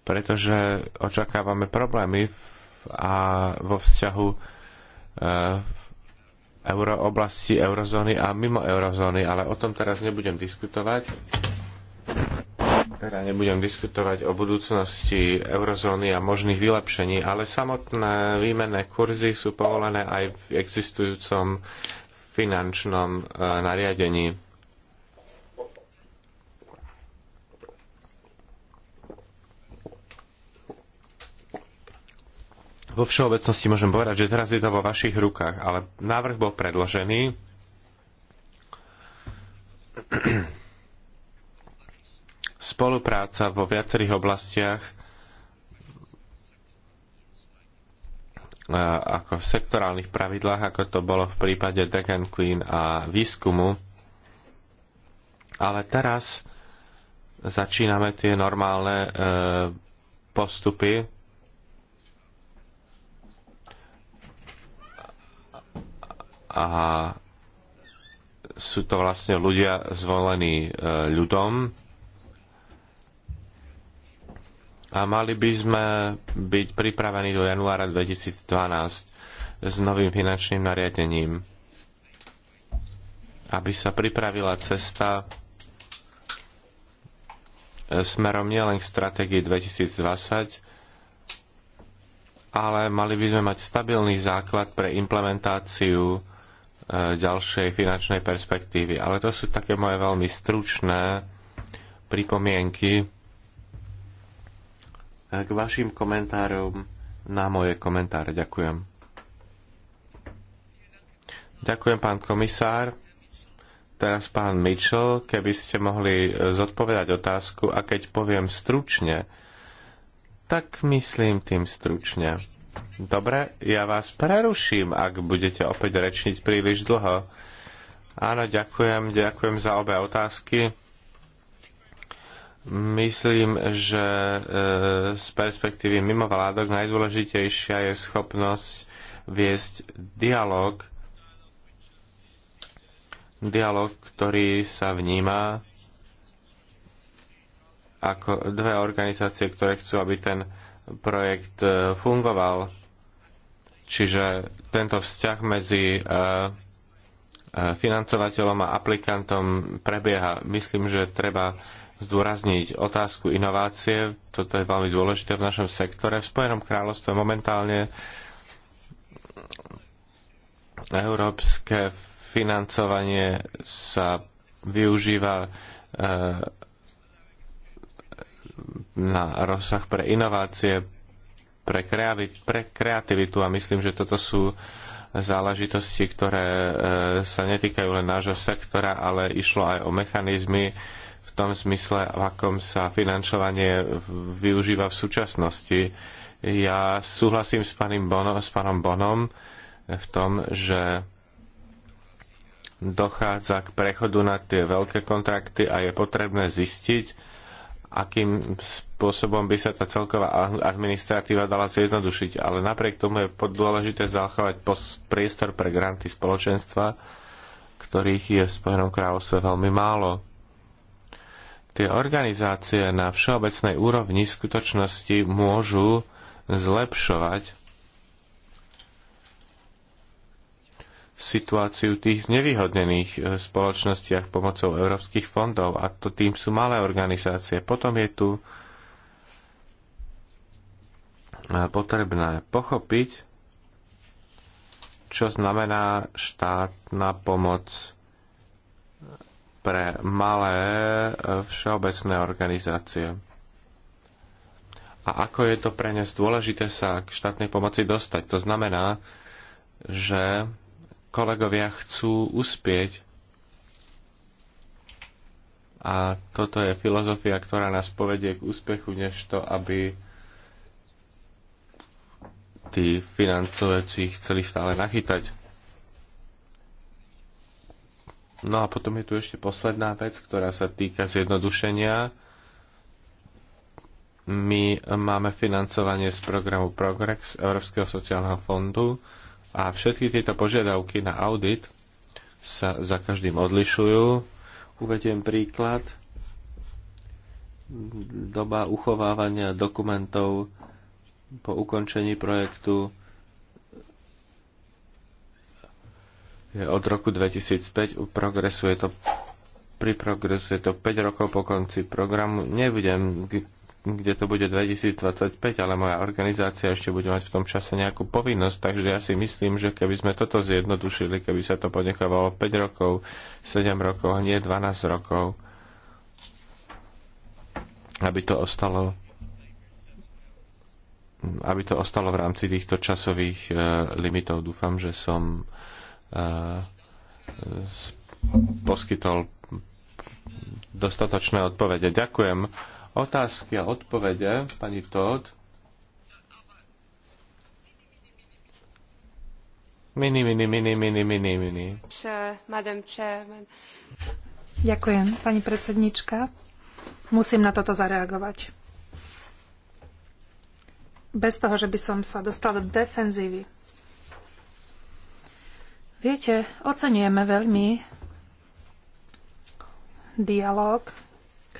pretože očakávame problémy a vo vzťahu e, oblasti eurozóny a mimo eurozóny, ale o tom teraz nebudem diskutovať. Teda nebudem diskutovať o budúcnosti eurozóny a možných vylepšení, ale samotné výmenné kurzy sú povolené aj v existujúcom finančnom e, nariadení. vo všeobecnosti môžem povedať, že teraz je to vo vašich rukách, ale návrh bol predložený. Spolupráca vo viacerých oblastiach ako v sektorálnych pravidlách, ako to bolo v prípade Degan Queen a výskumu. Ale teraz začíname tie normálne e, postupy a sú to vlastne ľudia zvolení e, ľudom a mali by sme byť pripravení do januára 2012 s novým finančným nariadením, aby sa pripravila cesta e, smerom nielen k stratégii 2020, ale mali by sme mať stabilný základ pre implementáciu ďalšej finančnej perspektívy. Ale to sú také moje veľmi stručné pripomienky k vašim komentárom na moje komentáre. Ďakujem. Ďakujem, pán komisár. Teraz pán Mitchell, keby ste mohli zodpovedať otázku a keď poviem stručne, tak myslím tým stručne. Dobre, ja vás preruším, ak budete opäť rečniť príliš dlho. Áno, ďakujem, ďakujem za obe otázky. Myslím, že e, z perspektívy mimo vládok najdôležitejšia je schopnosť viesť dialog, dialog, ktorý sa vníma ako dve organizácie, ktoré chcú, aby ten projekt e, fungoval. Čiže tento vzťah medzi e, e, financovateľom a aplikantom prebieha. Myslím, že treba zdôrazniť otázku inovácie. Toto je veľmi dôležité v našom sektore. V Spojenom kráľovstve momentálne európske financovanie sa využíva na rozsah pre inovácie, pre, kreavi, pre kreativitu a myslím, že toto sú záležitosti, ktoré e, sa netýkajú len nášho sektora, ale išlo aj o mechanizmy v tom zmysle, v akom sa financovanie využíva v súčasnosti. Ja súhlasím s, Bono, s pánom Bonom v tom, že dochádza k prechodu na tie veľké kontrakty a je potrebné zistiť, akým spôsobom by sa tá celková administratíva dala zjednodušiť. Ale napriek tomu je dôležité zachovať priestor pre granty spoločenstva, ktorých je v Spojenom kráľovstve veľmi málo. Tie organizácie na všeobecnej úrovni skutočnosti môžu zlepšovať situáciu tých znevýhodnených e, spoločnostiach pomocou európskych fondov a to tým sú malé organizácie. Potom je tu e, potrebné pochopiť, čo znamená štátna pomoc pre malé e, všeobecné organizácie. A ako je to pre ne dôležité sa k štátnej pomoci dostať? To znamená, že kolegovia chcú uspieť. A toto je filozofia, ktorá nás povedie k úspechu, než to, aby tí financovací chceli stále nachytať. No a potom je tu ešte posledná vec, ktorá sa týka zjednodušenia. My máme financovanie z programu Progress Európskeho sociálneho fondu a všetky tieto požiadavky na audit sa za každým odlišujú. Uvediem príklad. Doba uchovávania dokumentov po ukončení projektu je od roku 2005. Progresuje to, pri progresu je to 5 rokov po konci programu. Nebudem kde to bude 2025, ale moja organizácia ešte bude mať v tom čase nejakú povinnosť, takže ja si myslím, že keby sme toto zjednodušili, keby sa to ponechávalo 5 rokov, 7 rokov a nie 12 rokov, aby to ostalo aby to ostalo v rámci týchto časových e, limitov. Dúfam, že som e, poskytol dostatočné odpovede. Ďakujem otázky a odpovede pani Todd. Mini, mini, mini, mini, mini, mini.
Ďakujem, pani predsednička. Musím na toto zareagovať. Bez toho, že by som sa dostal do defenzívy. Viete, ocenujeme veľmi dialog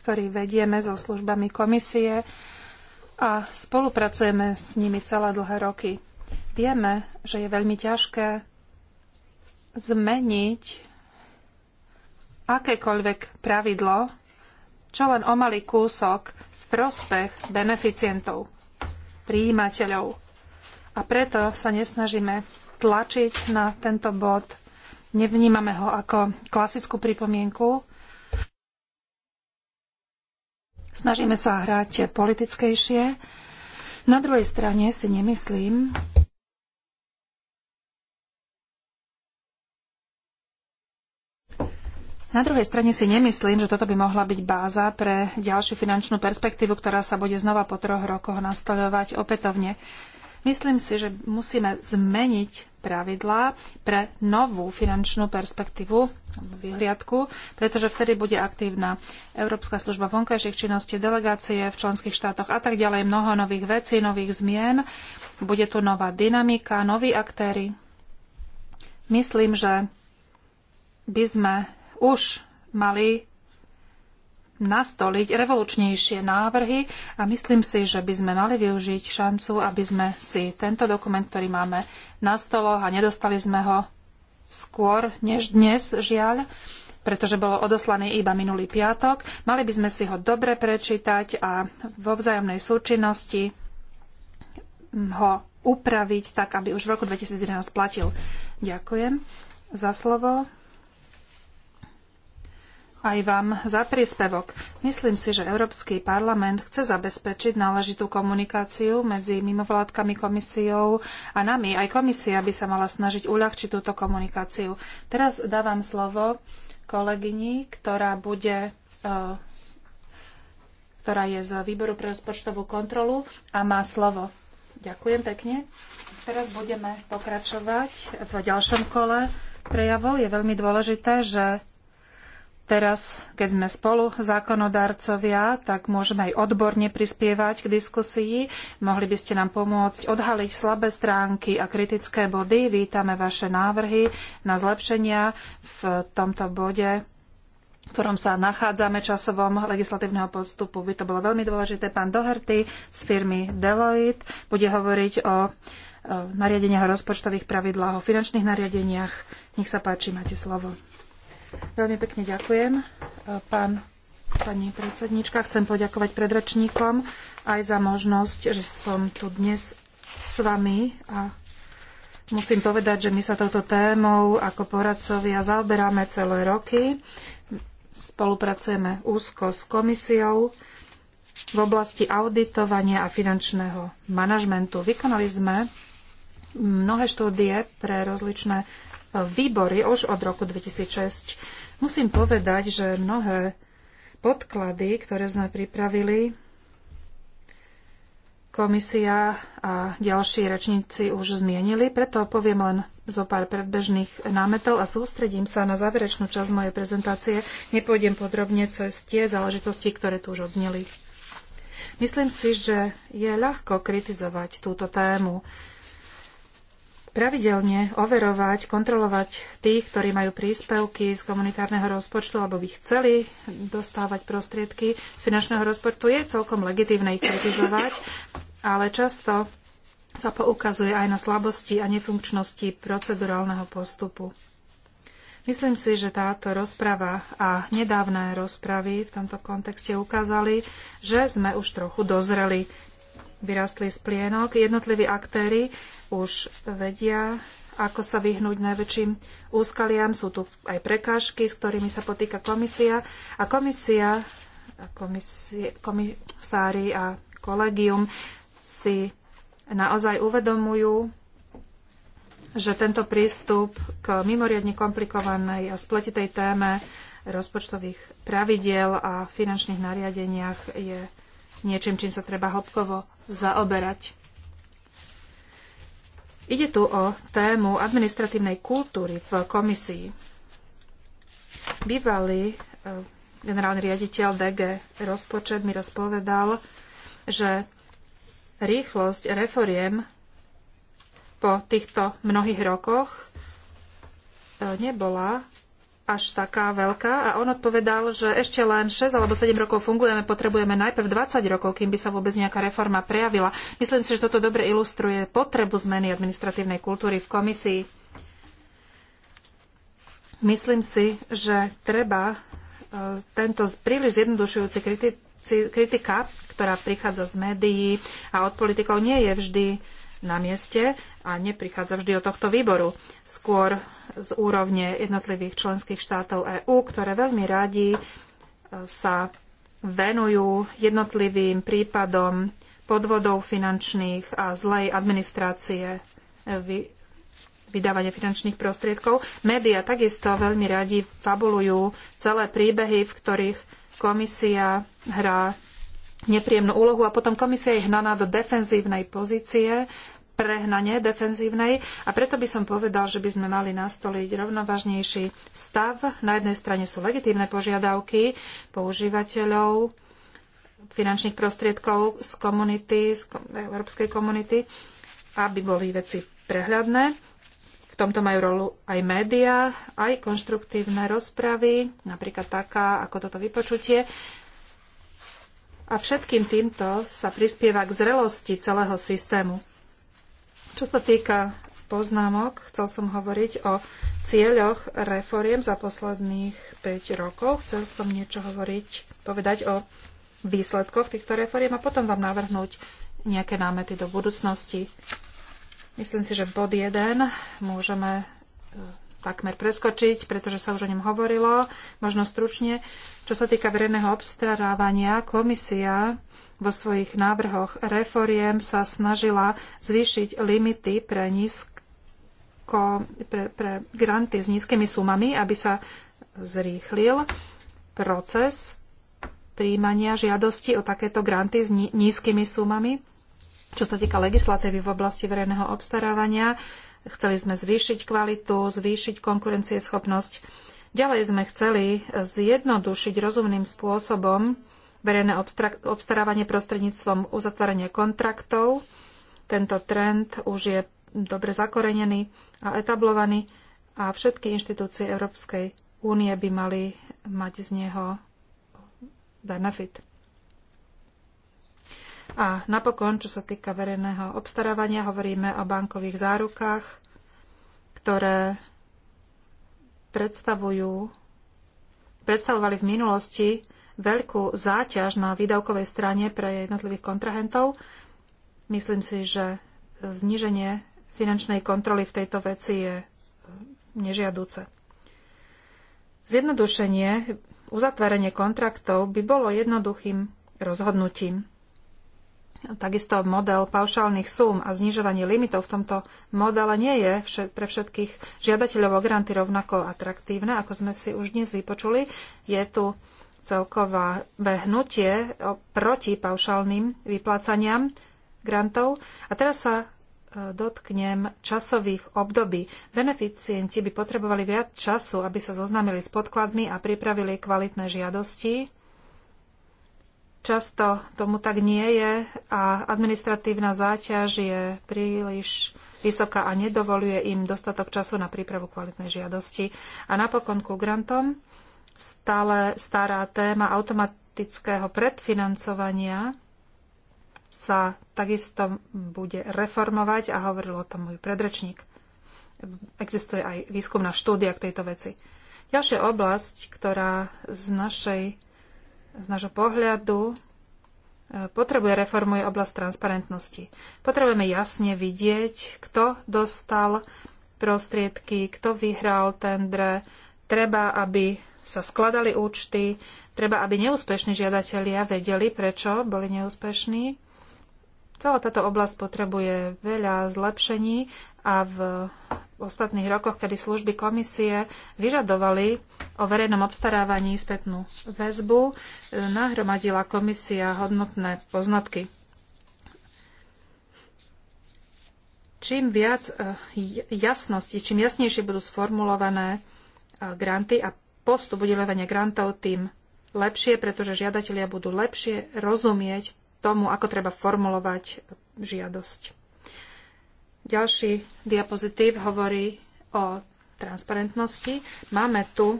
ktorý vedieme so službami komisie a spolupracujeme s nimi celé dlhé roky. Vieme, že je veľmi ťažké zmeniť akékoľvek pravidlo, čo len o malý kúsok v prospech beneficientov, príjimateľov. A preto sa nesnažíme tlačiť na tento bod. Nevnímame ho ako klasickú pripomienku, Snažíme sa hrať politickejšie. Na druhej strane si nemyslím, Na druhej strane si nemyslím, že toto by mohla byť báza pre ďalšiu finančnú perspektívu, ktorá sa bude znova po troch rokoch nastoľovať opätovne. Myslím si, že musíme zmeniť pravidlá pre novú finančnú perspektívu, vyhliadku, pretože vtedy bude aktívna Európska služba vonkajších činností, delegácie v členských štátoch a tak ďalej. Mnoho nových vecí, nových zmien. Bude tu nová dynamika, noví aktéry. Myslím, že by sme už mali nastoliť revolučnejšie návrhy a myslím si, že by sme mali využiť šancu, aby sme si tento dokument, ktorý máme na stolo a nedostali sme ho skôr než dnes, žiaľ, pretože bolo odoslaný iba minulý piatok. Mali by sme si ho dobre prečítať a vo vzájomnej súčinnosti ho upraviť tak, aby už v roku 2011 platil. Ďakujem za slovo aj vám za príspevok. Myslím si, že Európsky parlament chce zabezpečiť náležitú komunikáciu medzi mimovládkami komisiou a nami. Aj komisia by sa mala snažiť uľahčiť túto komunikáciu. Teraz dávam slovo kolegyni, ktorá bude e, ktorá je z výboru pre rozpočtovú kontrolu a má slovo. Ďakujem pekne. Teraz budeme pokračovať v ďalšom kole prejavov. Je veľmi dôležité, že Teraz, keď sme spolu zákonodarcovia, tak môžeme aj odborne prispievať k diskusii. Mohli by ste nám pomôcť odhaliť slabé stránky a kritické body. Vítame vaše návrhy na zlepšenia v tomto bode v ktorom sa nachádzame časovom legislatívneho podstupu. By to bolo veľmi dôležité. Pán Doherty z firmy Deloitte bude hovoriť o nariadeniach o rozpočtových pravidlách, o finančných nariadeniach. Nech sa páči, máte slovo. Veľmi pekne ďakujem. E, pán, pani predsednička, chcem poďakovať predračníkom aj za možnosť, že som tu dnes s vami a musím povedať, že my sa touto témou ako poradcovia zaoberáme celé roky. Spolupracujeme úzko s komisiou v oblasti auditovania a finančného manažmentu. Vykonali sme mnohé štúdie pre rozličné výbory už od roku 2006. Musím povedať, že mnohé podklady, ktoré sme pripravili, komisia a ďalší rečníci už zmienili, preto poviem len zo pár predbežných námetov a sústredím sa na záverečnú časť mojej prezentácie. Nepôjdem podrobne cez tie záležitosti, ktoré tu už odzneli. Myslím si, že je ľahko kritizovať túto tému pravidelne overovať, kontrolovať tých, ktorí majú príspevky z komunitárneho rozpočtu, alebo by chceli dostávať prostriedky z finančného rozpočtu, je celkom legitívne ich kritizovať, ale často sa poukazuje aj na slabosti a nefunkčnosti procedurálneho postupu. Myslím si, že táto rozprava a nedávne rozpravy v tomto kontexte ukázali, že sme už trochu dozreli vyrastli z plienok. Jednotliví aktéry už vedia, ako sa vyhnúť najväčším úskaliam. Sú tu aj prekážky, s ktorými sa potýka komisia. A komisia, komisie, komisári a kolegium si naozaj uvedomujú, že tento prístup k mimoriadne komplikovanej a spletitej téme rozpočtových pravidiel a finančných nariadeniach je niečím, čím sa treba hlbkovo zaoberať. Ide tu o tému administratívnej kultúry v komisii. Bývalý e, generálny riaditeľ DG rozpočet mi raz povedal, že rýchlosť reforiem po týchto mnohých rokoch e, nebola až taká veľká a on odpovedal, že ešte len 6 alebo 7 rokov fungujeme, potrebujeme najprv 20 rokov, kým by sa vôbec nejaká reforma prejavila. Myslím si, že toto dobre ilustruje potrebu zmeny administratívnej kultúry v komisii. Myslím si, že treba e, tento príliš zjednodušujúci kritika, ktorá prichádza z médií a od politikov, nie je vždy na mieste a neprichádza vždy od tohto výboru. Skôr z úrovne jednotlivých členských štátov EÚ, ktoré veľmi radi e, sa venujú jednotlivým prípadom podvodov finančných a zlej administrácie e, vydávania finančných prostriedkov. Média takisto veľmi radi fabulujú celé príbehy, v ktorých komisia hrá nepríjemnú úlohu a potom komisia je hnaná do defenzívnej pozície, prehnane defenzívnej a preto by som povedal, že by sme mali nastoliť rovnovážnejší stav. Na jednej strane sú legitímne požiadavky používateľov finančných prostriedkov z komunity, z európskej komunity, aby boli veci prehľadné. V tomto majú rolu aj médiá, aj konštruktívne rozpravy, napríklad taká ako toto vypočutie, a všetkým týmto sa prispieva k zrelosti celého systému. Čo sa týka poznámok, chcel som hovoriť o cieľoch reforiem za posledných 5 rokov. Chcel som niečo hovoriť, povedať o výsledkoch týchto reforiem a potom vám navrhnúť nejaké námety do budúcnosti. Myslím si, že bod 1 môžeme takmer preskočiť, pretože sa už o ňom hovorilo, možno stručne. Čo sa týka verejného obstarávania, komisia vo svojich návrhoch reforiem sa snažila zvýšiť limity pre, nízko, pre, pre granty s nízkymi sumami, aby sa zrýchlil proces príjmania žiadosti o takéto granty s nízkymi sumami. Čo sa týka legislatívy v oblasti verejného obstarávania, Chceli sme zvýšiť kvalitu, zvýšiť konkurencieschopnosť. Ďalej sme chceli zjednodušiť rozumným spôsobom verejné obstarávanie prostredníctvom uzatvárania kontraktov. Tento trend už je dobre zakorenený a etablovaný a všetky inštitúcie Európskej únie by mali mať z neho benefit. A napokon, čo sa týka verejného obstarávania, hovoríme o bankových zárukách, ktoré predstavujú, predstavovali v minulosti veľkú záťaž na výdavkovej strane pre jednotlivých kontrahentov. Myslím si, že zníženie finančnej kontroly v tejto veci je nežiaduce. Zjednodušenie, uzatvárenie kontraktov by bolo jednoduchým rozhodnutím. Takisto model paušálnych súm a znižovanie limitov v tomto modele nie je pre všetkých žiadateľov o granty rovnako atraktívne, ako sme si už dnes vypočuli. Je tu celková behnutie proti paušálnym vyplácaniam grantov. A teraz sa e, dotknem časových období. Beneficienti by potrebovali viac času, aby sa zoznámili s podkladmi a pripravili kvalitné žiadosti Často tomu tak nie je a administratívna záťaž je príliš vysoká a nedovoluje im dostatok času na prípravu kvalitnej žiadosti. A napokon ku grantom stále stará téma automatického predfinancovania sa takisto bude reformovať a hovoril o tom môj predrečník. Existuje aj výskumná štúdia k tejto veci. Ďalšia oblasť, ktorá z našej z nášho pohľadu e, potrebuje reformu je oblasť transparentnosti. Potrebujeme jasne vidieť, kto dostal prostriedky, kto vyhral tendre. Treba, aby sa skladali účty, treba, aby neúspešní žiadatelia vedeli, prečo boli neúspešní Celá táto oblasť potrebuje veľa zlepšení a v ostatných rokoch, kedy služby komisie vyžadovali o verejnom obstarávaní spätnú väzbu, e, nahromadila komisia hodnotné poznatky. Čím viac e, jasnosti, čím jasnejšie budú sformulované e, granty a postup udelovania grantov, tým lepšie, pretože žiadatelia budú lepšie rozumieť tomu, ako treba formulovať žiadosť. Ďalší diapozitív hovorí o transparentnosti. Máme tu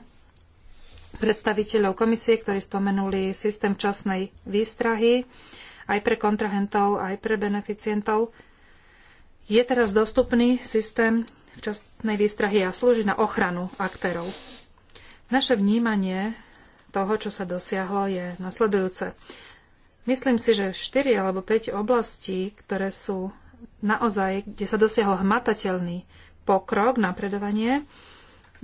predstaviteľov komisie, ktorí spomenuli systém časnej výstrahy aj pre kontrahentov, aj pre beneficientov. Je teraz dostupný systém včasnej výstrahy a slúži na ochranu aktérov. Naše vnímanie toho, čo sa dosiahlo, je nasledujúce. Myslím si, že 4 alebo 5 oblastí, ktoré sú naozaj, kde sa dosiahol hmatateľný pokrok, napredovanie,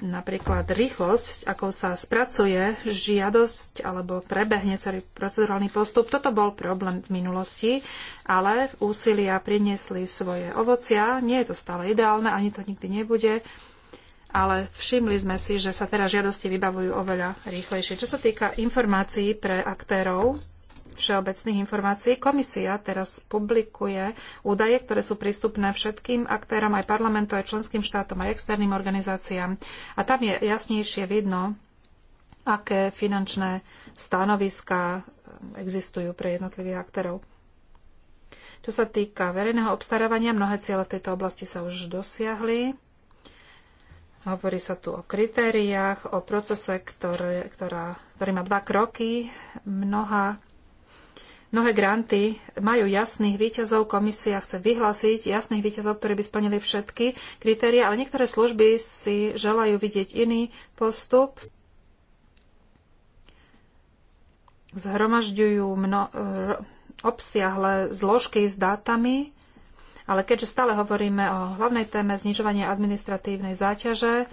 napríklad rýchlosť, ako sa spracuje žiadosť alebo prebehne celý procedurálny postup. Toto bol problém v minulosti, ale v úsilia priniesli svoje ovocia. Nie je to stále ideálne, ani to nikdy nebude, ale všimli sme si, že sa teraz žiadosti vybavujú oveľa rýchlejšie. Čo sa týka informácií pre aktérov, všeobecných informácií. Komisia teraz publikuje údaje, ktoré sú prístupné všetkým aktérom, aj parlamentu, aj členským štátom, aj externým organizáciám. A tam je jasnejšie vidno, aké finančné stanoviská um, existujú pre jednotlivých aktérov. Čo sa týka verejného obstarávania, mnohé ciele v tejto oblasti sa už dosiahli. Hovorí sa tu o kritériách, o procese, ktoré, ktorá, ktorý má dva kroky. Mnoha Mnohé granty majú jasných výťazov, komisia chce vyhlásiť jasných výťazov, ktorí by splnili všetky kritéria, ale niektoré služby si želajú vidieť iný postup. Zhromažďujú mno, e, obsiahle zložky s dátami, ale keďže stále hovoríme o hlavnej téme znižovania administratívnej záťaže,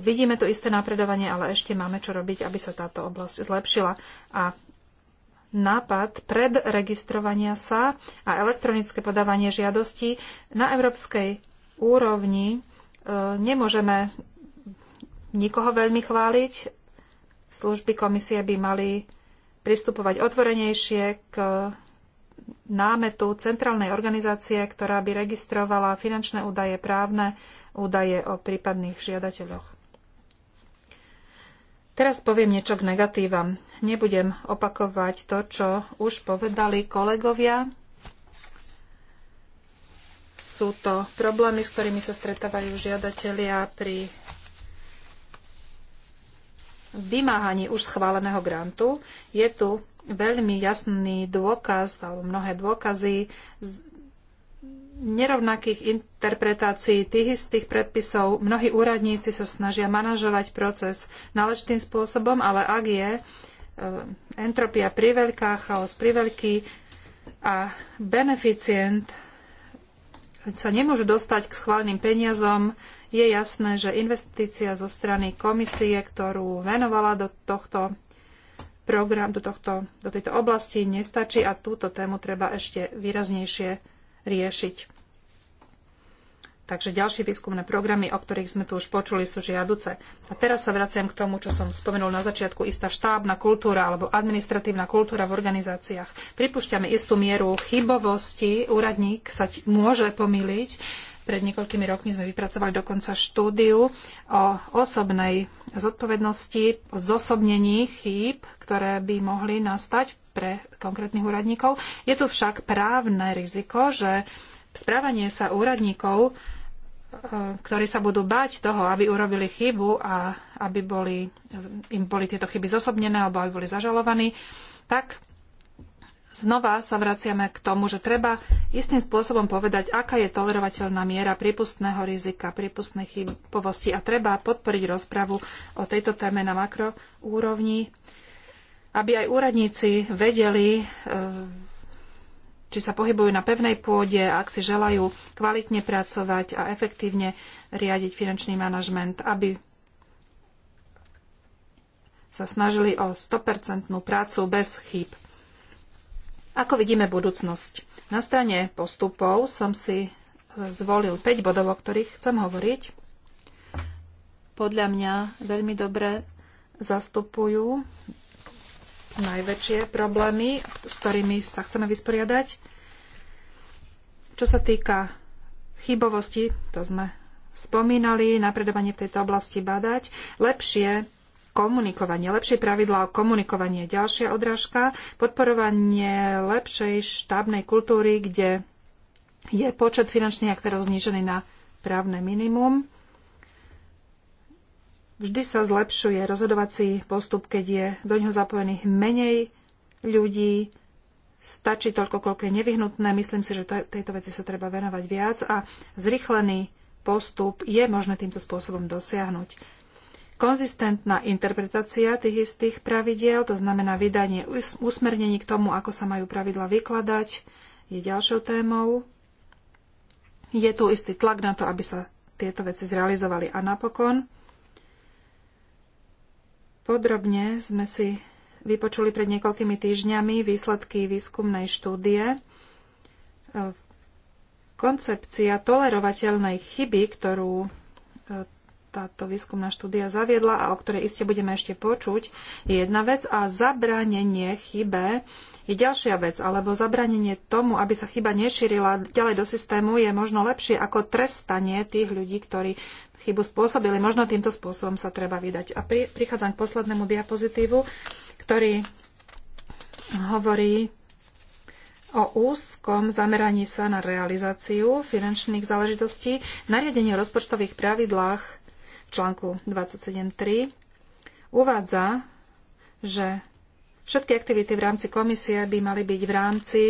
vidíme tu isté napredovanie, ale ešte máme čo robiť, aby sa táto oblasť zlepšila. A nápad predregistrovania sa a elektronické podávanie žiadostí na európskej úrovni e, nemôžeme nikoho veľmi chváliť. Služby komisie by mali pristupovať otvorenejšie k námetu centrálnej organizácie, ktorá by registrovala finančné údaje, právne údaje o prípadných žiadateľoch. Teraz poviem niečo k negatívam. Nebudem opakovať to, čo už povedali kolegovia. Sú to problémy, s ktorými sa stretávajú žiadatelia pri vymáhaní už schváleného grantu. Je tu veľmi jasný dôkaz, alebo mnohé dôkazy nerovnakých interpretácií tých istých predpisov mnohí úradníci sa snažia manažovať proces náležitým spôsobom, ale ak je e, entropia priveľká, chaos priveľký a beneficient sa nemôžu dostať k schváleným peniazom, je jasné, že investícia zo strany komisie, ktorú venovala do tohto program, do, tohto, do tejto oblasti nestačí a túto tému treba ešte výraznejšie riešiť. Takže ďalšie výskumné programy, o ktorých sme tu už počuli, sú žiaduce. A teraz sa vraciam k tomu, čo som spomenul na začiatku, istá štábna kultúra alebo administratívna kultúra v organizáciách. Pripúšťame istú mieru chybovosti, úradník sa môže pomýliť, pred niekoľkými rokmi sme vypracovali dokonca štúdiu o osobnej zodpovednosti, o zosobnení chýb, ktoré by mohli nastať pre konkrétnych úradníkov. Je tu však právne riziko, že správanie sa úradníkov e, ktorí sa budú bať toho, aby urobili chybu a aby boli, im boli tieto chyby zosobnené alebo aby boli zažalovaní, tak znova sa vraciame k tomu, že treba istým spôsobom povedať, aká je tolerovateľná miera prípustného rizika, prípustnej chybovosti a treba podporiť rozpravu o tejto téme na makroúrovni, aby aj úradníci vedeli, e, či sa pohybujú na pevnej pôde, ak si želajú kvalitne pracovať a efektívne riadiť finančný manažment, aby sa snažili o 100% prácu bez chýb. Ako vidíme budúcnosť? Na strane postupov som si zvolil 5 bodov, o ktorých chcem hovoriť. Podľa mňa veľmi dobre zastupujú najväčšie problémy, s ktorými sa chceme vysporiadať. Čo sa týka chybovosti, to sme spomínali, napredovanie v tejto oblasti badať, lepšie komunikovanie, lepšie pravidlá o komunikovanie. Ďalšia odrážka, podporovanie lepšej štábnej kultúry, kde je počet finančných aktérov znižený na právne minimum. Vždy sa zlepšuje rozhodovací postup, keď je do ňoho zapojených menej ľudí, stačí toľko, koľko je nevyhnutné. Myslím si, že tejto veci sa treba venovať viac a zrychlený postup je možné týmto spôsobom dosiahnuť konzistentná interpretácia tých istých pravidiel, to znamená vydanie usmernení k tomu, ako sa majú pravidla vykladať, je ďalšou témou. Je tu istý tlak na to, aby sa tieto veci zrealizovali. A napokon, podrobne sme si vypočuli pred niekoľkými týždňami výsledky výskumnej štúdie. Koncepcia tolerovateľnej chyby, ktorú táto výskumná štúdia zaviedla a o ktorej iste budeme ešte počuť, je jedna vec a zabránenie chybe je ďalšia vec, alebo zabránenie tomu, aby sa chyba nešírila ďalej do systému, je možno lepšie ako trestanie tých ľudí, ktorí chybu spôsobili. Možno týmto spôsobom sa treba vydať. A pri, prichádzam k poslednému diapozitívu, ktorý hovorí o úzkom zameraní sa na realizáciu finančných záležitostí, nariadenie o rozpočtových pravidlách článku 27.3 uvádza, že všetky aktivity v rámci komisie by mali byť v rámci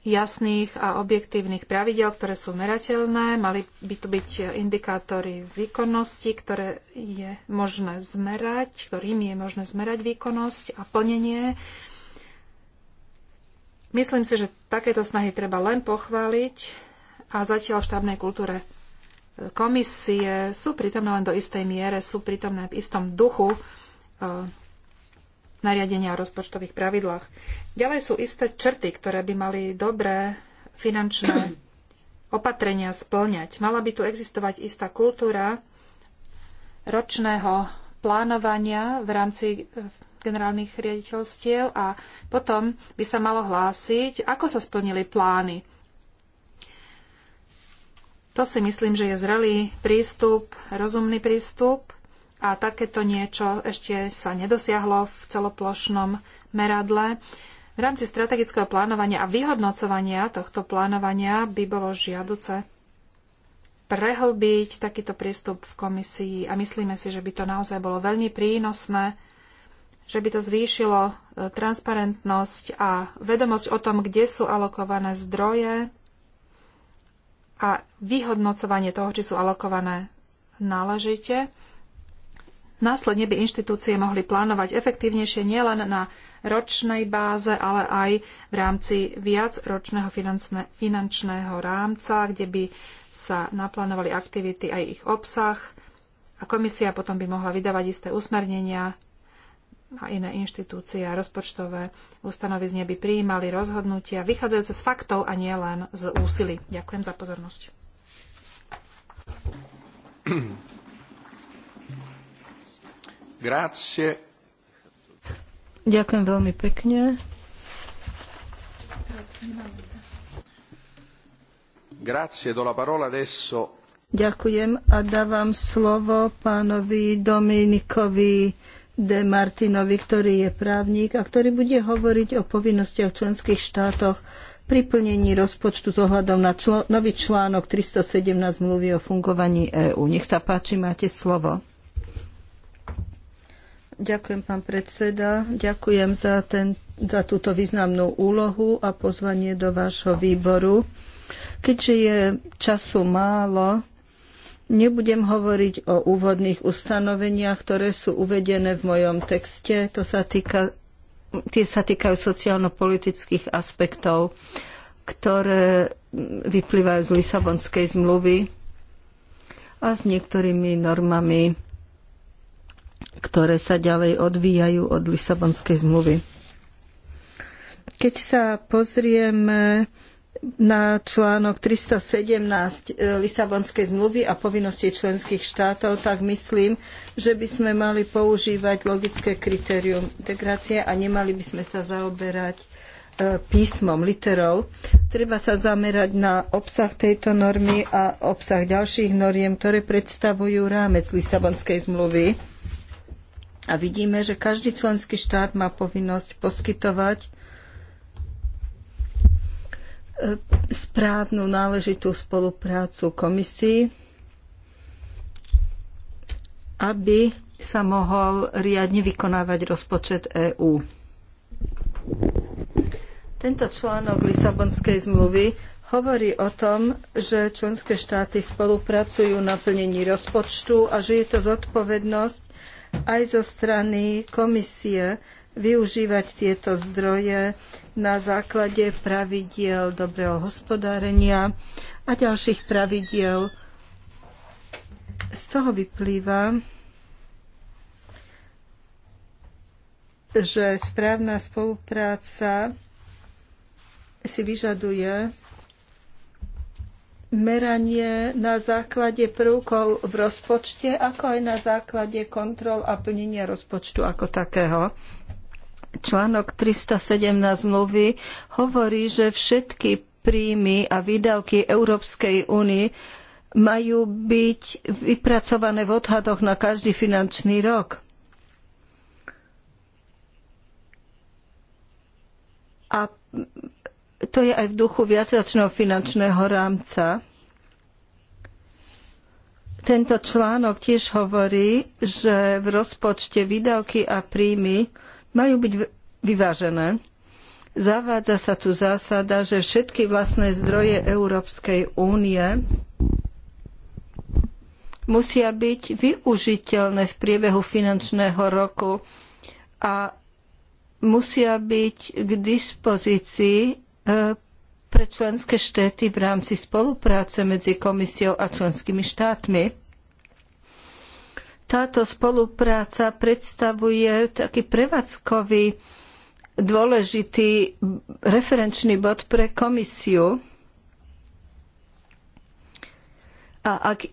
jasných a objektívnych pravidel, ktoré sú merateľné. Mali by tu byť indikátory výkonnosti, ktoré je možné zmerať, ktorým je možné zmerať výkonnosť a plnenie. Myslím si, že takéto snahy treba len pochváliť a zatiaľ v štábnej kultúre komisie sú prítomné len do istej miere, sú prítomné v istom duchu e, nariadenia o rozpočtových pravidlách. Ďalej sú isté črty, ktoré by mali dobré finančné opatrenia splňať. Mala by tu existovať istá kultúra ročného plánovania v rámci e, generálnych riaditeľstiev a potom by sa malo hlásiť, ako sa splnili plány to si myslím, že je zrelý prístup, rozumný prístup a takéto niečo ešte sa nedosiahlo v celoplošnom meradle. V rámci strategického plánovania a vyhodnocovania tohto plánovania by bolo žiaduce prehlbiť takýto prístup v komisii a myslíme si, že by to naozaj bolo veľmi prínosné, že by to zvýšilo e, transparentnosť a vedomosť o tom, kde sú alokované zdroje a vyhodnocovanie toho, či sú alokované náležite. Následne by inštitúcie mohli plánovať efektívnejšie nielen na ročnej báze, ale aj v rámci viacročného finančného rámca, kde by sa naplánovali aktivity aj ich obsah a komisia potom by mohla vydávať isté usmernenia a iné inštitúcie a rozpočtové ustanovizne by prijímali rozhodnutia vychádzajúce z faktov a nie len z úsilí. Ďakujem za pozornosť.
Grazie. Ďakujem veľmi pekne. Grazie, do la parola adesso. Ďakujem a dávam slovo pánovi Dominikovi De Martinovi, ktorý je právnik a ktorý bude hovoriť o povinnostiach členských štátoch pri plnení rozpočtu s ohľadom na člo- nový článok 317 mluví o fungovaní EÚ. Nech sa páči, máte slovo. Ďakujem, pán predseda. Ďakujem za, ten, za túto významnú úlohu a pozvanie do vášho výboru. Keďže je času málo, Nebudem hovoriť o úvodných ustanoveniach, ktoré sú uvedené v mojom texte. To sa týka, tie sa týkajú sociálno-politických aspektov, ktoré vyplývajú z Lisabonskej zmluvy a s niektorými normami, ktoré sa ďalej odvíjajú od Lisabonskej zmluvy. Keď sa pozrieme na článok 317 e, Lisabonskej zmluvy a povinnosti členských štátov, tak myslím, že by sme mali používať logické kritérium integrácie a nemali by sme sa zaoberať e, písmom, literou. Treba sa zamerať na obsah tejto normy a obsah ďalších noriem, ktoré predstavujú rámec Lisabonskej zmluvy. A vidíme, že každý členský štát má povinnosť poskytovať správnu náležitú spoluprácu komisii, aby sa mohol riadne vykonávať rozpočet EÚ. Tento článok Lisabonskej zmluvy hovorí o tom, že členské štáty spolupracujú na plnení rozpočtu a že je to zodpovednosť aj zo strany komisie využívať tieto zdroje na základe pravidiel dobrého hospodárenia a ďalších pravidiel. Z toho vyplýva, že správna spolupráca si vyžaduje meranie na základe prvkov v rozpočte, ako aj na základe kontrol a plnenia rozpočtu ako takého. Článok 317 zmluvy hovorí, že všetky príjmy a výdavky Európskej únie majú byť vypracované v odhadoch na každý finančný rok. A to je aj v duchu viacročného finančného rámca. Tento článok tiež hovorí, že v rozpočte výdavky a príjmy majú byť vyvážené. Zavádza sa tu zásada, že všetky vlastné zdroje Európskej únie musia byť využiteľné v priebehu finančného roku a musia byť k dispozícii e, pre členské štáty v rámci spolupráce medzi komisiou a členskými štátmi. Táto spolupráca predstavuje taký prevádzkový dôležitý referenčný bod pre komisiu. A, ak,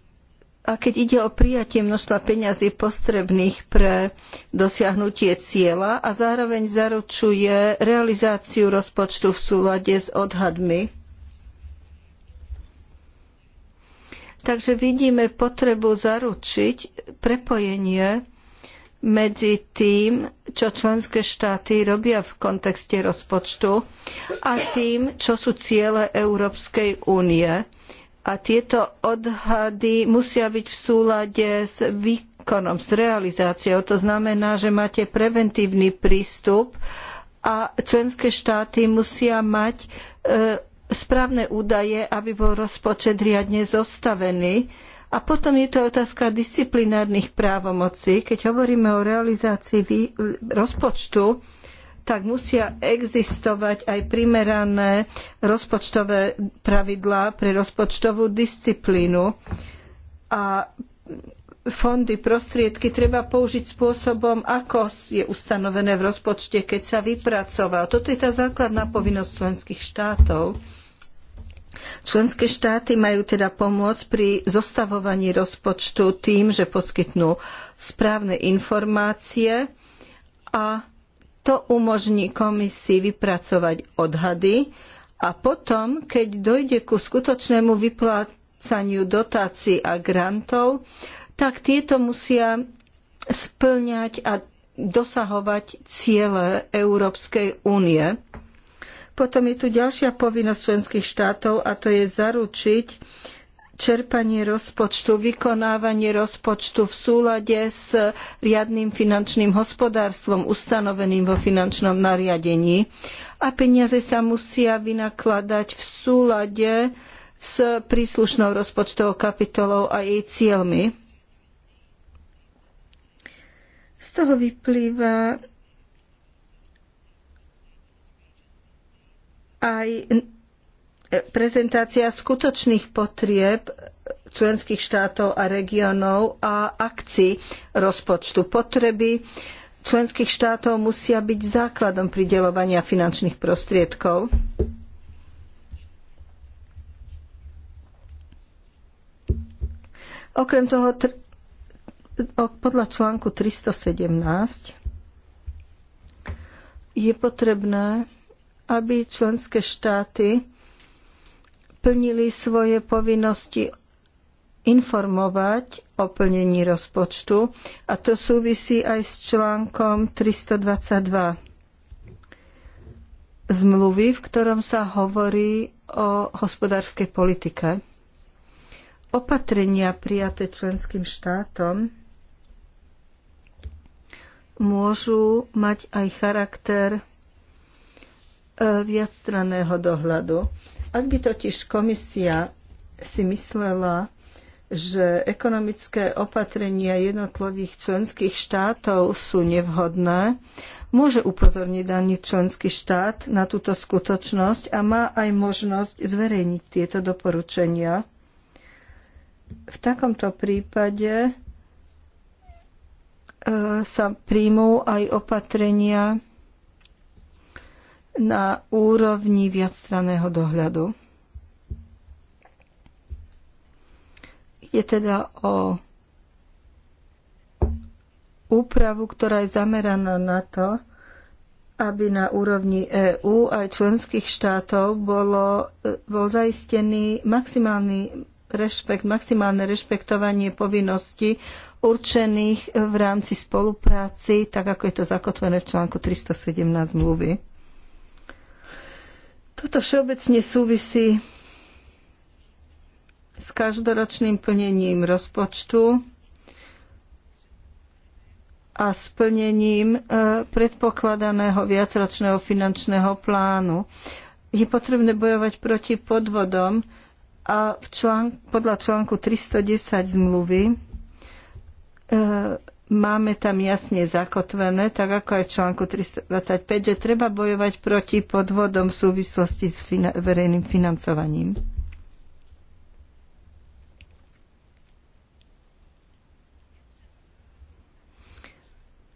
a keď ide o prijatie množstva peňazí postrebných pre dosiahnutie cieľa a zároveň zaručuje realizáciu rozpočtu v súlade s odhadmi Takže vidíme potrebu zaručiť prepojenie medzi tým, čo členské štáty robia v kontexte rozpočtu a tým, čo sú ciele Európskej únie. A tieto odhady musia byť v súlade s výkonom, s realizáciou. To znamená, že máte preventívny prístup a členské štáty musia mať e, správne údaje, aby bol rozpočet riadne zostavený. A potom je to otázka disciplinárnych právomocí. Keď hovoríme o realizácii rozpočtu, tak musia existovať aj primerané rozpočtové pravidlá pre rozpočtovú disciplínu. A fondy, prostriedky treba použiť spôsobom, ako je ustanovené v rozpočte, keď sa vypracoval. Toto je tá základná povinnosť členských štátov. Členské štáty majú teda pomôcť pri zostavovaní rozpočtu tým, že poskytnú správne informácie a to umožní komisii vypracovať odhady a potom, keď dojde ku skutočnému vyplácaniu dotácií a grantov, tak tieto musia splňať a dosahovať ciele Európskej únie. Potom je tu ďalšia povinnosť členských štátov a to je zaručiť čerpanie rozpočtu, vykonávanie rozpočtu v súlade s riadnym finančným hospodárstvom ustanoveným vo finančnom nariadení a peniaze sa musia vynakladať v súlade s príslušnou rozpočtovou kapitolou a jej cieľmi. Z toho vyplýva aj prezentácia skutočných potrieb členských štátov a regiónov a akcií rozpočtu. Potreby členských štátov musia byť základom pridelovania finančných prostriedkov. Okrem toho podľa článku 317 je potrebné, aby členské štáty plnili svoje povinnosti informovať o plnení rozpočtu a to súvisí aj s článkom 322 zmluvy, v ktorom sa hovorí o hospodárskej politike. Opatrenia prijaté členským štátom môžu mať aj charakter e, viacstranného dohľadu. Ak by totiž komisia si myslela, že ekonomické opatrenia jednotlivých členských štátov sú nevhodné, môže upozorniť daný členský štát na túto skutočnosť a má aj možnosť zverejniť tieto doporučenia. V takomto prípade sa príjmú aj opatrenia na úrovni viacstranného dohľadu. Je teda o úpravu, ktorá je zameraná na to, aby na úrovni EÚ aj členských štátov bolo, bol zaistený maximálny rešpekt, maximálne rešpektovanie povinností určených v rámci spolupráci, tak ako je to zakotvené v článku 317 zmluvy. Toto všeobecne súvisí s každoročným plnením rozpočtu a splnením e, predpokladaného viacročného finančného plánu. Je potrebné bojovať proti podvodom, a v člán, podľa článku 310 zmluvy e, máme tam jasne zakotvené, tak ako aj v článku 325, že treba bojovať proti podvodom v súvislosti s fina- verejným financovaním.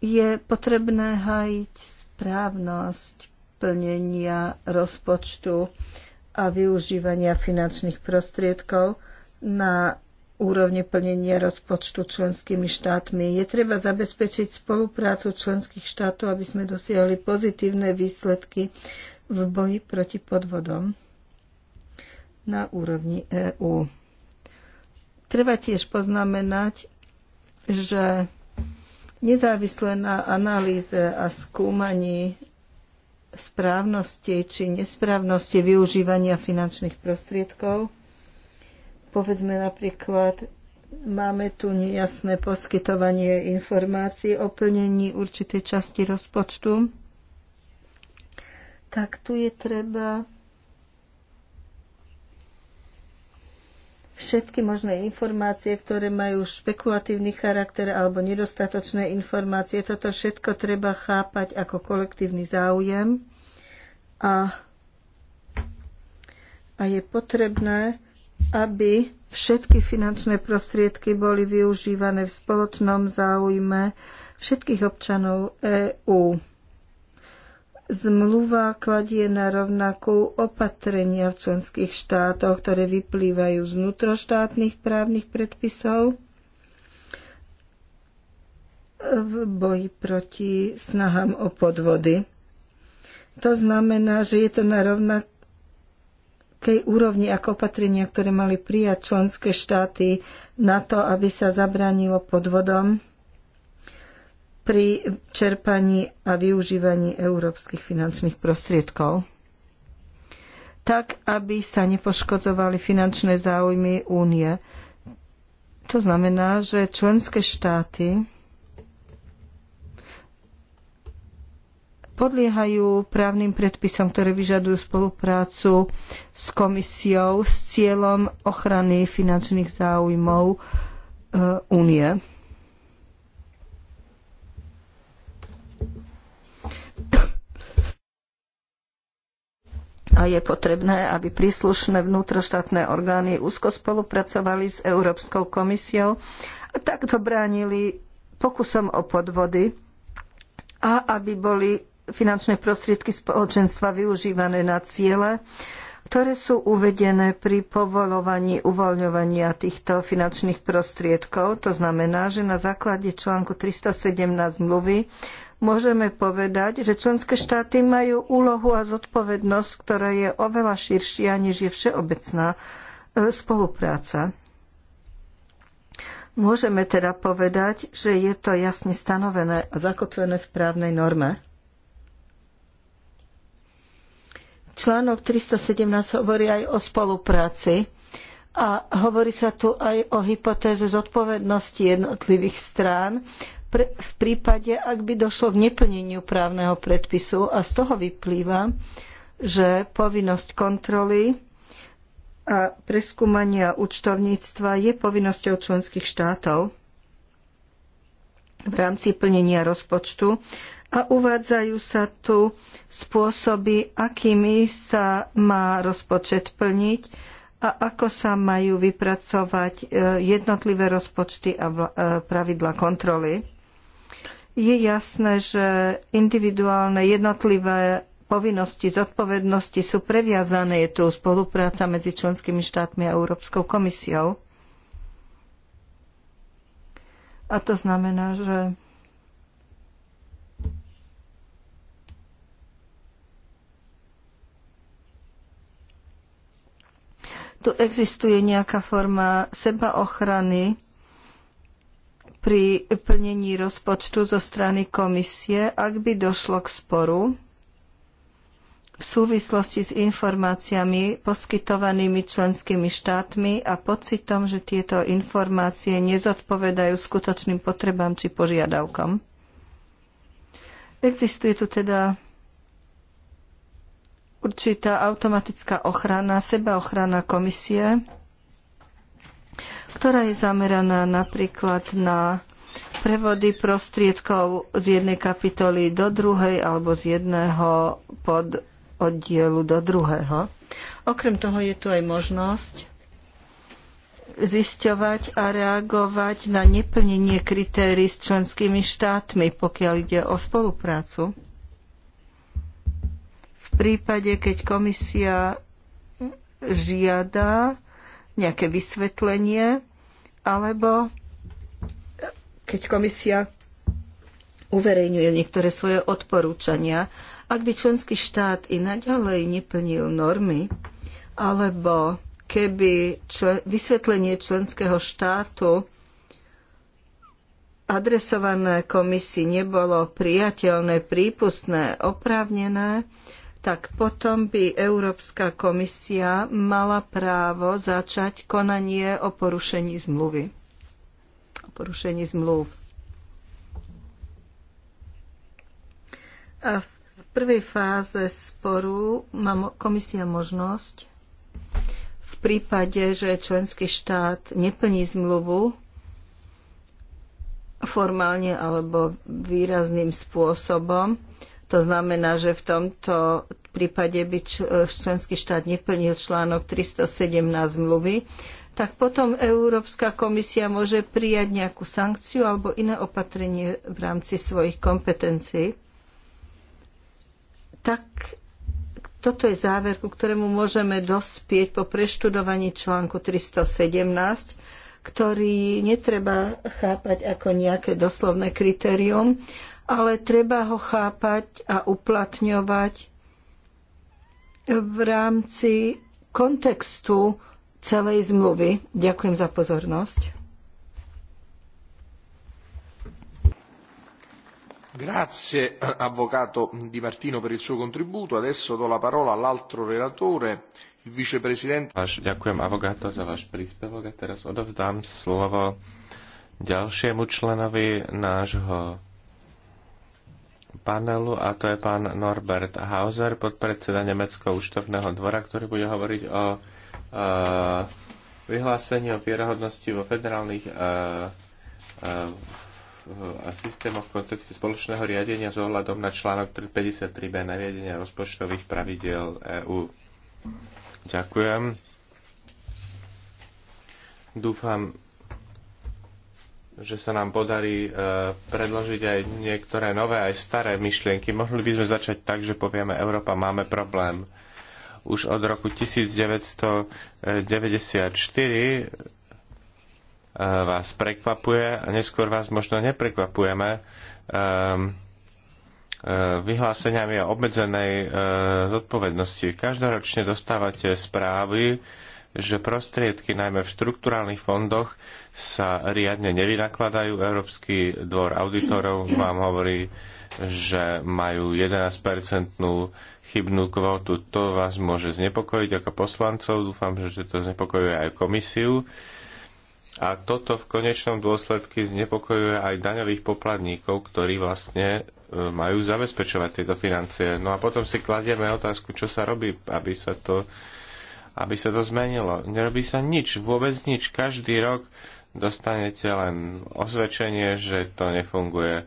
Je potrebné hájiť správnosť plnenia rozpočtu a využívania finančných prostriedkov na úrovni plnenia rozpočtu členskými štátmi. Je treba zabezpečiť spoluprácu členských štátov, aby sme dosiahli pozitívne výsledky v boji proti podvodom na úrovni EÚ. Treba tiež poznamenať, že nezávisle na analýze a skúmaní správnosti či nesprávnosti využívania finančných prostriedkov. Povedzme napríklad, máme tu nejasné poskytovanie informácií o plnení určitej časti rozpočtu. Tak tu je treba všetky možné informácie, ktoré majú špekulatívny charakter alebo nedostatočné informácie. Toto všetko treba chápať ako kolektívny záujem a, a je potrebné, aby všetky finančné prostriedky boli využívané v spoločnom záujme všetkých občanov EÚ. Zmluva kladie na rovnakú opatrenia v členských štátoch, ktoré vyplývajú z vnútroštátnych právnych predpisov v boji proti snahám o podvody. To znamená, že je to na rovnakej úrovni ako opatrenia, ktoré mali prijať členské štáty na to, aby sa zabránilo podvodom pri čerpaní a využívaní európskych finančných prostriedkov, tak aby sa nepoškodzovali finančné záujmy únie. To znamená, že členské štáty podliehajú právnym predpisom, ktoré vyžadujú spoluprácu s komisiou s cieľom ochrany finančných záujmov e, únie. E, a je potrebné, aby príslušné vnútroštátne orgány úzko spolupracovali s Európskou komisiou a takto bránili pokusom o podvody a aby boli finančné prostriedky spoločenstva využívané na ciele, ktoré sú uvedené pri povolovaní uvoľňovania týchto finančných prostriedkov. To znamená, že na základe článku 317 zmluvy môžeme povedať, že členské štáty majú úlohu a zodpovednosť, ktorá je oveľa širšia, než je všeobecná e, spolupráca. Môžeme teda povedať, že je to jasne stanovené a zakotvené v právnej norme. Článok 317 hovorí aj o spolupráci a hovorí sa tu aj o hypotéze zodpovednosti jednotlivých strán v prípade, ak by došlo k neplneniu právneho predpisu a z toho vyplýva, že povinnosť kontroly a preskúmania účtovníctva je povinnosťou členských štátov v rámci plnenia rozpočtu a uvádzajú sa tu spôsoby, akými sa má rozpočet plniť a ako sa majú vypracovať eh, jednotlivé rozpočty a eh, pravidla kontroly. Je jasné, že individuálne jednotlivé povinnosti, zodpovednosti sú previazané. Je tu spolupráca medzi členskými štátmi a Európskou komisiou. A to znamená, že tu existuje nejaká forma sebaochrany, pri plnení rozpočtu zo strany komisie, ak by došlo k sporu v súvislosti s informáciami poskytovanými členskými štátmi a pocitom, že tieto informácie nezodpovedajú skutočným potrebám či požiadavkom. Existuje tu teda určitá automatická ochrana, sebaochrana komisie ktorá je zameraná napríklad na prevody prostriedkov z jednej kapitoly do druhej alebo z jedného pod oddielu do druhého. Okrem toho je tu aj možnosť zisťovať a reagovať na neplnenie kritérií s členskými štátmi, pokiaľ ide o spoluprácu. V prípade, keď komisia žiada nejaké vysvetlenie, alebo keď komisia uverejňuje niektoré svoje odporúčania, ak by členský štát i naďalej neplnil normy, alebo keby člen, vysvetlenie členského štátu adresované komisii nebolo priateľné, prípustné, oprávnené, tak potom by Európska komisia mala právo začať konanie o porušení zmluvy. O porušení zmluv. A v prvej fáze sporu má komisia možnosť v prípade, že členský štát neplní zmluvu formálne alebo výrazným spôsobom, to znamená, že v tomto prípade by členský štát neplnil článok 317 zmluvy, tak potom Európska komisia môže prijať nejakú sankciu alebo iné opatrenie v rámci svojich kompetencií. Tak toto je záver, ku ktorému môžeme dospieť po preštudovaní článku 317, ktorý netreba chápať ako nejaké doslovné kritérium, ale treba ho chápať a uplatňovať v rámci kontextu celej zmluvy. Ďakujem za pozornosť. Grazie avvocato Di Martino per il suo contributo. Adesso do la parola all'altro
relatore, il vicepresidente. Váš, ďakujem avvocato za váš príspevok a teraz odovzdám slovo ďalšiemu členovi nášho panelu a to je pán Norbert Hauser, podpredseda Nemeckého účtovného dvora, ktorý bude hovoriť o e, vyhlásení o vierohodnosti vo federálnych e, e, systémoch v kontexte spoločného riadenia s ohľadom na článok 53b nariadenia rozpočtových pravidiel EÚ. Ďakujem. Dúfam, že sa nám podarí e, predložiť aj niektoré nové, aj staré myšlienky. Mohli by sme začať tak, že povieme Európa, máme problém. Už od roku 1994 e, vás prekvapuje a neskôr vás možno neprekvapujeme e, vyhláseniami o obmedzenej zodpovednosti. Každoročne dostávate správy, že prostriedky najmä v štrukturálnych fondoch sa riadne nevynakladajú. Európsky dvor auditorov vám hovorí, že majú 11-percentnú chybnú kvotu. To vás môže znepokojiť ako poslancov. Dúfam, že to znepokojuje aj komisiu. A toto v konečnom dôsledku znepokojuje aj daňových poplatníkov, ktorí vlastne e, majú zabezpečovať tieto financie. No a potom si kladieme otázku, čo sa robí, aby sa to aby sa to zmenilo. Nerobí sa nič, vôbec nič. Každý rok dostanete len osvedčenie, že to nefunguje.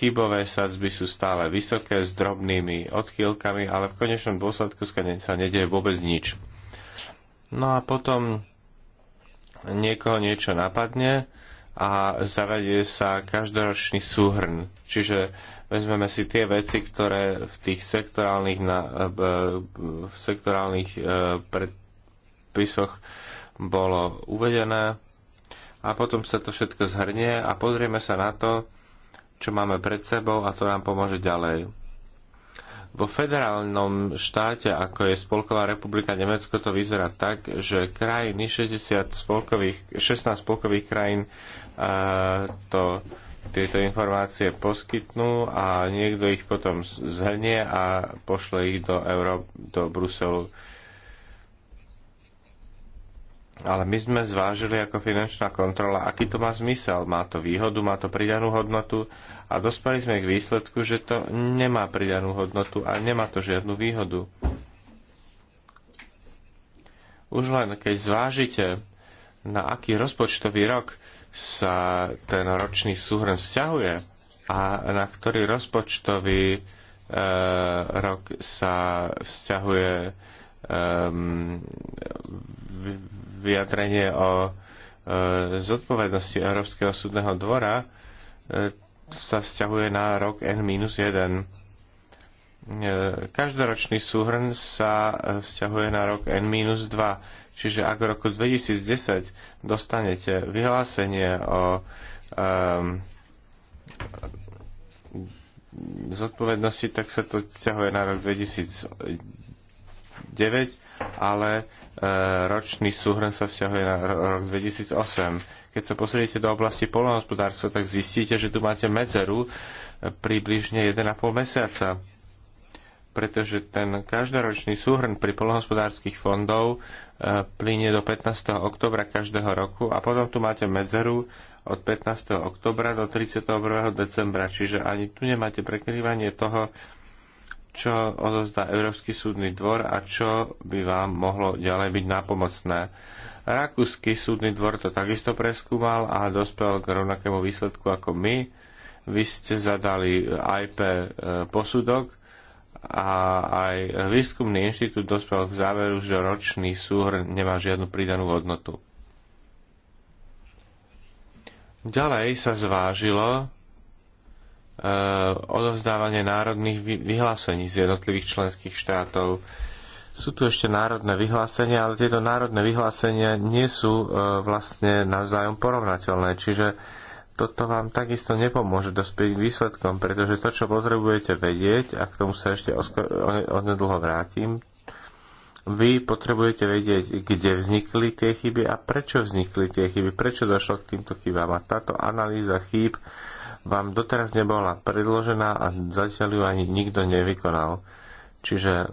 Chybové sadzby sú stále vysoké s drobnými odchýlkami, ale v konečnom dôsledku sa nedieje vôbec nič. No a potom niekoho niečo napadne a zavedie sa každoročný súhrn. Čiže vezmeme si tie veci, ktoré v tých sektorálnych, na, e, v sektorálnych e, predpisoch bolo uvedené a potom sa to všetko zhrnie a pozrieme sa na to, čo máme pred sebou a to nám pomôže ďalej. Vo federálnom štáte, ako je Spolková republika Nemecko, to vyzerá tak, že krajiny 60 spolkových, 16 spolkových krajín uh, to tieto informácie poskytnú a niekto ich potom zhrnie a pošle ich do, Euró- do Bruselu. Ale my sme zvážili ako finančná kontrola, aký to má zmysel. Má to výhodu, má to pridanú hodnotu a dospeli sme k výsledku, že to nemá pridanú hodnotu a nemá to žiadnu výhodu. Už len keď zvážite, na aký rozpočtový rok sa ten ročný súhrn vzťahuje a na ktorý rozpočtový e, rok sa vzťahuje e, vyjadrenie o e, zodpovednosti Európskeho súdneho dvora e, sa vzťahuje na rok N-1. E, každoročný súhrn sa e, vzťahuje na rok N-2. Čiže ak v roku 2010 dostanete vyhlásenie o um, zodpovednosti, tak sa to ťahuje na rok 2009, ale uh, ročný súhrn sa vzťahuje na rok 2008. Keď sa pozriete do oblasti polnohospodárstva, tak zistíte, že tu máte medzeru e, približne 1,5 mesiaca, pretože ten každoročný súhrn pri polnohospodárskych fondov E, plynie do 15. oktobra každého roku a potom tu máte medzeru od 15. oktobra do 31. decembra, čiže ani tu nemáte prekrývanie toho, čo odozdá Európsky súdny dvor a čo by vám mohlo ďalej byť nápomocné. Rakúsky súdny dvor to takisto preskúmal a dospel k rovnakému výsledku ako my. Vy ste zadali IP e, posudok a aj výskumný inštitút dospel k záveru, že ročný súhr nemá žiadnu pridanú hodnotu. Ďalej sa zvážilo e, odovzdávanie národných vyhlásení z jednotlivých členských štátov. Sú tu ešte národné vyhlásenia, ale tieto národné vyhlásenia nie sú e, vlastne navzájom porovnateľné, čiže e, toto vám takisto nepomôže dospieť k výsledkom, pretože to, čo potrebujete vedieť, a k tomu sa ešte onedlho vrátim, vy potrebujete vedieť, kde vznikli tie chyby a prečo vznikli tie chyby, prečo došlo k týmto chybám. A táto analýza chýb vám doteraz nebola predložená a zatiaľ ju ani nikto nevykonal. Čiže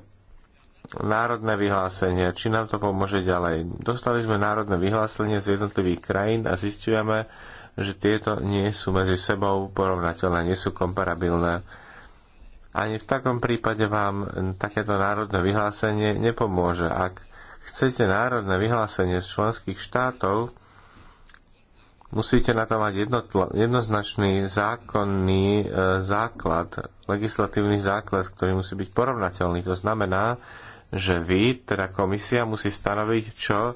národné vyhlásenie, či nám to pomôže ďalej. Dostali sme národné vyhlásenie z jednotlivých krajín a zistujeme, že tieto nie sú medzi sebou porovnateľné, nie sú komparabilné. Ani v takom prípade vám takéto národné vyhlásenie nepomôže. Ak chcete národné vyhlásenie z členských štátov, musíte na to mať jednotla, jednoznačný zákonný e, základ, legislatívny základ, ktorý musí byť porovnateľný. To znamená, že vy, teda komisia, musí stanoviť, čo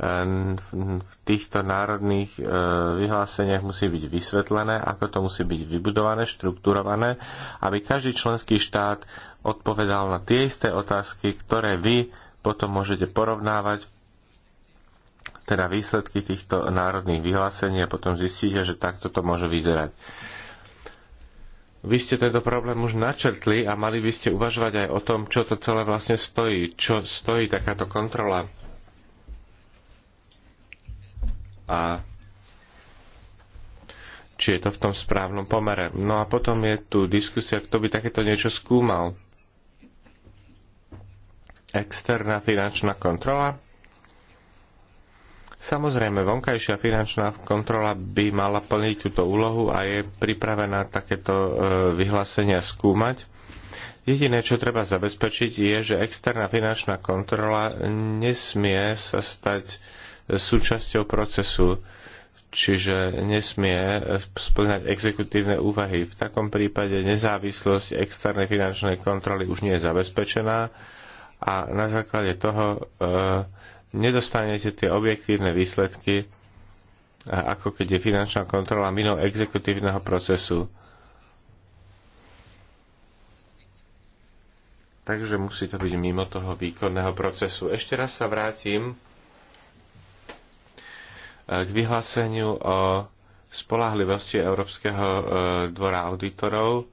v týchto národných e, vyhláseniach musí byť vysvetlené, ako to musí byť vybudované, štrukturované, aby každý členský štát odpovedal na tie isté otázky, ktoré vy potom môžete porovnávať teda výsledky týchto národných vyhlásení a potom zistíte, že takto to môže vyzerať. Vy ste tento problém už načrtli a mali by ste uvažovať aj o tom, čo to celé vlastne stojí, čo stojí takáto kontrola a či je to v tom správnom pomere. No a potom je tu diskusia, kto by takéto niečo skúmal. Externá finančná kontrola. Samozrejme, vonkajšia finančná kontrola by mala plniť túto úlohu a je pripravená takéto e, vyhlásenia skúmať. Jediné, čo treba zabezpečiť, je, že externá finančná kontrola nesmie sa stať súčasťou procesu, čiže nesmie splňať exekutívne úvahy. V takom prípade nezávislosť externej finančnej kontroly už nie je zabezpečená a na základe toho e, nedostanete tie objektívne výsledky, e, ako keď je finančná kontrola minou exekutívneho procesu. takže musí to byť mimo toho výkonného procesu. Ešte raz sa vrátim k vyhláseniu o spolahlivosti Európskeho e, dvora auditorov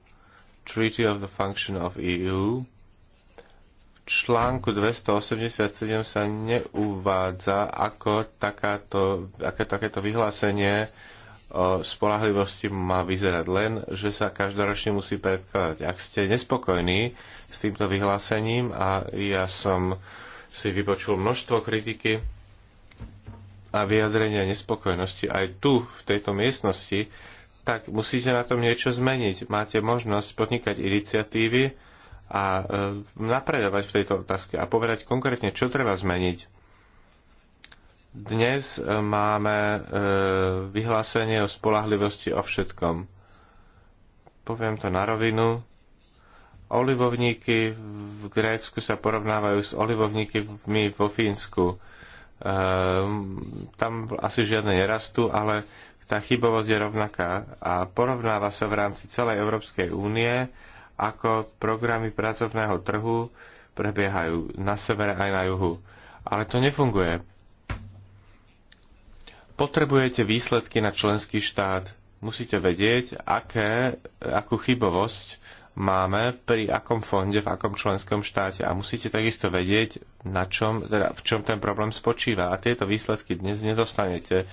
Treaty of the Function of EU. V článku 287 sa neuvádza, ako takáto, aké takéto vyhlásenie o spolahlivosti má vyzerať len, že sa každoročne musí predkladať. Ak ste nespokojní s týmto vyhlásením a ja som si vypočul množstvo kritiky a vyjadrenia nespokojnosti aj tu, v tejto miestnosti, tak musíte na tom niečo zmeniť. Máte možnosť podnikať iniciatívy a e, napredovať v tejto otázke a povedať konkrétne, čo treba zmeniť. Dnes e, máme e, vyhlásenie o spolahlivosti o všetkom. Poviem to na rovinu. Olivovníky v Grécku sa porovnávajú s olivovníkmi vo Fínsku Ehm, tam asi žiadne nerastú, ale tá chybovosť je rovnaká a porovnáva sa v rámci celej Európskej únie, ako programy pracovného trhu prebiehajú na severe aj na juhu. Ale to nefunguje. Potrebujete výsledky na členský štát. Musíte vedieť, aké, akú chybovosť máme, pri akom fonde, v akom členskom štáte. A musíte takisto vedieť, na čom, teda v čom ten problém spočíva. A tieto výsledky dnes nedostanete.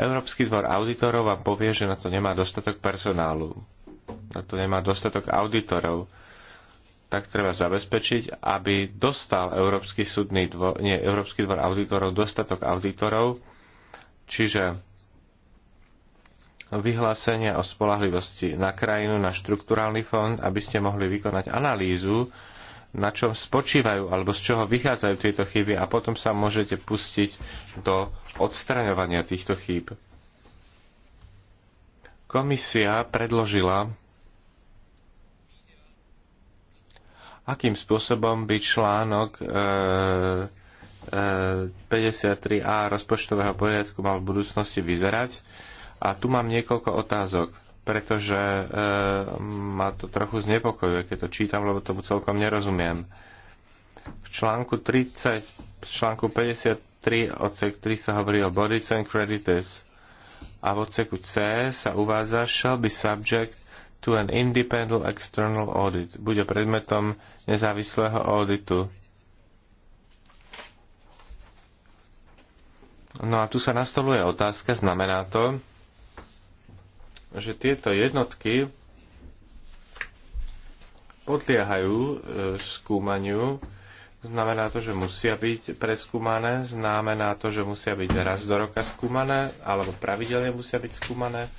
Európsky dvor auditorov vám povie, že na to nemá dostatok personálu, na to nemá dostatok auditorov, tak treba zabezpečiť, aby dostal Európsky súdny dvor, nie, Európsky dvor auditorov dostatok auditorov, čiže vyhlásenia o spolahlivosti na krajinu, na štrukturálny fond, aby ste mohli vykonať analýzu, na čom spočívajú alebo z čoho vychádzajú tieto chyby a potom sa môžete pustiť do odstraňovania týchto chýb. Komisia predložila, akým spôsobom by článok e, e, 53a rozpočtového poriadku mal v budúcnosti vyzerať a tu mám niekoľko otázok, pretože e, ma to trochu znepokojuje, keď to čítam, lebo tomu celkom nerozumiem. V článku 30, v článku 53 odsek 3 sa hovorí o bodies and creditors a v odseku C sa uvádza shall be subject to an independent external audit. Bude predmetom nezávislého auditu. No a tu sa nastoluje otázka, znamená to, že tieto jednotky podliehajú e, skúmaniu. Znamená to, že musia byť preskúmané, znamená to, že musia byť raz do roka skúmané, alebo pravidelne musia byť skúmané,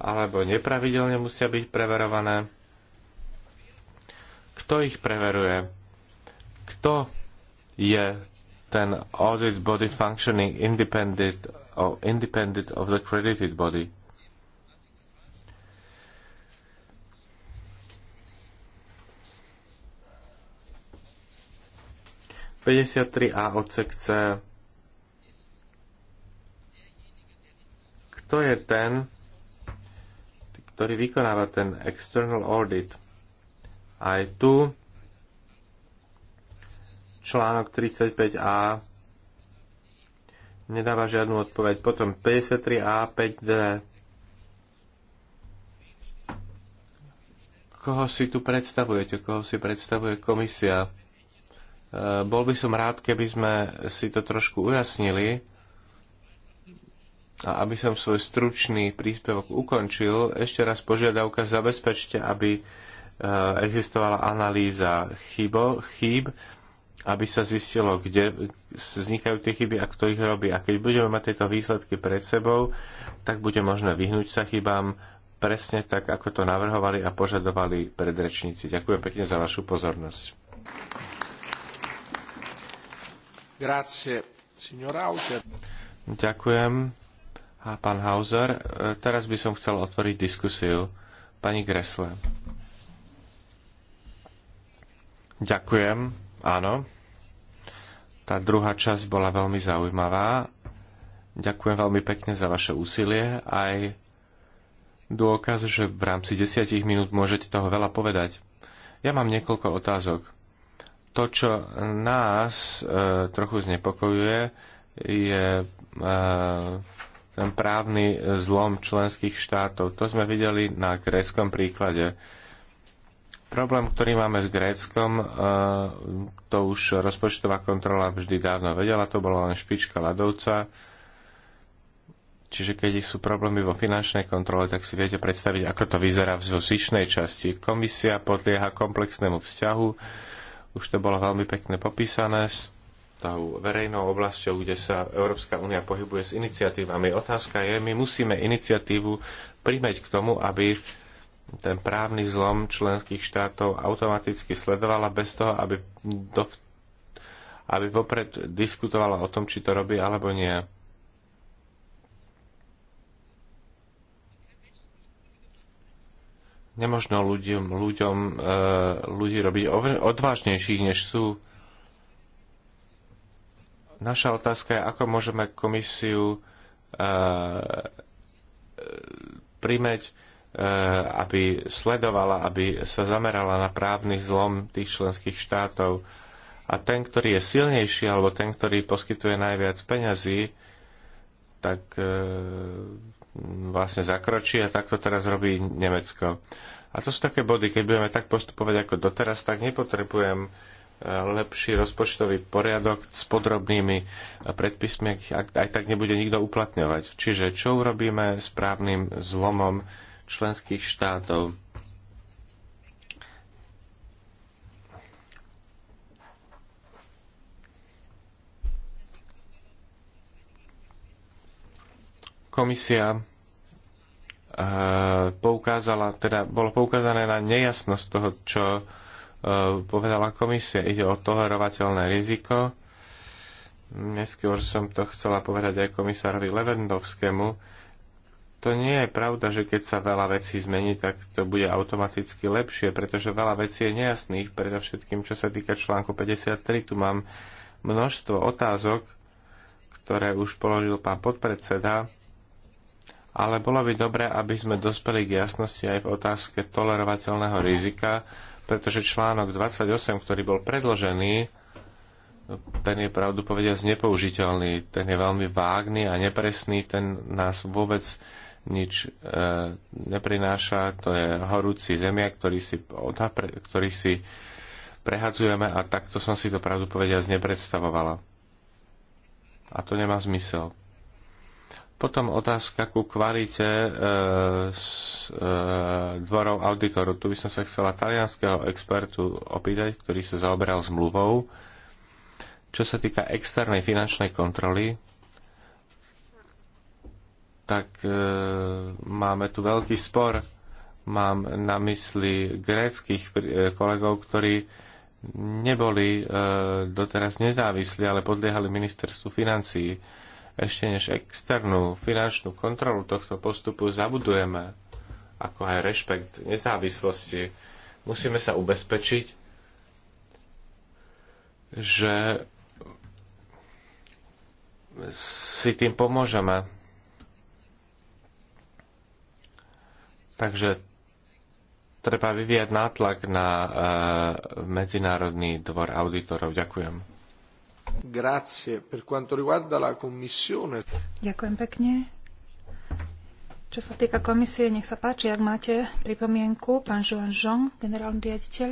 alebo nepravidelne musia byť preverované. Kto ich preveruje? Kto je ten audit body functioning independent, of, independent of the credited body? 53a odsek C. Kto je ten, ktorý vykonáva ten external audit? Aj tu článok 35a nedáva žiadnu odpoveď. Potom 53a, 5d. Koho si tu predstavujete? Koho si predstavuje komisia? Eh, bol by som rád, keby sme si to trošku ujasnili a aby som svoj stručný príspevok ukončil. Ešte raz požiadavka, zabezpečte, aby eh, existovala analýza chybo, chýb, aby sa zistilo, kde vznikajú tie chyby a kto ich robí. A keď budeme mať tieto výsledky pred sebou, tak bude možné vyhnúť sa chybám presne tak, ako to navrhovali a požadovali predrečníci. Ďakujem pekne za vašu pozornosť. Ďakujem, pán Hauser. E, teraz by som chcel otvoriť diskusiu. Pani Gresle. Ďakujem, áno. Tá druhá časť bola veľmi zaujímavá. Ďakujem veľmi pekne za vaše úsilie, aj dôkaz, že v rámci desiatich minút môžete toho veľa povedať. Ja mám niekoľko otázok. To, čo nás e, trochu znepokojuje, je e, ten právny zlom členských štátov. To sme videli na gréckom príklade. Problém, ktorý máme s Gréckom, e, to už rozpočtová kontrola vždy dávno vedela, to bola len špička ľadovca. Čiže keď sú problémy vo finančnej kontrole, tak si viete predstaviť, ako to vyzerá v zvyšnej časti. Komisia podlieha komplexnému vzťahu už to bolo veľmi pekne popísané s tou verejnou oblasťou, kde sa Európska únia pohybuje s iniciatívami. Otázka je, my musíme iniciatívu primeť k tomu, aby ten právny zlom členských štátov automaticky sledovala bez toho, aby, do, aby vopred diskutovala o tom, či to robí alebo nie. nemožno ľuďom, ľuďom e, ľudí robiť odvážnejších, než sú. Naša otázka je, ako môžeme komisiu e, primeť, e, aby sledovala, aby sa zamerala na právny zlom tých členských štátov. A ten, ktorý je silnejší, alebo ten, ktorý poskytuje najviac peňazí, tak vlastne zakročí a tak to teraz robí Nemecko. A to sú také body, keď budeme tak postupovať ako doteraz, tak nepotrebujem e, lepší rozpočtový poriadok s podrobnými e, predpismi, ak aj tak nebude nikto uplatňovať. Čiže čo urobíme správnym zlomom členských štátov? Komisia e, poukázala, teda bolo poukázané na nejasnosť toho, čo e, povedala komisia. Ide o tolerovateľné riziko. Neskôr som to chcela povedať aj komisárovi Levendovskému. To nie je pravda, že keď sa veľa vecí zmení, tak to bude automaticky lepšie, pretože veľa vecí je nejasných, predovšetkým čo sa týka článku 53. Tu mám množstvo otázok, ktoré už položil pán podpredseda ale bolo by dobré, aby sme dospeli k jasnosti aj v otázke tolerovateľného rizika, pretože článok 28, ktorý bol predložený, ten je pravdu povediac nepoužiteľný, ten je veľmi vágný a nepresný, ten nás vôbec nič e, neprináša, to je horúci zemia, ktorý si, odapre, ktorý si prehadzujeme a takto som si to pravdu povediac nepredstavovala. A to nemá zmysel. Potom otázka ku kvalite e, s, e, dvorov auditorov. Tu by som sa chcela talianského expertu opýtať, ktorý sa zaoberal zmluvou. Čo sa týka externej finančnej kontroly, tak e, máme tu veľký spor. Mám na mysli gréckých e, kolegov, ktorí neboli e, doteraz nezávislí, ale podliehali ministerstvu financií. E, ešte než externú finančnú kontrolu tohto postupu zabudujeme, ako aj rešpekt nezávislosti, musíme sa ubezpečiť, že si tým pomôžeme. Takže treba vyvíjať nátlak na e, Medzinárodný dvor auditorov. Ďakujem.
Ďakujem pekne. Čo sa týka komisie, nech sa páči, ak máte pripomienku, pán Joan Jean, generálny riaditeľ,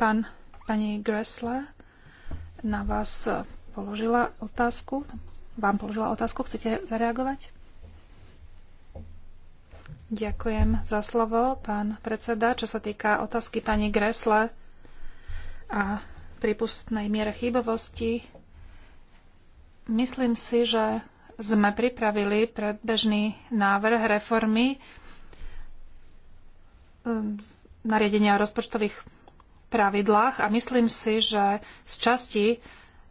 pán, pani Gressler na vás položila otázku. Vám položila otázku, chcete zareagovať? Ďakujem za slovo, pán predseda. Čo sa týka otázky pani Gresle a prípustnej miere chybovosti. Myslím si, že sme pripravili predbežný návrh reformy ehm, nariadenia o rozpočtových pravidlách a myslím si, že z časti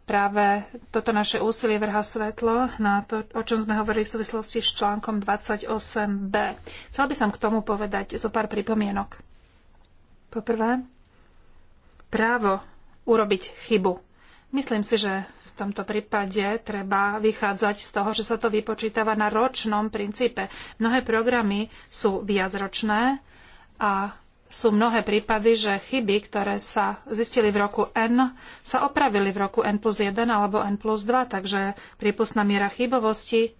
práve toto naše úsilie vrha svetlo na to, o čom sme hovorili v súvislosti s článkom 28b. Chcel by som k tomu povedať zo pár pripomienok. Poprvé, právo urobiť chybu. Myslím si, že v tomto prípade treba vychádzať z toho, že sa to vypočítava na ročnom princípe. Mnohé programy sú viacročné a sú mnohé prípady, že chyby, ktoré sa zistili v roku N, sa opravili v roku N plus 1 alebo N plus 2, takže prípustná miera chybovosti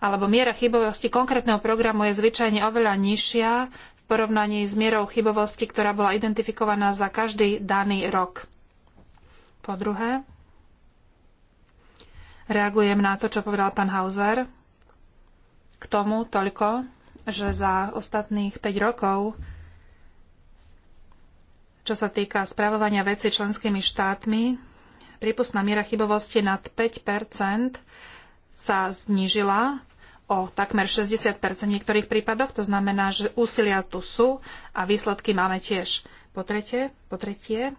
alebo miera chybovosti konkrétneho programu je zvyčajne oveľa nižšia v porovnaní s mierou chybovosti, ktorá bola identifikovaná za každý daný rok. Po druhé, reagujem na to, čo povedal pán Hauser. K tomu toľko, že za ostatných 5 rokov, čo sa týka spravovania veci členskými štátmi, prípustná miera chybovosti nad 5 sa znížila o takmer 60 v niektorých prípadoch. To znamená, že úsilia tu sú a výsledky máme tiež. Po tretie, po tretie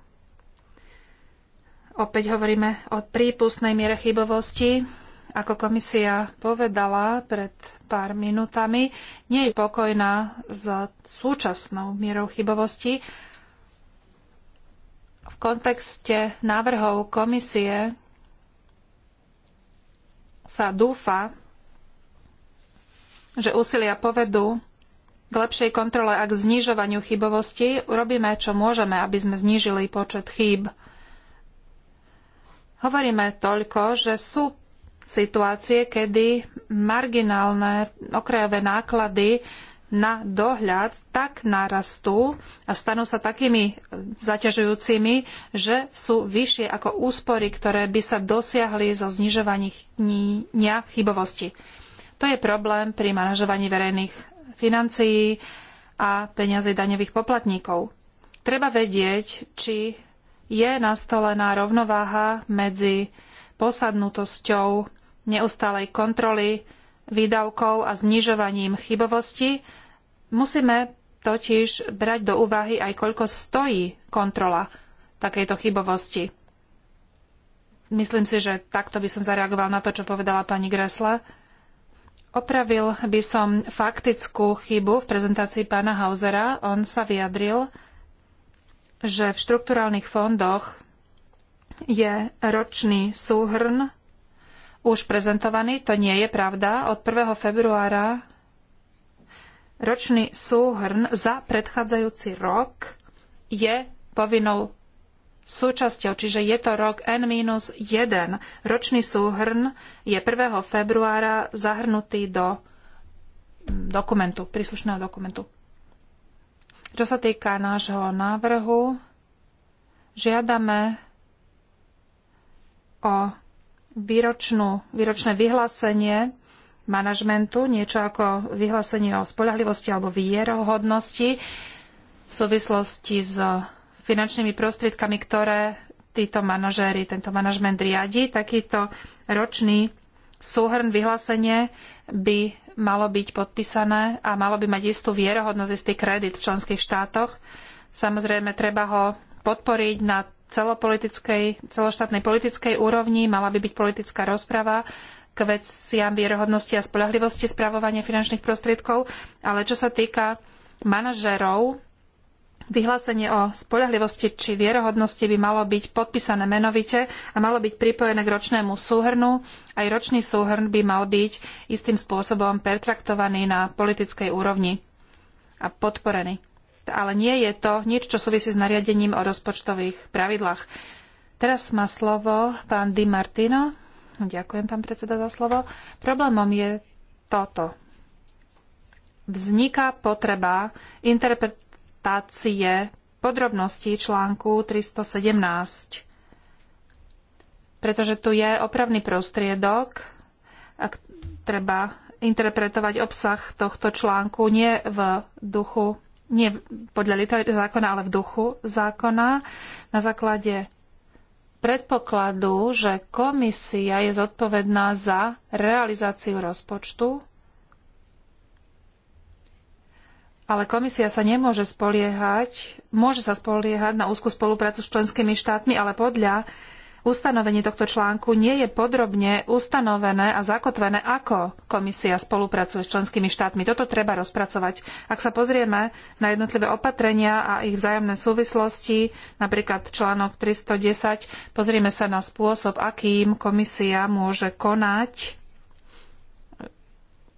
Opäť hovoríme o prípustnej miere chybovosti. Ako komisia povedala pred pár minutami, nie je spokojná s súčasnou mierou chybovosti. V kontexte návrhov komisie sa dúfa, že úsilia povedú k lepšej kontrole a k znižovaniu chybovosti. Urobíme, čo môžeme, aby sme znížili počet chýb Hovoríme toľko, že sú situácie, kedy marginálne okrajové náklady na dohľad tak narastú a stanú sa takými zaťažujúcimi, že sú vyššie ako úspory, ktoré by sa dosiahli zo znižovania chybovosti. To je problém pri manažovaní verejných financií a peňazí daňových poplatníkov. Treba vedieť, či je nastolená rovnováha medzi posadnutosťou neustálej kontroly výdavkov a znižovaním chybovosti. Musíme totiž brať do úvahy aj koľko stojí kontrola takejto chybovosti. Myslím si, že takto by som zareagoval na to, čo povedala pani Gresla. Opravil by som faktickú chybu v prezentácii pána Hausera. On sa vyjadril, že v štrukturálnych fondoch je ročný súhrn už prezentovaný. To nie je pravda. Od 1. februára ročný súhrn za predchádzajúci rok je povinnou súčasťou, čiže je to rok N-1. Ročný súhrn je 1. februára zahrnutý do dokumentu, príslušného dokumentu. Čo sa týka nášho návrhu, žiadame o výročnú, výročné vyhlásenie manažmentu, niečo ako vyhlásenie o spolahlivosti alebo vierohodnosti v súvislosti s finančnými prostriedkami, ktoré títo manažéri, tento manažment riadi. Takýto ročný súhrn vyhlásenie by malo byť podpísané a malo by mať istú vierohodnosť, istý kredit v členských štátoch. Samozrejme, treba ho podporiť na celopolitickej, celoštátnej politickej úrovni, mala by byť politická rozprava k veciam vierohodnosti a spolahlivosti spravovania finančných prostriedkov, ale čo sa týka manažérov Vyhlásenie o spolahlivosti či vierohodnosti by malo byť podpísané menovite a malo byť pripojené k ročnému súhrnu. Aj ročný súhrn by mal byť istým spôsobom pertraktovaný na politickej úrovni a podporený. Ale nie je to nič, čo súvisí s nariadením o rozpočtových pravidlách. Teraz má slovo pán Di Martino. Ďakujem, pán predseda, za slovo. Problémom je toto. Vzniká potreba interpretovať interpretácie podrobností článku 317, pretože tu je opravný prostriedok, ak treba interpretovať obsah tohto článku nie v duchu, nie podľa litery zákona, ale v duchu zákona na základe predpokladu, že komisia je zodpovedná za realizáciu rozpočtu Ale komisia sa nemôže spoliehať, môže sa spoliehať na úzku spoluprácu s členskými štátmi, ale podľa ustanovení tohto článku nie je podrobne ustanovené a zakotvené, ako komisia spolupracuje s členskými štátmi. Toto treba rozpracovať. Ak sa pozrieme na jednotlivé opatrenia a ich vzájomné súvislosti, napríklad článok 310, pozrieme sa na spôsob, akým komisia môže konať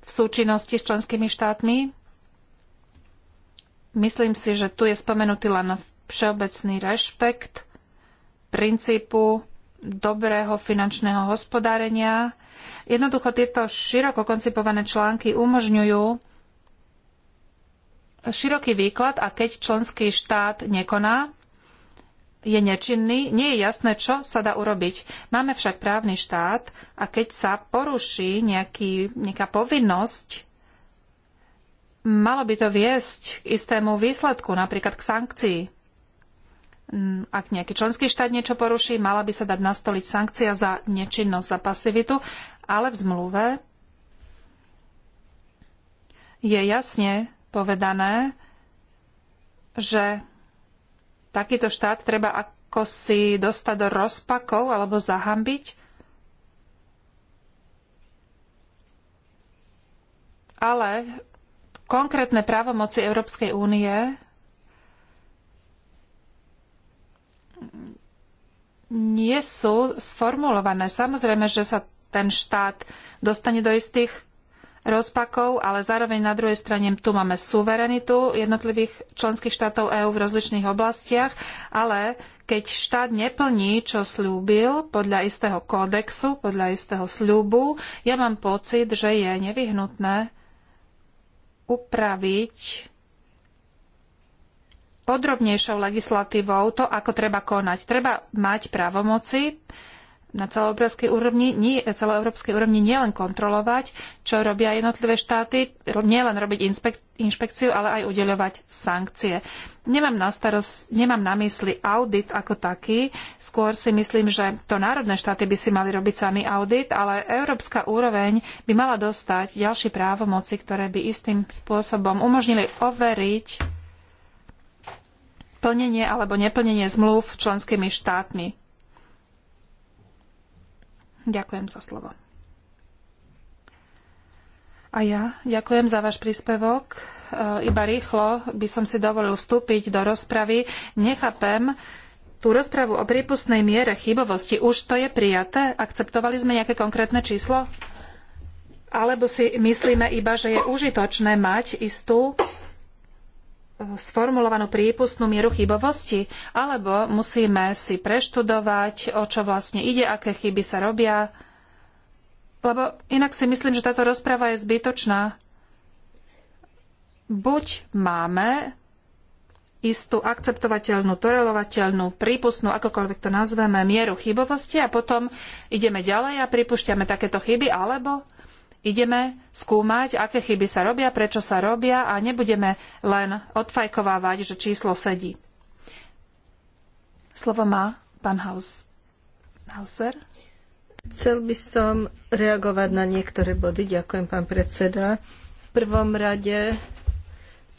v súčinnosti s členskými štátmi Myslím si, že tu je spomenutý len všeobecný rešpekt princípu dobrého finančného hospodárenia. Jednoducho tieto široko koncipované články umožňujú široký výklad a keď členský štát nekoná, je nečinný, nie je jasné, čo sa dá urobiť. Máme však právny štát a keď sa poruší nejaký, nejaká povinnosť malo by to viesť k istému výsledku, napríklad k sankcii. Mm, ak nejaký členský štát niečo poruší, mala by sa dať nastoliť sankcia za nečinnosť, za pasivitu, ale v zmluve je jasne povedané, že takýto štát treba ako si dostať do rozpakov alebo zahambiť, ale konkrétne právomoci Európskej únie nie sú sformulované. Samozrejme, že sa ten štát dostane do istých rozpakov, ale zároveň na druhej strane tu máme suverenitu jednotlivých členských štátov EÚ v rozličných oblastiach, ale keď štát neplní, čo slúbil podľa istého kódexu, podľa istého sľubu, ja mám pocit, že je nevyhnutné upraviť podrobnejšou legislatívou to, ako treba konať. Treba mať právomoci na celoeurópskej úrovni, nie, celoeurópskej úrovni nielen kontrolovať, čo robia jednotlivé štáty, nielen robiť inspek, inšpekciu, ale aj udeľovať sankcie. Nemám na, starost, nemám na mysli audit ako taký, skôr si myslím, že to národné štáty by si mali robiť sami audit, ale európska úroveň by mala dostať ďalšie právomoci, ktoré by istým spôsobom umožnili overiť plnenie alebo neplnenie zmluv členskými štátmi Ďakujem za slovo. A ja ďakujem za váš príspevok. E, iba rýchlo by som si dovolil vstúpiť do rozpravy. Nechápem tú rozpravu o prípustnej miere chybovosti. Už to je prijaté? Akceptovali sme nejaké konkrétne číslo? Alebo si myslíme iba, že je užitočné mať istú sformulovanú prípustnú mieru chybovosti, alebo musíme si preštudovať, o čo vlastne ide, aké chyby sa robia, lebo inak si myslím, že táto rozprava je zbytočná. Buď máme istú akceptovateľnú, torelovateľnú, prípustnú, akokoľvek to nazveme, mieru chybovosti a potom ideme ďalej a pripúšťame takéto chyby, alebo ideme skúmať, aké chyby sa robia, prečo sa robia a nebudeme len odfajkovávať, že číslo sedí. Slovo má pán Haus.
Hauser. Chcel by som reagovať na niektoré body. Ďakujem, pán predseda. V prvom rade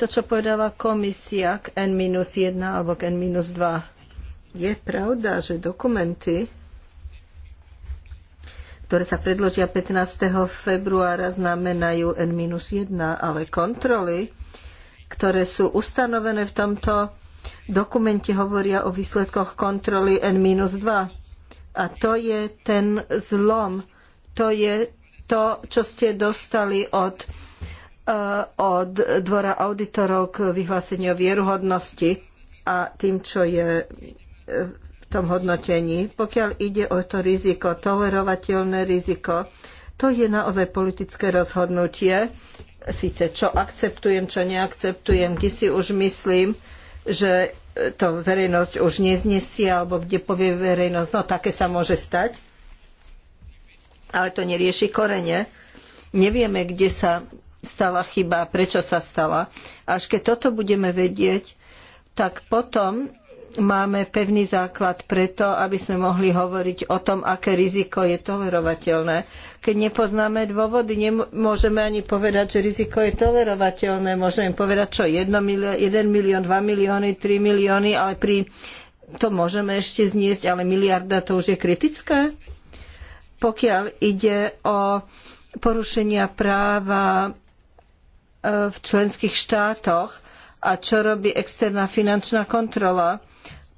to, čo povedala komisia k N-1 alebo k N-2. Je pravda, že dokumenty ktoré sa predložia 15. februára, znamenajú N-1, ale kontroly, ktoré sú ustanovené v tomto dokumente, hovoria o výsledkoch kontroly N-2. A to je ten zlom, to je to, čo ste dostali od, eh, od dvora auditorov k vyhláseniu vieruhodnosti a tým, čo je eh, tom hodnotení. Pokiaľ ide o to riziko, tolerovateľné riziko, to je naozaj politické rozhodnutie, síce čo akceptujem, čo neakceptujem, kde si už myslím, že to verejnosť už neznesie, alebo kde povie verejnosť, no také sa môže stať, ale to nerieši korene. Nevieme, kde sa stala chyba, prečo sa stala. Až keď toto budeme vedieť, tak potom máme pevný základ preto, aby sme mohli hovoriť o tom, aké riziko je tolerovateľné. Keď nepoznáme dôvody, nemôžeme ani povedať, že riziko je tolerovateľné. Môžeme povedať, čo 1 milión, 1 milión, 2 milióny, 3 milióny, ale pri to môžeme ešte zniesť, ale miliarda to už je kritické. Pokiaľ ide o porušenia práva e, v členských štátoch, a čo robí externá finančná kontrola?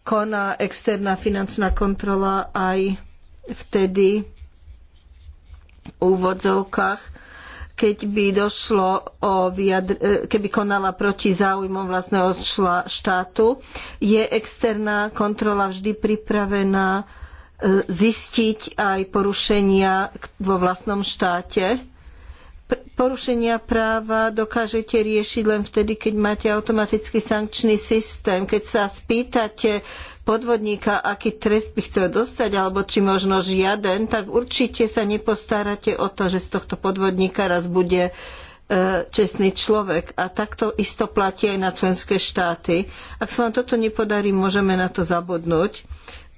Koná externá finančná kontrola aj vtedy v úvodzovkách, keď by došlo o vyjadr- e, keby konala proti záujmom vlastného štátu, je externá kontrola vždy pripravená e, zistiť aj porušenia vo vlastnom štáte porušenia práva dokážete riešiť len vtedy, keď máte automatický sankčný systém. Keď sa spýtate podvodníka, aký trest by chcel dostať, alebo či možno žiaden, tak určite sa nepostarate o to, že z tohto podvodníka raz bude e, čestný človek. A takto isto platí aj na členské štáty. Ak sa vám toto nepodarí, môžeme na to zabudnúť.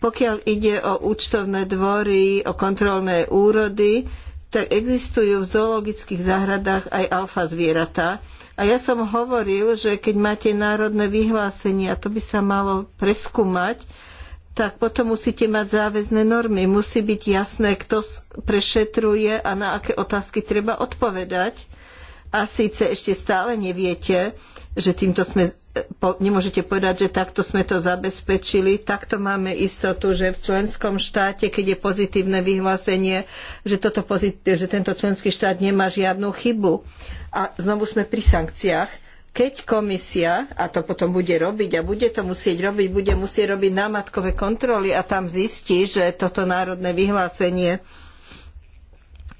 Pokiaľ ide o účtovné dvory, o kontrolné úrody, tak existujú v zoologických záhradách aj alfa zvieratá. A ja som hovoril, že keď máte národné vyhlásenie a to by sa malo preskúmať, tak potom musíte mať záväzné normy. Musí byť jasné, kto prešetruje a na aké otázky treba odpovedať a síce ešte stále neviete, že týmto sme, e, nemôžete povedať, že takto sme to zabezpečili, takto máme istotu, že v členskom štáte, keď je pozitívne vyhlásenie, že, toto pozit, že tento členský štát nemá žiadnu chybu. A znovu sme pri sankciách. Keď komisia, a to potom bude robiť a bude to musieť robiť, bude musieť robiť námatkové kontroly a tam zistí, že toto národné vyhlásenie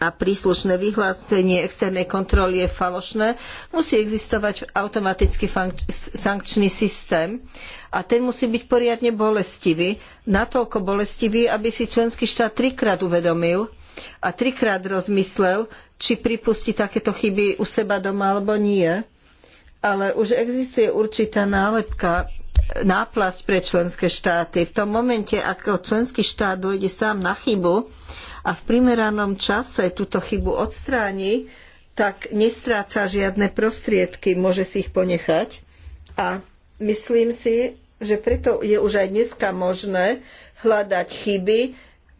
a príslušné vyhlásenie externej kontroly je falošné, musí existovať automatický sankčný systém a ten musí byť poriadne bolestivý, natoľko bolestivý, aby si členský štát trikrát uvedomil a trikrát rozmyslel, či pripustí takéto chyby u seba doma alebo nie. Ale už existuje určitá nálepka, náplasť pre členské štáty. V tom momente, ako členský štát dojde sám na chybu, a v primeranom čase túto chybu odstráni, tak nestráca žiadne prostriedky, môže si ich ponechať. A myslím si, že preto je už aj dneska možné hľadať chyby,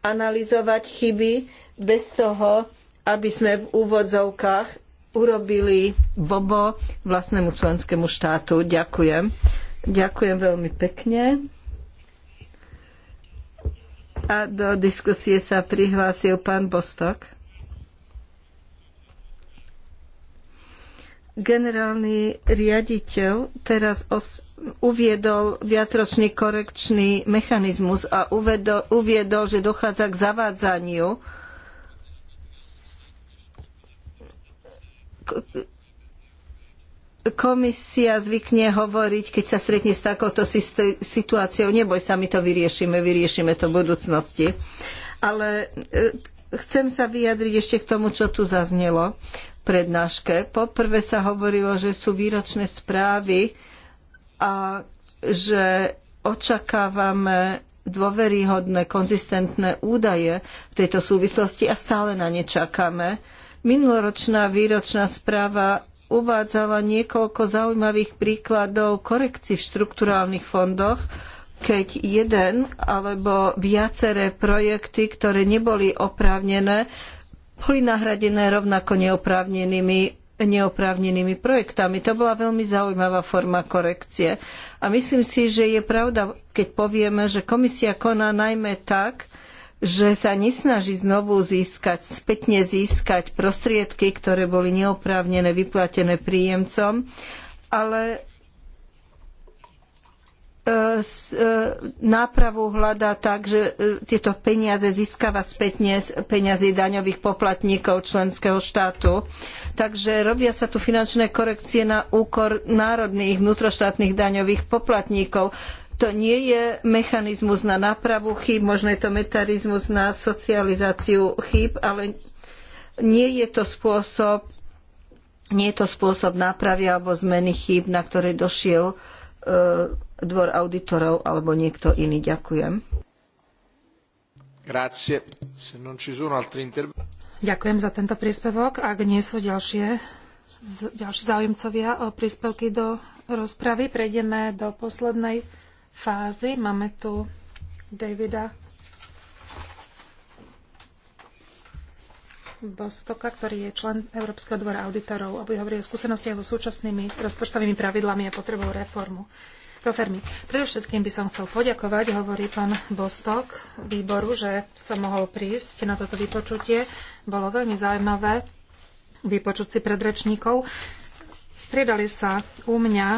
analyzovať chyby bez toho, aby sme v úvodzovkách urobili bobo vlastnému členskému štátu. Ďakujem. Ďakujem veľmi pekne. A do diskusie sa prihlásil pán Bostok. Generálny riaditeľ teraz os- uviedol viacročný korekčný mechanizmus a uvedol, uviedol, že dochádza k zavádzaniu k komisia zvykne hovoriť, keď sa stretne s takouto situáciou, neboj sa, my to vyriešime, vyriešime to v budúcnosti. Ale e, chcem sa vyjadriť ešte k tomu, čo tu zaznelo v prednáške. Poprvé sa hovorilo, že sú výročné správy a že očakávame dôveryhodné, konzistentné údaje v tejto súvislosti a stále na ne čakáme. Minuloročná výročná správa uvádzala niekoľko zaujímavých príkladov korekcií v štrukturálnych fondoch, keď jeden alebo viaceré projekty, ktoré neboli oprávnené, boli nahradené rovnako neoprávnenými neoprávnenými projektami. To bola veľmi zaujímavá forma korekcie. A myslím si, že je pravda, keď povieme, že komisia koná najmä tak, že sa nesnaží znovu získať, spätne získať prostriedky, ktoré boli neoprávnené vyplatené príjemcom, ale e, e, nápravu hľadá tak, že e, tieto peniaze získava spätne z peniazy daňových poplatníkov členského štátu. Takže robia sa tu finančné korekcie na úkor národných vnútroštátnych daňových poplatníkov. To nie je mechanizmus na nápravu chýb, možno je to metarizmus na socializáciu chýb, ale nie je to spôsob, nie je to spôsob nápravy alebo zmeny chýb, na ktoré došiel e, dvor auditorov alebo niekto iný. Ďakujem. Ďakujem za tento príspevok. Ak nie sú
ďalšie, ďalší záujemcovia o príspevky do rozpravy, prejdeme do poslednej fázy. Máme tu Davida Bostoka, ktorý je člen Európskeho dvora auditorov a bude hovoriť o skúsenostiach so súčasnými rozpočtovými pravidlami a potrebou reformu. Profermy. Predovšetkým by som chcel poďakovať, hovorí pán Bostok, výboru, že som mohol prísť na toto vypočutie. Bolo veľmi zaujímavé vypočuť si predrečníkov. Striedali sa u mňa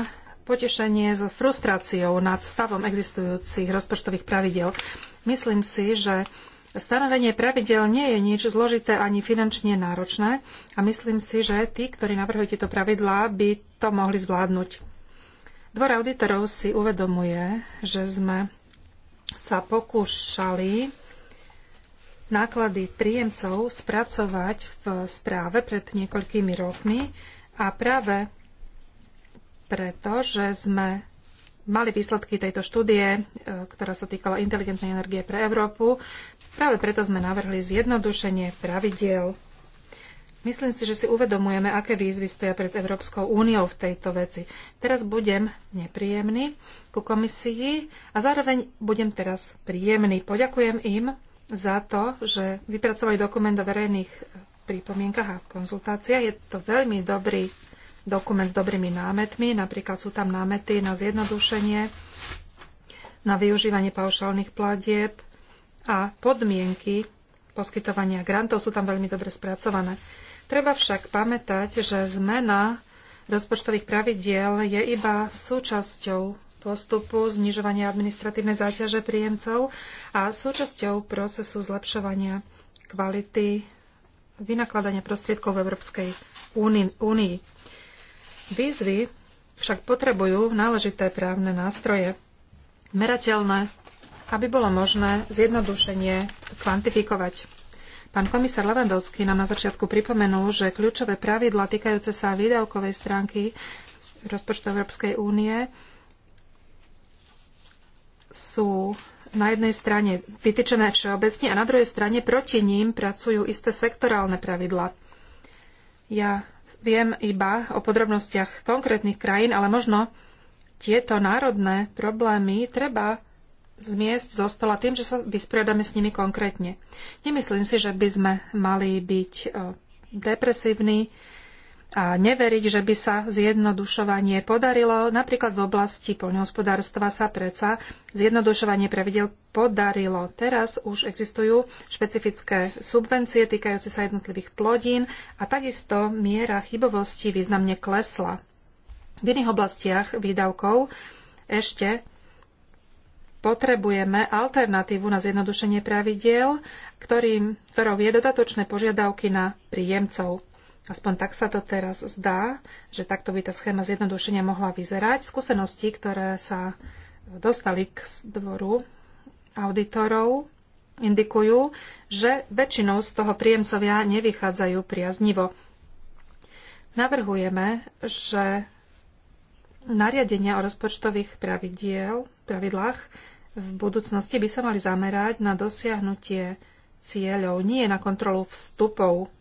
potešenie s frustráciou nad stavom existujúcich rozpočtových pravidel. Myslím si, že Stanovenie pravidel nie je nič zložité ani finančne náročné a myslím si, že tí, ktorí navrhujú tieto pravidlá, by to mohli zvládnuť. Dvor auditorov si uvedomuje, že sme sa pokúšali náklady príjemcov spracovať v správe pred niekoľkými rokmi a práve pretože sme mali výsledky tejto štúdie, e, ktorá sa týkala inteligentnej energie pre Európu. Práve preto sme navrhli zjednodušenie pravidiel. Myslím si, že si uvedomujeme, aké výzvy stoja pred Európskou úniou v tejto veci. Teraz budem nepríjemný ku komisii a zároveň budem teraz príjemný. Poďakujem im za to, že vypracovali dokument o verejných e, pripomienkach a konzultáciách. Je to veľmi dobrý dokument s dobrými námetmi. Napríklad sú tam námety na zjednodušenie, na využívanie paušálnych platieb a podmienky poskytovania grantov sú tam veľmi dobre spracované. Treba však pamätať, že zmena rozpočtových pravidiel je iba súčasťou postupu znižovania administratívnej záťaže príjemcov a súčasťou procesu zlepšovania kvality vynakladania prostriedkov v Európskej únii. Výzvy však potrebujú náležité právne nástroje, merateľné, aby bolo možné zjednodušenie kvantifikovať. Pán komisár Levandovský nám na začiatku pripomenul, že kľúčové pravidla týkajúce sa výdavkovej stránky rozpočtu Európskej únie sú na jednej strane vytýčené všeobecne a na druhej strane proti ním pracujú isté sektorálne pravidla. Ja Viem iba o podrobnostiach konkrétnych krajín, ale možno tieto národné problémy treba zmiesť zo stola tým, že sa vysporiadame s nimi konkrétne. Nemyslím si, že by sme mali byť eh, depresívni, a neveriť, že by sa zjednodušovanie podarilo. Napríklad v oblasti poľnohospodárstva sa predsa zjednodušovanie pravidel podarilo. Teraz už existujú špecifické subvencie týkajúce sa jednotlivých plodín a takisto miera chybovosti významne klesla. V iných oblastiach výdavkov ešte potrebujeme alternatívu na zjednodušenie pravidiel, ktorým, ktorou je dodatočné požiadavky na príjemcov. Aspoň tak sa to teraz zdá, že takto by tá schéma zjednodušenia mohla vyzerať. Skúsenosti, ktoré sa dostali k dvoru auditorov, indikujú, že väčšinou z toho príjemcovia nevychádzajú priaznivo. Navrhujeme, že nariadenia o rozpočtových pravidiel, pravidlách v budúcnosti by sa mali zamerať na dosiahnutie cieľov, nie na kontrolu vstupov.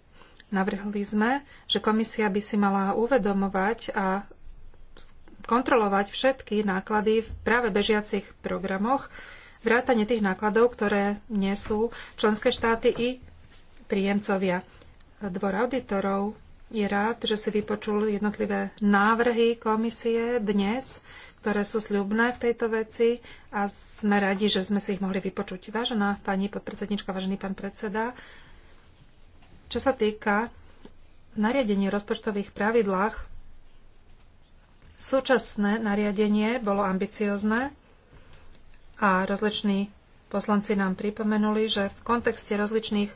Navrhli sme, že komisia by si mala uvedomovať a kontrolovať všetky náklady v práve bežiacich programoch, vrátane tých nákladov, ktoré nesú členské štáty i príjemcovia. Dvor auditorov je rád, že si vypočul jednotlivé návrhy komisie dnes, ktoré sú sľubné v tejto veci a sme radi, že sme si ich mohli vypočuť. Vážená pani podpredsednička, vážený pán predseda, čo sa týka nariadení rozpočtových pravidlách, súčasné nariadenie bolo ambiciozne a rozliční poslanci nám pripomenuli, že v kontexte rozličných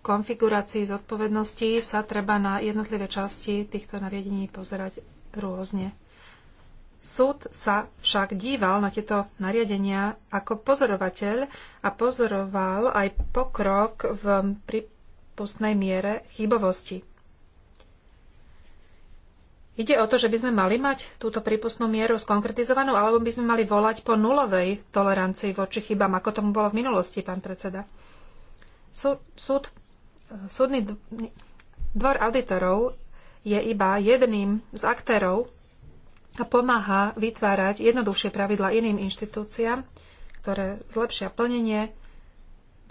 konfigurácií zodpovedností sa treba na jednotlivé časti týchto nariadení pozerať rôzne. Súd sa však díval na tieto nariadenia ako pozorovateľ a pozoroval aj pokrok v pri prípustnej miere chybovosti. Ide o to, že by sme mali mať túto prípustnú mieru skonkretizovanú, alebo by sme mali volať po nulovej tolerancii voči chybám, ako tomu bolo v minulosti, pán predseda. Súd, súdny dvor auditorov je iba jedným z aktérov a pomáha vytvárať jednoduchšie pravidla iným inštitúciám, ktoré zlepšia plnenie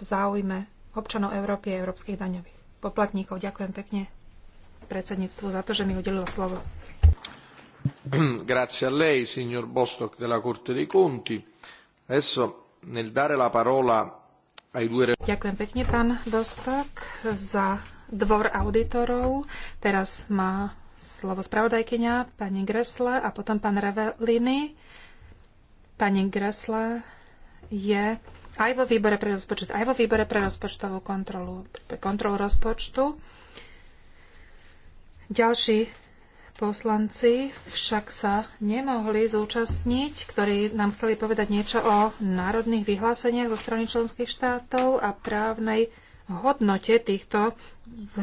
v záujme občanov Európy a európskych daňových poplatníkov. Ďakujem pekne predsedníctvu za to, že mi udelilo slovo.
Grazie a lei, signor Bostock della Corte dei Conti. Adesso nel dare la parola ai due... Ďakujem
pekne, pán Bostock, za dvor auditorov. Teraz má slovo spravodajkyňa pani Gresle a potom pán Revelini. Pani Gresle je aj vo výbore pre rozpočet, aj vo výbore pre rozpočtovú kontrolu, pre kontrolu rozpočtu. Ďalší poslanci však sa nemohli zúčastniť, ktorí nám chceli povedať niečo o národných vyhláseniach zo strany členských štátov a právnej hodnote týchto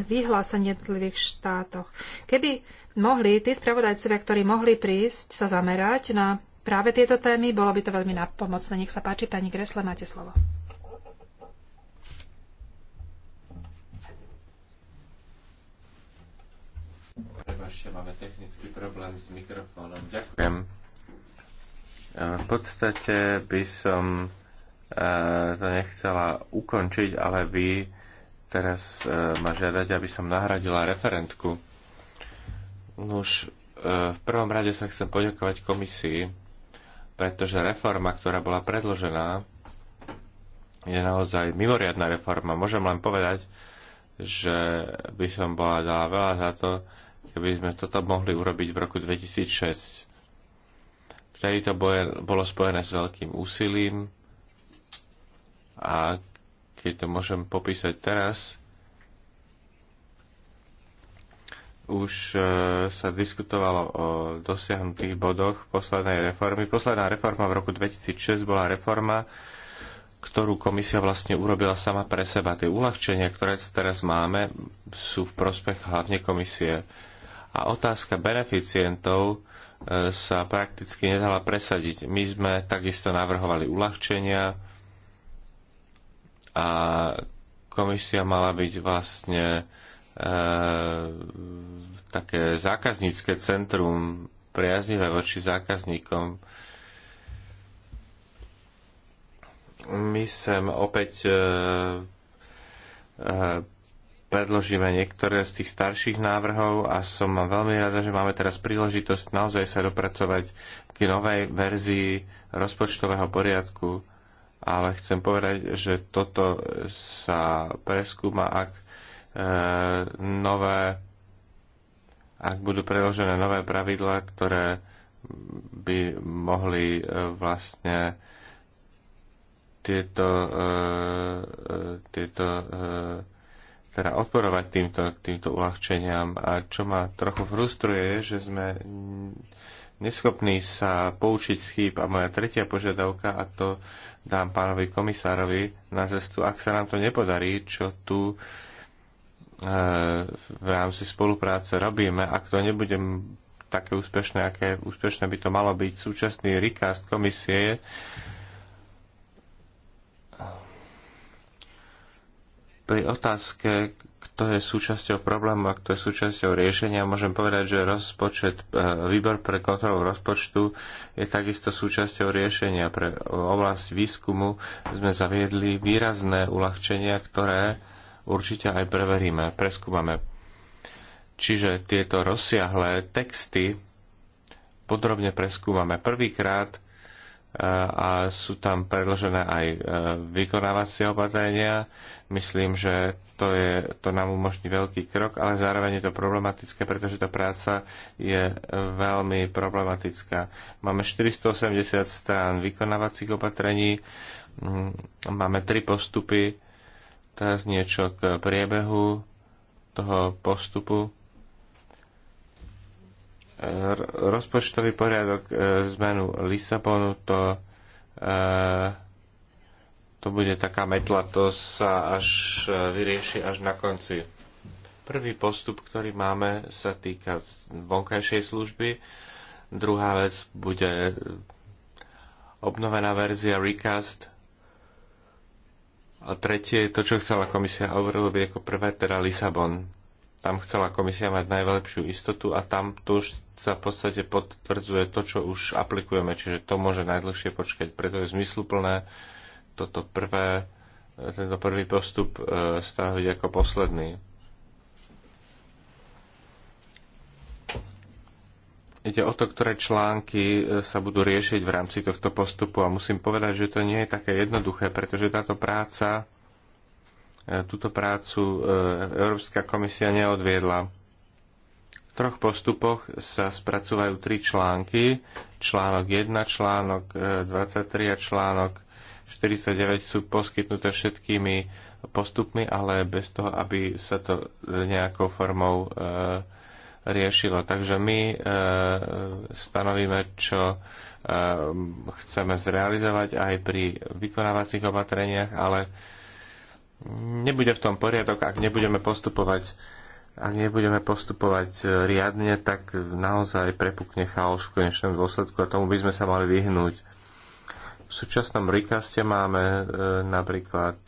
vyhlásení jednotlivých štátoch. Keby mohli tí spravodajcovia, ktorí mohli prísť, sa zamerať na práve tieto témy. Bolo by to veľmi napomocné. Nech sa páči, pani Gresle, máte slovo.
Prepašte, máme technický problém s mikrofónom. Ďakujem. E, v podstate by som e, to nechcela ukončiť, ale vy teraz e, ma žiadate, aby som nahradila referentku. Už v prvom rade sa chcem poďakovať komisii, pretože reforma, ktorá bola predložená, je naozaj mimoriadná reforma. Môžem len povedať, že by som bola dala veľa za to, keby sme toto mohli urobiť v roku 2006. Vtedy to bolo spojené s veľkým úsilím a keď to môžem popísať teraz, už e, sa diskutovalo o dosiahnutých bodoch poslednej reformy. Posledná reforma v roku 2006 bola reforma, ktorú komisia vlastne urobila sama pre seba. Tie uľahčenia, ktoré teraz máme, sú v prospech hlavne komisie. A otázka beneficientov e, sa prakticky nedala presadiť. My sme takisto navrhovali uľahčenia a komisia mala byť vlastne E, také zákaznícke centrum priaznivé voči zákazníkom. My sem opäť e, e, predložíme niektoré z tých starších návrhov a som veľmi rada, že máme teraz príležitosť naozaj sa dopracovať k novej verzii rozpočtového poriadku, ale chcem povedať, že toto sa preskúma, ak E, nové, ak budú preložené nové pravidlá, ktoré by mohli e, vlastne tieto, e, tieto teda odporovať týmto, týmto uľahčeniam. A čo ma trochu frustruje, je, že sme neschopní sa poučiť z chýb. A moja tretia požiadavka, a to dám pánovi komisárovi na cestu, ak sa nám to nepodarí, čo tu uh, E, v rámci spolupráce robíme, ak to nebude také úspešné, aké úspešné by to malo byť, súčasný recast komisie je, pri otázke, kto je súčasťou problému a kto je súčasťou riešenia, môžem povedať, že rozpočet, e, výbor pre kontrolu rozpočtu je takisto súčasťou riešenia. Pre oblasť výskumu sme zaviedli výrazné uľahčenia, ktoré určite aj preveríme, preskúmame. Čiže tieto rozsiahlé texty podrobne preskúmame prvýkrát e, a sú tam predložené aj e, vykonávacie opatrenia. Myslím, že to, je, to nám umožní veľký krok, ale zároveň je to problematické, pretože tá práca je veľmi problematická. Máme 480 strán vykonávacích opatrení, máme tri postupy Teraz niečo k priebehu toho postupu. Rozpočtový poriadok e, zmenu Lisabonu to, e, to bude taká metla, to sa až e, vyrieši až na konci. Prvý postup, ktorý máme, sa týka vonkajšej služby. Druhá vec bude obnovená verzia Recast a tretie je to, čo chcela komisia by ako prvé, teda Lisabon. Tam chcela komisia mať najlepšiu istotu a tam tu už sa v podstate potvrdzuje to, čo už aplikujeme, čiže to môže najdlhšie počkať. Preto je zmysluplné toto prvé, tento prvý postup eh, stanoviť ako posledný. Ide o to, ktoré články e, sa budú riešiť v rámci tohto postupu a musím povedať, že to nie je také jednoduché, pretože táto práca, e, túto prácu e, Európska komisia neodviedla. V troch postupoch sa spracúvajú tri články. Článok 1, článok 23 a článok 49 sú poskytnuté všetkými postupmi, ale bez toho, aby sa to nejakou formou e, riešilo. Takže my e, stanovíme, čo e, chceme zrealizovať aj pri vykonávacích opatreniach, ale nebude v tom poriadok, ak nebudeme postupovať ak nebudeme postupovať e, riadne, tak naozaj prepukne chaos v konečnom dôsledku a tomu by sme sa mali vyhnúť. V súčasnom rikaste máme napríklad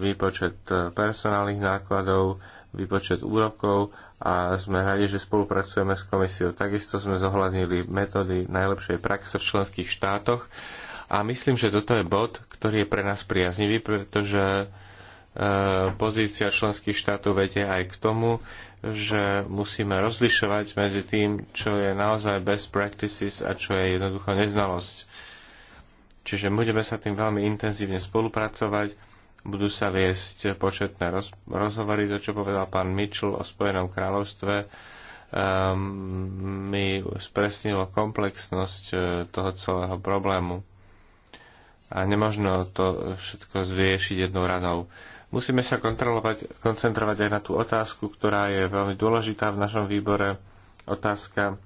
výpočet personálnych nákladov, výpočet úrokov a sme radi, že spolupracujeme s komisiou. Takisto sme zohľadnili metódy najlepšej praxe v členských štátoch a myslím, že toto je bod, ktorý je pre nás priaznivý, pretože e, pozícia členských štátov vedie aj k tomu, že musíme rozlišovať medzi tým, čo je naozaj best practices a čo je jednoducho neznalosť. Čiže budeme sa tým veľmi intenzívne spolupracovať budú sa viesť početné roz, rozhovory, to čo povedal pán Mitchell o Spojenom kráľovstve, um, mi spresnilo komplexnosť e, toho celého problému. A nemožno to všetko zviešiť jednou ranou. Musíme sa kontrolovať, koncentrovať aj na tú otázku, ktorá je veľmi dôležitá v našom výbore, otázka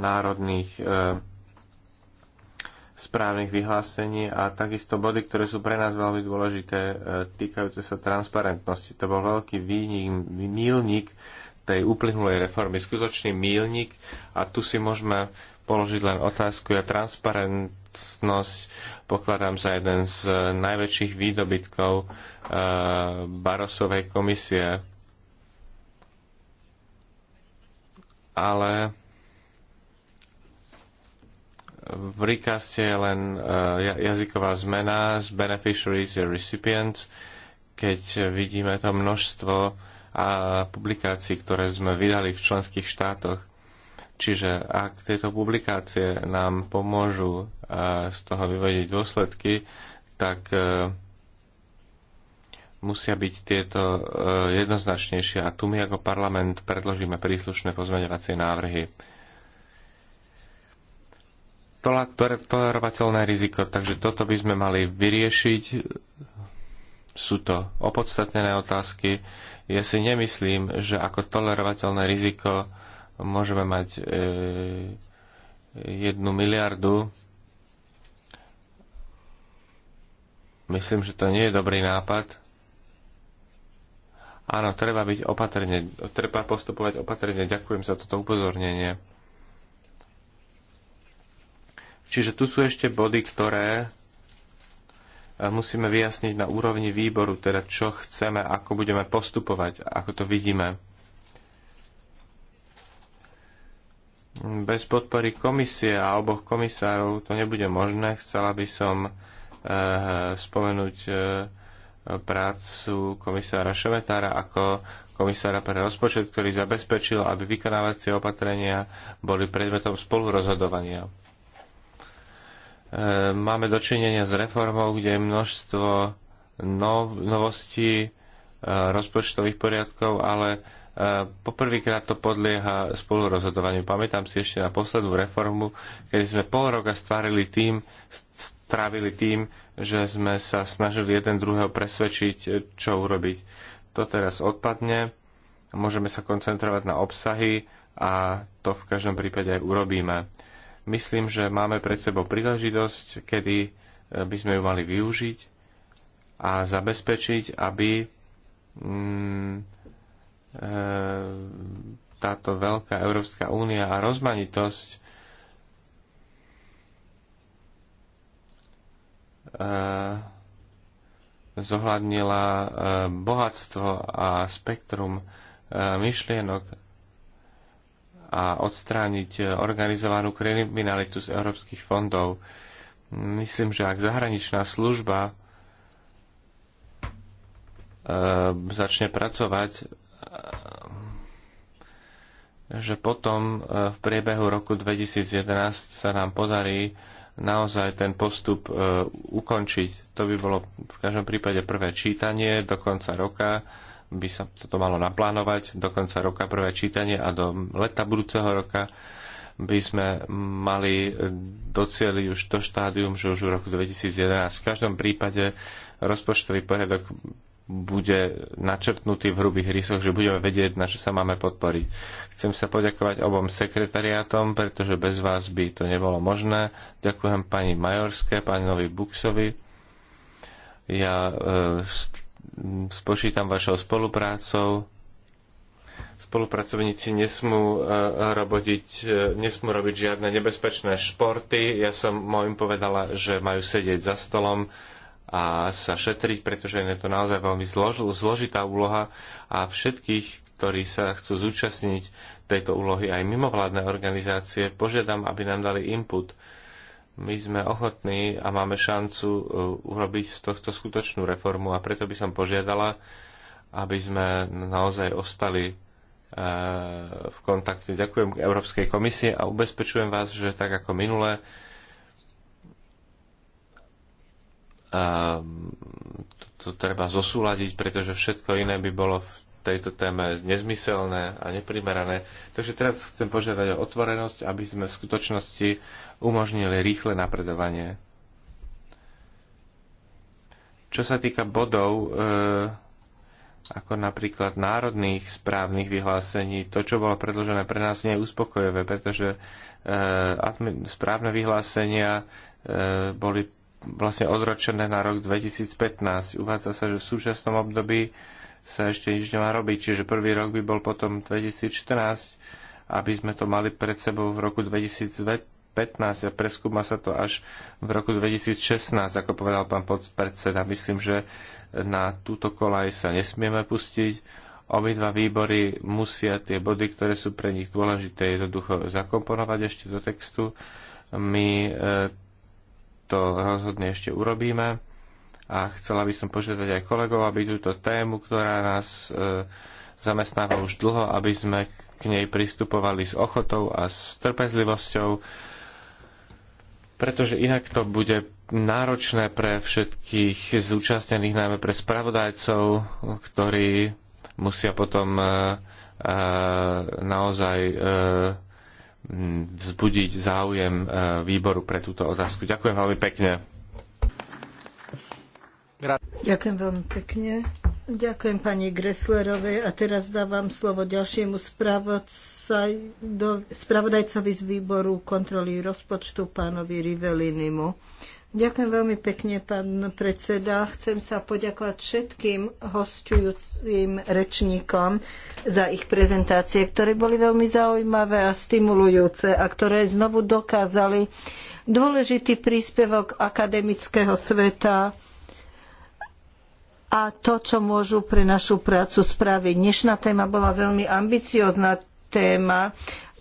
národných e, správnych vyhlásení a takisto body, ktoré sú pre nás veľmi dôležité, e, týkajúce sa transparentnosti. To bol veľký mílnik tej uplynulej reformy, skutočný mílnik a tu si môžeme položiť len otázku. Ja transparentnosť pokladám za jeden z najväčších výdobytkov e, Barosovej komisie. Ale v rikaste je len eh, jazyková zmena z beneficiaries a recipients, keď vidíme to množstvo a publikácií, ktoré sme vydali v členských štátoch. Čiže ak tieto publikácie nám pomôžu eh, z toho vyvodiť dôsledky, tak eh, musia byť tieto jednoznačnejšie a tu my ako parlament predložíme príslušné pozmeňovacie návrhy tolerovateľné riziko, takže toto by sme mali vyriešiť. Sú to opodstatnené otázky. Ja si nemyslím, že ako tolerovateľné riziko môžeme mať e, jednu miliardu. Myslím, že to nie je dobrý nápad. Áno, treba byť opatrne, treba postupovať opatrne. Ďakujem za toto upozornenie. Čiže tu sú ešte body, ktoré e, musíme vyjasniť na úrovni výboru, teda čo chceme, ako budeme postupovať, ako to vidíme. Bez podpory komisie a oboch komisárov to nebude možné. Chcela by som e, spomenúť e, prácu komisára Šemetára ako komisára pre rozpočet, ktorý zabezpečil, aby vykonávacie opatrenia boli predmetom spolurozhodovania E, máme dočinenia s reformou, kde je množstvo nov, novostí e, rozpočtových poriadkov, ale e, poprvýkrát to podlieha spolurozhodovaniu. Pamätám si ešte na poslednú reformu, kedy sme pol roka stvárili tým, strávili tým, že sme sa snažili jeden druhého presvedčiť, čo urobiť. To teraz odpadne, môžeme sa koncentrovať na obsahy a to v každom prípade aj urobíme. Myslím, že máme pred sebou príležitosť, kedy e, by sme ju mali využiť a zabezpečiť, aby mm, e, táto veľká Európska únia a rozmanitosť e, zohľadnila bohatstvo a spektrum myšlienok a odstrániť e, organizovanú kriminalitu z európskych fondov. Myslím, že ak zahraničná služba e, začne pracovať, e, že potom v priebehu roku 2011 sa nám podarí naozaj ten postup ukončiť. To by bolo v každom prípade prvé čítanie do konca roka by sa toto malo naplánovať do konca roka prvé čítanie a do leta budúceho roka by sme mali docieliť už to štádium, že už v roku 2011. V každom prípade rozpočtový poriadok bude načrtnutý v hrubých rysoch, že budeme vedieť, na čo sa máme podporiť. Chcem sa poďakovať obom sekretariátom, pretože bez vás by to nebolo možné. Ďakujem pani Majorské, pánovi Buksovi. Ja e, spočítam vašou spoluprácou. Spolupracovníci nesmú, e, robiť, e, nesmú robiť žiadne nebezpečné športy. Ja som môjim povedala, že majú sedieť za stolom a sa šetriť, pretože je to naozaj veľmi zložitá úloha a všetkých, ktorí sa chcú zúčastniť tejto úlohy aj mimovládne organizácie, požiadam, aby nám dali input my sme ochotní a máme šancu uh, urobiť z tohto skutočnú reformu a preto by som požiadala, aby sme naozaj ostali uh, v kontakte. Ďakujem k Európskej komisie a ubezpečujem vás, že tak ako minule um, to, to treba zosúľadiť, pretože všetko iné by bolo v tejto téme nezmyselné a neprimerané. Takže teraz chcem požiadať o otvorenosť, aby sme v skutočnosti umožnili rýchle napredovanie. Čo sa týka bodov, e, ako napríklad národných správnych vyhlásení. To, čo bolo predložené pre nás, nie je uspokojivé, pretože e, správne vyhlásenia e, boli vlastne odročené na rok 2015. Uvádza sa, že v súčasnom období sa ešte nič nemá robiť, čiže prvý rok by bol potom 2014, aby sme to mali pred sebou v roku 2020 2015 a preskúma sa to až v roku 2016, ako povedal pán podpredseda. Myslím, že na túto kolaj sa nesmieme pustiť. Obidva výbory musia tie body, ktoré sú pre nich dôležité, jednoducho zakomponovať ešte do textu. My e, to rozhodne ešte urobíme a chcela by som požiadať aj kolegov, aby túto tému, ktorá nás e, zamestnáva už dlho, aby sme k nej pristupovali s ochotou a s trpezlivosťou pretože inak to bude náročné pre všetkých zúčastnených, najmä pre spravodajcov, ktorí musia potom e, e, naozaj e, vzbudiť záujem výboru pre túto otázku. Ďakujem veľmi pekne.
Ďakujem veľmi pekne. Ďakujem pani Greslerovej a teraz dávam slovo ďalšiemu správcu spravodajcovi z výboru kontroly rozpočtu, pánovi Rivelinimu. Ďakujem veľmi pekne, pán predseda. Chcem sa poďakovať všetkým hostujúcim rečníkom za ich prezentácie, ktoré boli veľmi zaujímavé a stimulujúce a ktoré znovu dokázali dôležitý príspevok akademického sveta a to, čo môžu pre našu prácu spraviť. Dnešná téma bola veľmi ambiciozná, téma.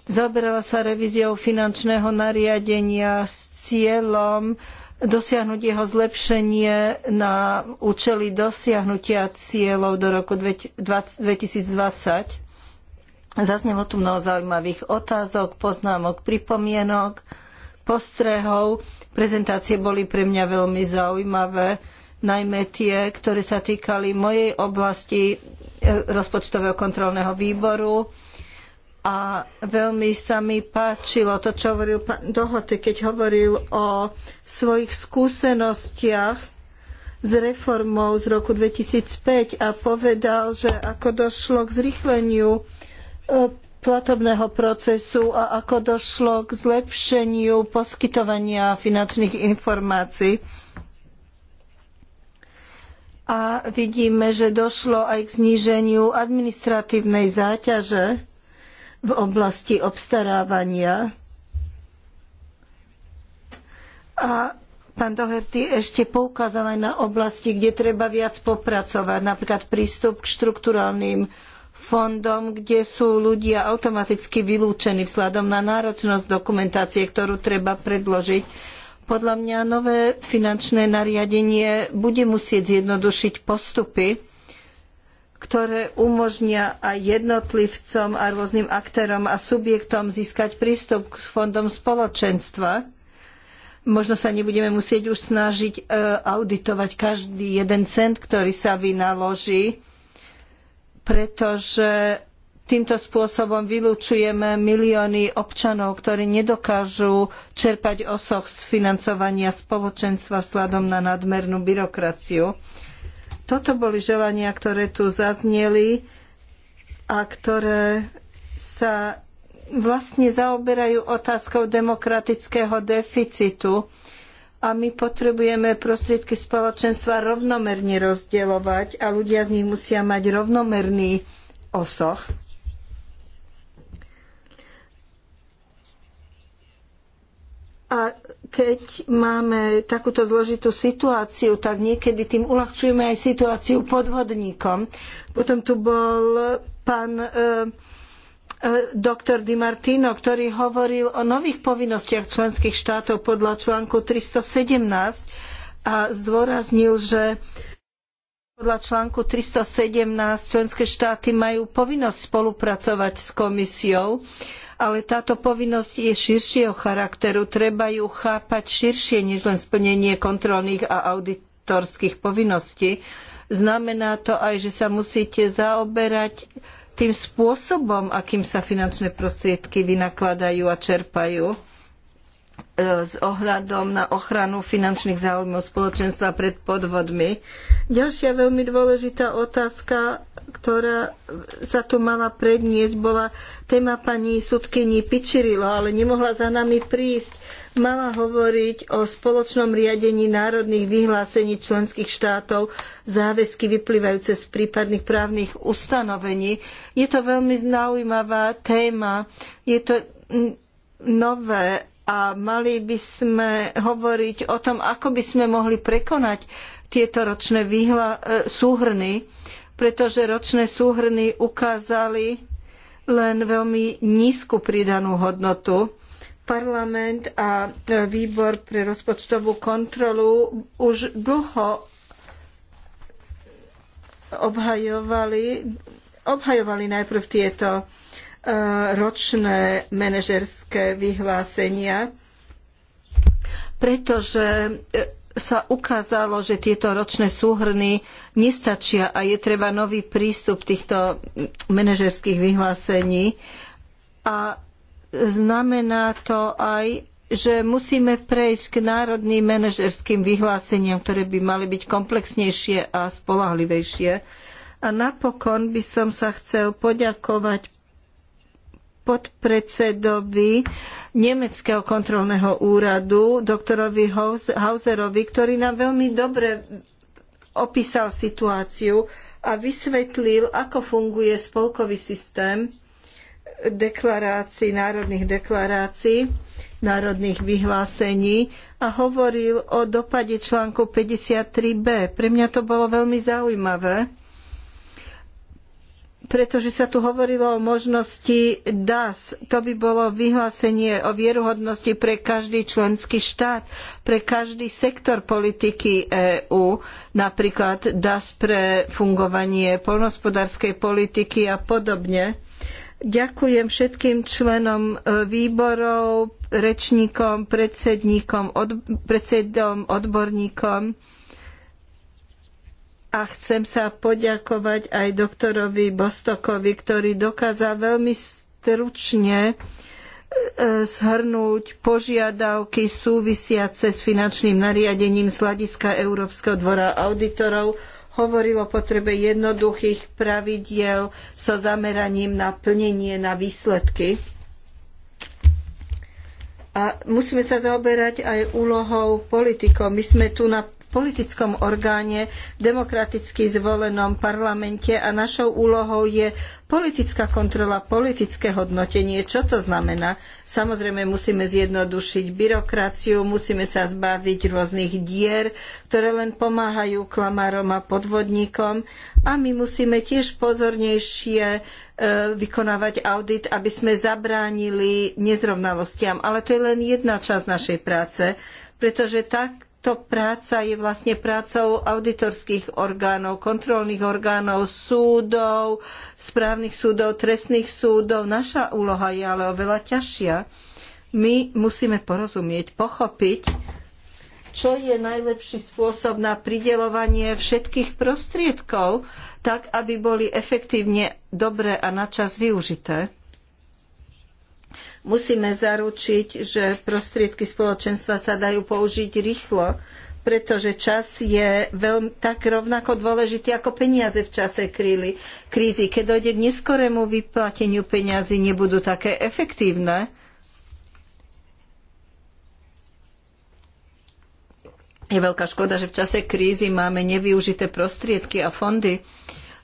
Zaoberala sa revíziou finančného nariadenia s cieľom dosiahnuť jeho zlepšenie na účely dosiahnutia cieľov do roku 2020. Zaznelo tu mnoho zaujímavých otázok, poznámok, pripomienok, postrehov. Prezentácie boli pre mňa veľmi zaujímavé, najmä tie, ktoré sa týkali mojej oblasti e, rozpočtového kontrolného výboru a veľmi sa mi páčilo to, čo hovoril pán Dohoty, keď hovoril o svojich skúsenostiach s reformou z roku 2005 a povedal, že ako došlo k zrýchleniu e, platobného procesu a ako došlo k zlepšeniu poskytovania finančných informácií. A vidíme, že došlo aj k zníženiu administratívnej záťaže v oblasti obstarávania. A pán Doherty ešte poukázal aj na oblasti, kde treba viac popracovať, napríklad prístup k štrukturálnym fondom, kde sú ľudia automaticky vylúčení vzhľadom na náročnosť dokumentácie, ktorú treba predložiť. Podľa mňa nové finančné nariadenie bude musieť zjednodušiť postupy ktoré umožnia aj jednotlivcom a rôznym aktérom a subjektom získať prístup k fondom spoločenstva. Možno sa nebudeme musieť už snažiť e, auditovať každý jeden cent, ktorý sa vynaloží, pretože týmto spôsobom vylúčujeme milióny občanov, ktorí nedokážu čerpať osoch z financovania spoločenstva vzhľadom na nadmernú byrokraciu. Toto boli želania, ktoré tu zazneli a ktoré sa vlastne zaoberajú otázkou demokratického deficitu a my potrebujeme prostriedky spoločenstva rovnomerne rozdielovať a ľudia z nich musia mať rovnomerný osoch. A keď máme takúto zložitú situáciu, tak niekedy tým uľahčujeme aj situáciu podvodníkom. Potom tu bol pán e, e doktor Di Martino, ktorý hovoril o nových povinnostiach členských štátov podľa článku 317 a zdôraznil, že podľa článku 317 členské štáty majú povinnosť spolupracovať s komisiou ale táto povinnosť je širšieho charakteru. Treba ju chápať širšie než len splnenie kontrolných a auditorských povinností. Znamená to aj, že sa musíte zaoberať tým spôsobom, akým sa finančné prostriedky vynakladajú a čerpajú E, s ohľadom na ochranu finančných záujmov spoločenstva pred podvodmi. Ďalšia veľmi dôležitá otázka, ktorá sa tu mala predniesť, bola téma pani sudkyni Pičirilo, ale nemohla za nami prísť. Mala hovoriť o spoločnom riadení národných vyhlásení členských štátov, záväzky vyplývajúce z prípadných právnych ustanovení. Je to veľmi zaujímavá téma. Je to nové a mali by sme hovoriť o tom, ako by sme mohli prekonať tieto ročné výhla- e, súhrny, pretože ročné súhrny ukázali len veľmi nízku pridanú hodnotu. Parlament a e, výbor pre rozpočtovú kontrolu už dlho obhajovali, obhajovali najprv tieto E, ročné manažerské vyhlásenia, pretože e, sa ukázalo, že tieto ročné súhrny nestačia a je treba nový prístup týchto manažerských vyhlásení. A znamená to aj, že musíme prejsť k národným manažerským vyhláseniam, ktoré by mali byť komplexnejšie a spolahlivejšie. A napokon by som sa chcel poďakovať podpredsedovi Nemeckého kontrolného úradu, doktorovi Hauserovi, ktorý nám veľmi dobre opísal situáciu a vysvetlil, ako funguje spolkový systém deklarácií, národných deklarácií, národných vyhlásení a hovoril o dopade článku 53b. Pre mňa to bolo veľmi zaujímavé pretože sa tu hovorilo o možnosti DAS. To by bolo vyhlásenie o vieruhodnosti pre každý členský štát, pre každý sektor politiky EÚ, napríklad DAS pre fungovanie poľnohospodárskej politiky a podobne. Ďakujem všetkým členom e, výborov, rečníkom, predsedníkom, od, predsedom, odborníkom a chcem sa poďakovať aj doktorovi Bostokovi, ktorý dokázal veľmi stručne e, zhrnúť požiadavky súvisiace s finančným nariadením z hľadiska Európskeho dvora auditorov. Hovoril o potrebe jednoduchých pravidiel so zameraním na plnenie na výsledky. A musíme sa zaoberať aj úlohou politikov. My sme tu na politickom orgáne, demokraticky zvolenom parlamente a našou úlohou je politická kontrola, politické hodnotenie. Čo to znamená? Samozrejme musíme zjednodušiť byrokraciu, musíme sa zbaviť rôznych dier, ktoré len pomáhajú klamárom a podvodníkom a my musíme tiež pozornejšie e, vykonávať audit, aby sme zabránili nezrovnalostiam. Ale to je len jedna časť našej práce, pretože tak táto práca je vlastne prácou auditorských orgánov, kontrolných orgánov, súdov, správnych súdov, trestných súdov. Naša úloha je ale oveľa ťažšia. My musíme porozumieť, pochopiť, čo je najlepší spôsob na prideľovanie všetkých prostriedkov, tak aby boli efektívne, dobre a načas využité. Musíme zaručiť, že prostriedky spoločenstva sa dajú použiť rýchlo, pretože čas je veľmi, tak rovnako dôležitý ako peniaze v čase kríly, krízy. Keď dojde k neskorému vyplateniu peniazy, nebudú také efektívne. Je veľká škoda, že v čase krízy máme nevyužité prostriedky a fondy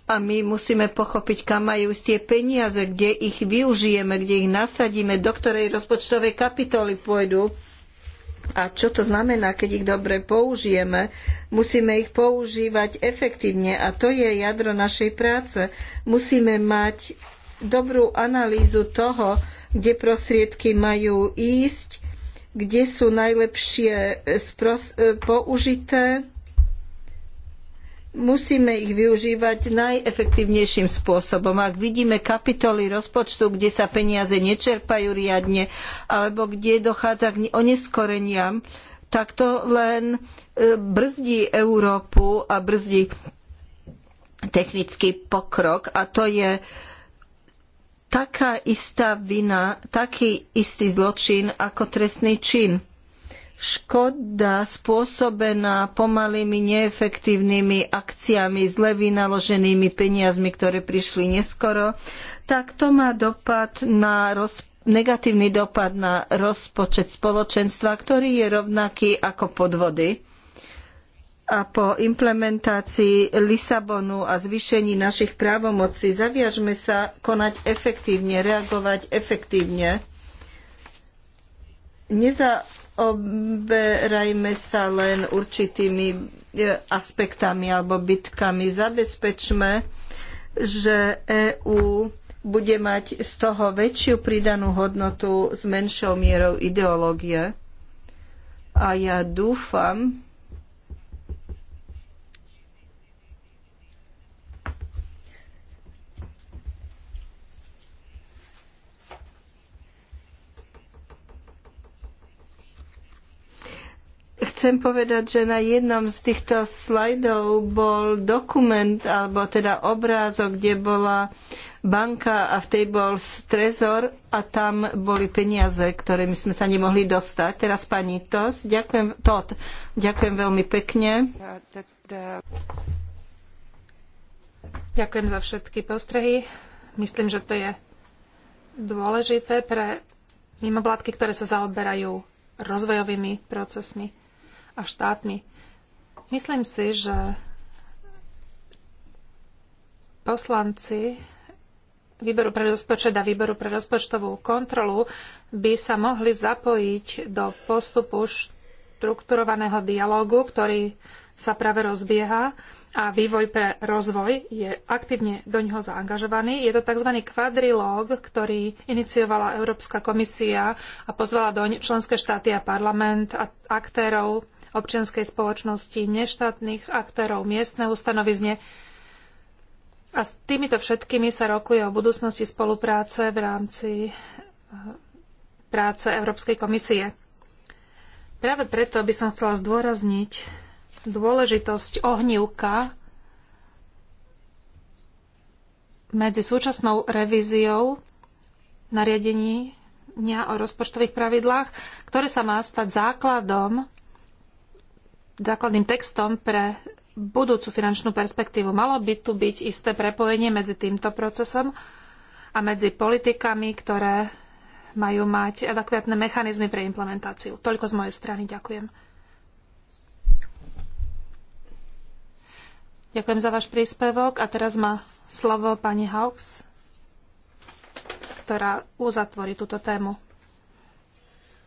a my musíme pochopiť, kam majú tie peniaze, kde ich využijeme, kde ich nasadíme, do ktorej rozpočtovej kapitoly pôjdu a čo to znamená, keď ich dobre použijeme. Musíme ich používať efektívne a to je jadro našej práce. Musíme mať dobrú analýzu toho, kde prostriedky majú ísť, kde sú najlepšie e, použité musíme ich využívať najefektívnejším spôsobom. Ak vidíme kapitoly rozpočtu, kde sa peniaze nečerpajú riadne, alebo kde dochádza k oneskoreniam, tak to len e, brzdí Európu a brzdí technický pokrok a to je taká istá vina, taký istý zločin ako trestný čin škoda spôsobená pomalými neefektívnymi akciami, zle vynaloženými peniazmi, ktoré prišli neskoro, tak to má dopad na negatívny dopad na rozpočet spoločenstva, ktorý je rovnaký ako podvody. A po implementácii Lisabonu a zvýšení našich právomocí zaviažme sa konať efektívne, reagovať efektívne. Neza Oberajme sa len určitými e, aspektami alebo bitkami. Zabezpečme, že EÚ bude mať z toho väčšiu pridanú hodnotu s menšou mierou ideológie. A ja dúfam, Chcem povedať, že na jednom z týchto slajdov bol dokument, alebo teda obrázok, kde bola banka a v tej bol trezor a tam boli peniaze, ktoré my sme sa nemohli dostať. Teraz pani Tos, ďakujem, Tot, ďakujem veľmi pekne.
Ďakujem za všetky postrehy. Myslím, že to je dôležité pre mimovládky, ktoré sa zaoberajú rozvojovými procesmi a štátmi. Myslím si, že poslanci výboru pre rozpočet a výboru pre rozpočtovú kontrolu by sa mohli zapojiť do postupu štrukturovaného dialógu, ktorý sa práve rozbieha a vývoj pre rozvoj je aktívne do ňoho zaangažovaný. Je to tzv. kvadrilóg, ktorý iniciovala Európska komisia a pozvala do členské štáty a parlament a aktérov občianskej spoločnosti, neštátnych aktérov, miestne ustanovizne. A s týmito všetkými sa rokuje o budúcnosti spolupráce v rámci eh, práce Európskej komisie. Práve preto by som chcela zdôrazniť dôležitosť ohnívka medzi súčasnou revíziou nariadenia o rozpočtových pravidlách, ktoré sa má stať základom základným textom pre budúcu finančnú perspektívu. Malo by tu byť isté prepojenie medzi týmto procesom a medzi politikami, ktoré majú mať adekvátne mechanizmy pre implementáciu. Toľko z mojej strany. Ďakujem. Ďakujem za váš príspevok a teraz má slovo pani Hawks, ktorá uzatvorí túto tému.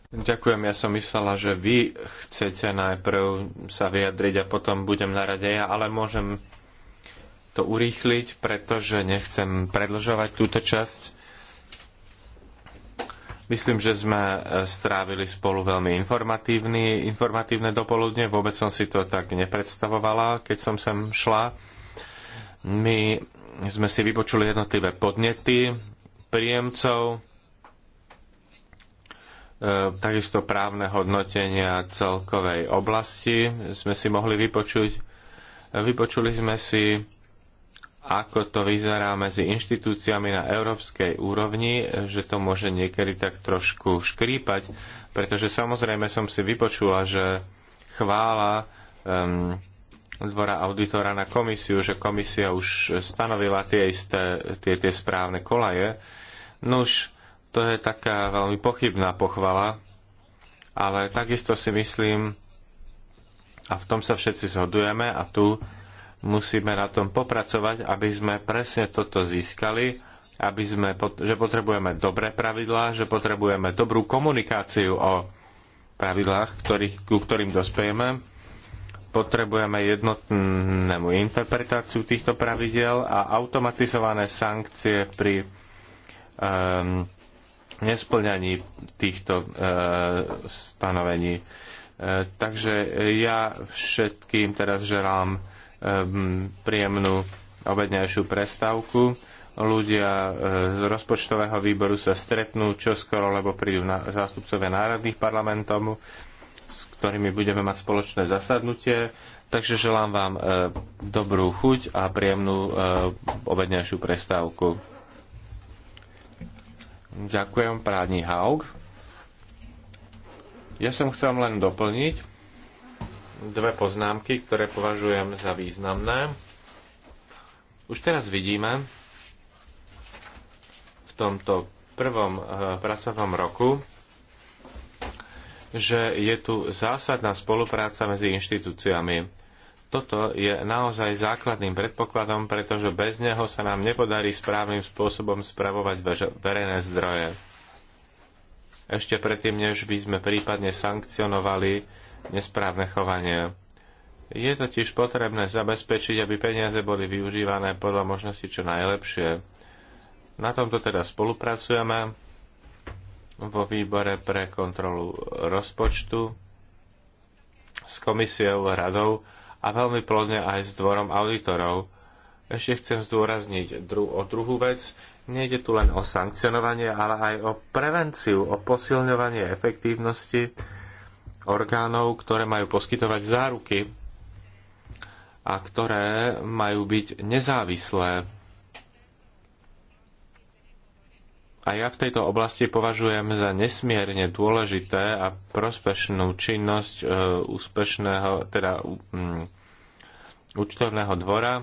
Ďakujem, ja som myslela, že vy chcete najprv sa vyjadriť a potom budem na rade ja, ale môžem to urýchliť, pretože nechcem predlžovať túto časť. Myslím, že sme eh, strávili spolu veľmi informatívny, informatívne dopoludne. Vôbec som si to tak nepredstavovala, keď som sem šla. My sme si vypočuli jednotlivé podnety príjemcov, E, takisto právne hodnotenia celkovej oblasti sme si mohli vypočuť. E, vypočuli sme si, ako to vyzerá medzi inštitúciami na európskej úrovni, že to môže niekedy tak trošku škrípať, pretože samozrejme som si vypočula, že chvála um, dvora auditora na komisiu, že komisia už stanovila tie isté, tie, tie správne kolaje. no už. To je taká veľmi pochybná pochvala, ale takisto si myslím, a v tom sa všetci zhodujeme a tu musíme na tom popracovať, aby sme presne toto získali, aby sme, že potrebujeme dobré pravidlá, že potrebujeme dobrú komunikáciu o pravidlách, ktorých, ku ktorým dospejeme. Potrebujeme jednotnému interpretáciu týchto pravidel a automatizované sankcie pri um, nesplňaní týchto e, stanovení. E, takže ja všetkým teraz želám e, príjemnú obedňajšiu prestávku. Ľudia e, z rozpočtového výboru sa stretnú čoskoro, lebo prídu na, zástupcovia národných parlamentov, s ktorými budeme mať spoločné zasadnutie. Takže želám vám e, dobrú chuť a príjemnú e, obedňajšiu prestávku. Ďakujem, právni Haug. Ja som chcel len doplniť dve poznámky, ktoré považujem za významné. Už teraz vidíme v tomto prvom eh, pracovnom roku, že je tu zásadná spolupráca medzi inštitúciami toto je naozaj základným predpokladom, pretože bez neho sa nám nepodarí správnym spôsobom spravovať verejné zdroje. Ešte predtým, než by sme prípadne sankcionovali nesprávne chovanie. Je totiž potrebné zabezpečiť, aby peniaze boli využívané podľa možnosti čo najlepšie. Na tomto teda spolupracujeme vo výbore pre kontrolu rozpočtu s komisiou, radou a veľmi plodne aj s dvorom auditorov. Ešte chcem zdôrazniť dru- o druhú vec. Nejde tu len o sankcionovanie, ale aj o prevenciu, o posilňovanie efektívnosti orgánov, ktoré majú poskytovať záruky a ktoré majú byť nezávislé A ja v tejto oblasti považujem za nesmierne dôležité a prospešnú činnosť e, úspešného, teda um, účtovného dvora,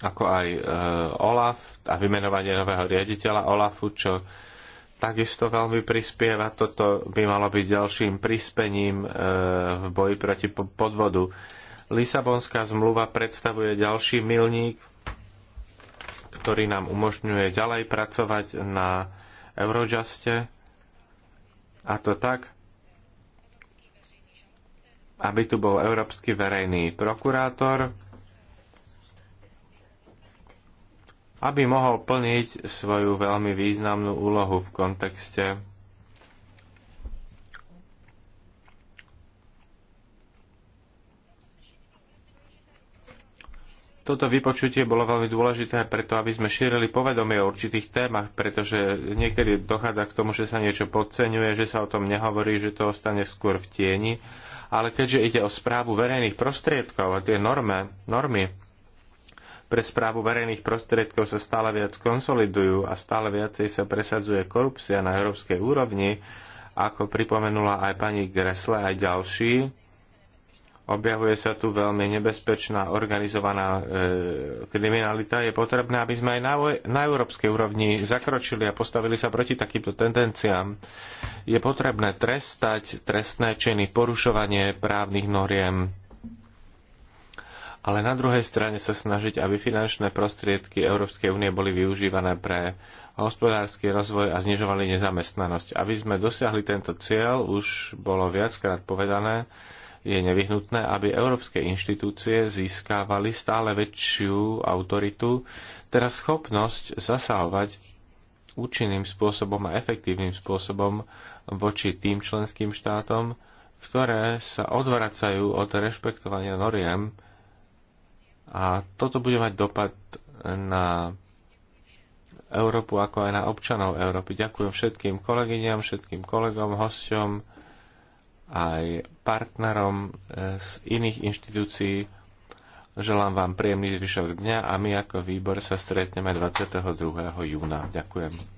ako aj e, OLAF a vymenovanie nového riaditeľa OLAFu, čo takisto veľmi prispieva. Toto by malo byť ďalším prispením e, v boji proti podvodu. Lisabonská zmluva predstavuje ďalší milník ktorý nám umožňuje ďalej pracovať na Eurojuste a to tak, aby tu bol Európsky verejný prokurátor, aby mohol plniť svoju veľmi významnú úlohu v kontexte Toto vypočutie bolo veľmi dôležité preto, aby sme šírili povedomie o určitých témach, pretože niekedy dochádza k tomu, že sa niečo podceňuje, že sa o tom nehovorí, že to ostane skôr v tieni. Ale keďže ide o správu verejných prostriedkov a tie norme, normy pre správu verejných prostriedkov sa stále viac konsolidujú a stále viacej sa presadzuje korupcia na európskej úrovni, ako pripomenula aj pani Gresle aj ďalší, objavuje sa tu veľmi nebezpečná organizovaná e, kriminalita, je potrebné, aby sme aj na, na európskej úrovni zakročili a postavili sa proti takýmto tendenciám. Je potrebné trestať trestné činy, porušovanie právnych noriem, ale na druhej strane sa snažiť, aby finančné prostriedky Európskej únie boli využívané pre hospodársky rozvoj a znižovali nezamestnanosť. Aby sme dosiahli tento cieľ, už bolo viackrát povedané, je nevyhnutné, aby európske inštitúcie získávali stále väčšiu autoritu, teda schopnosť zasahovať účinným spôsobom a efektívnym spôsobom voči tým členským štátom, ktoré sa odvracajú od rešpektovania noriem a toto bude mať dopad na Európu ako aj na občanov Európy. Ďakujem všetkým kolegyňam, všetkým kolegom, hosťom aj partnerom e, z iných inštitúcií. Želám vám príjemný zvyšok dňa a my ako výbor sa stretneme 22. júna. Ďakujem.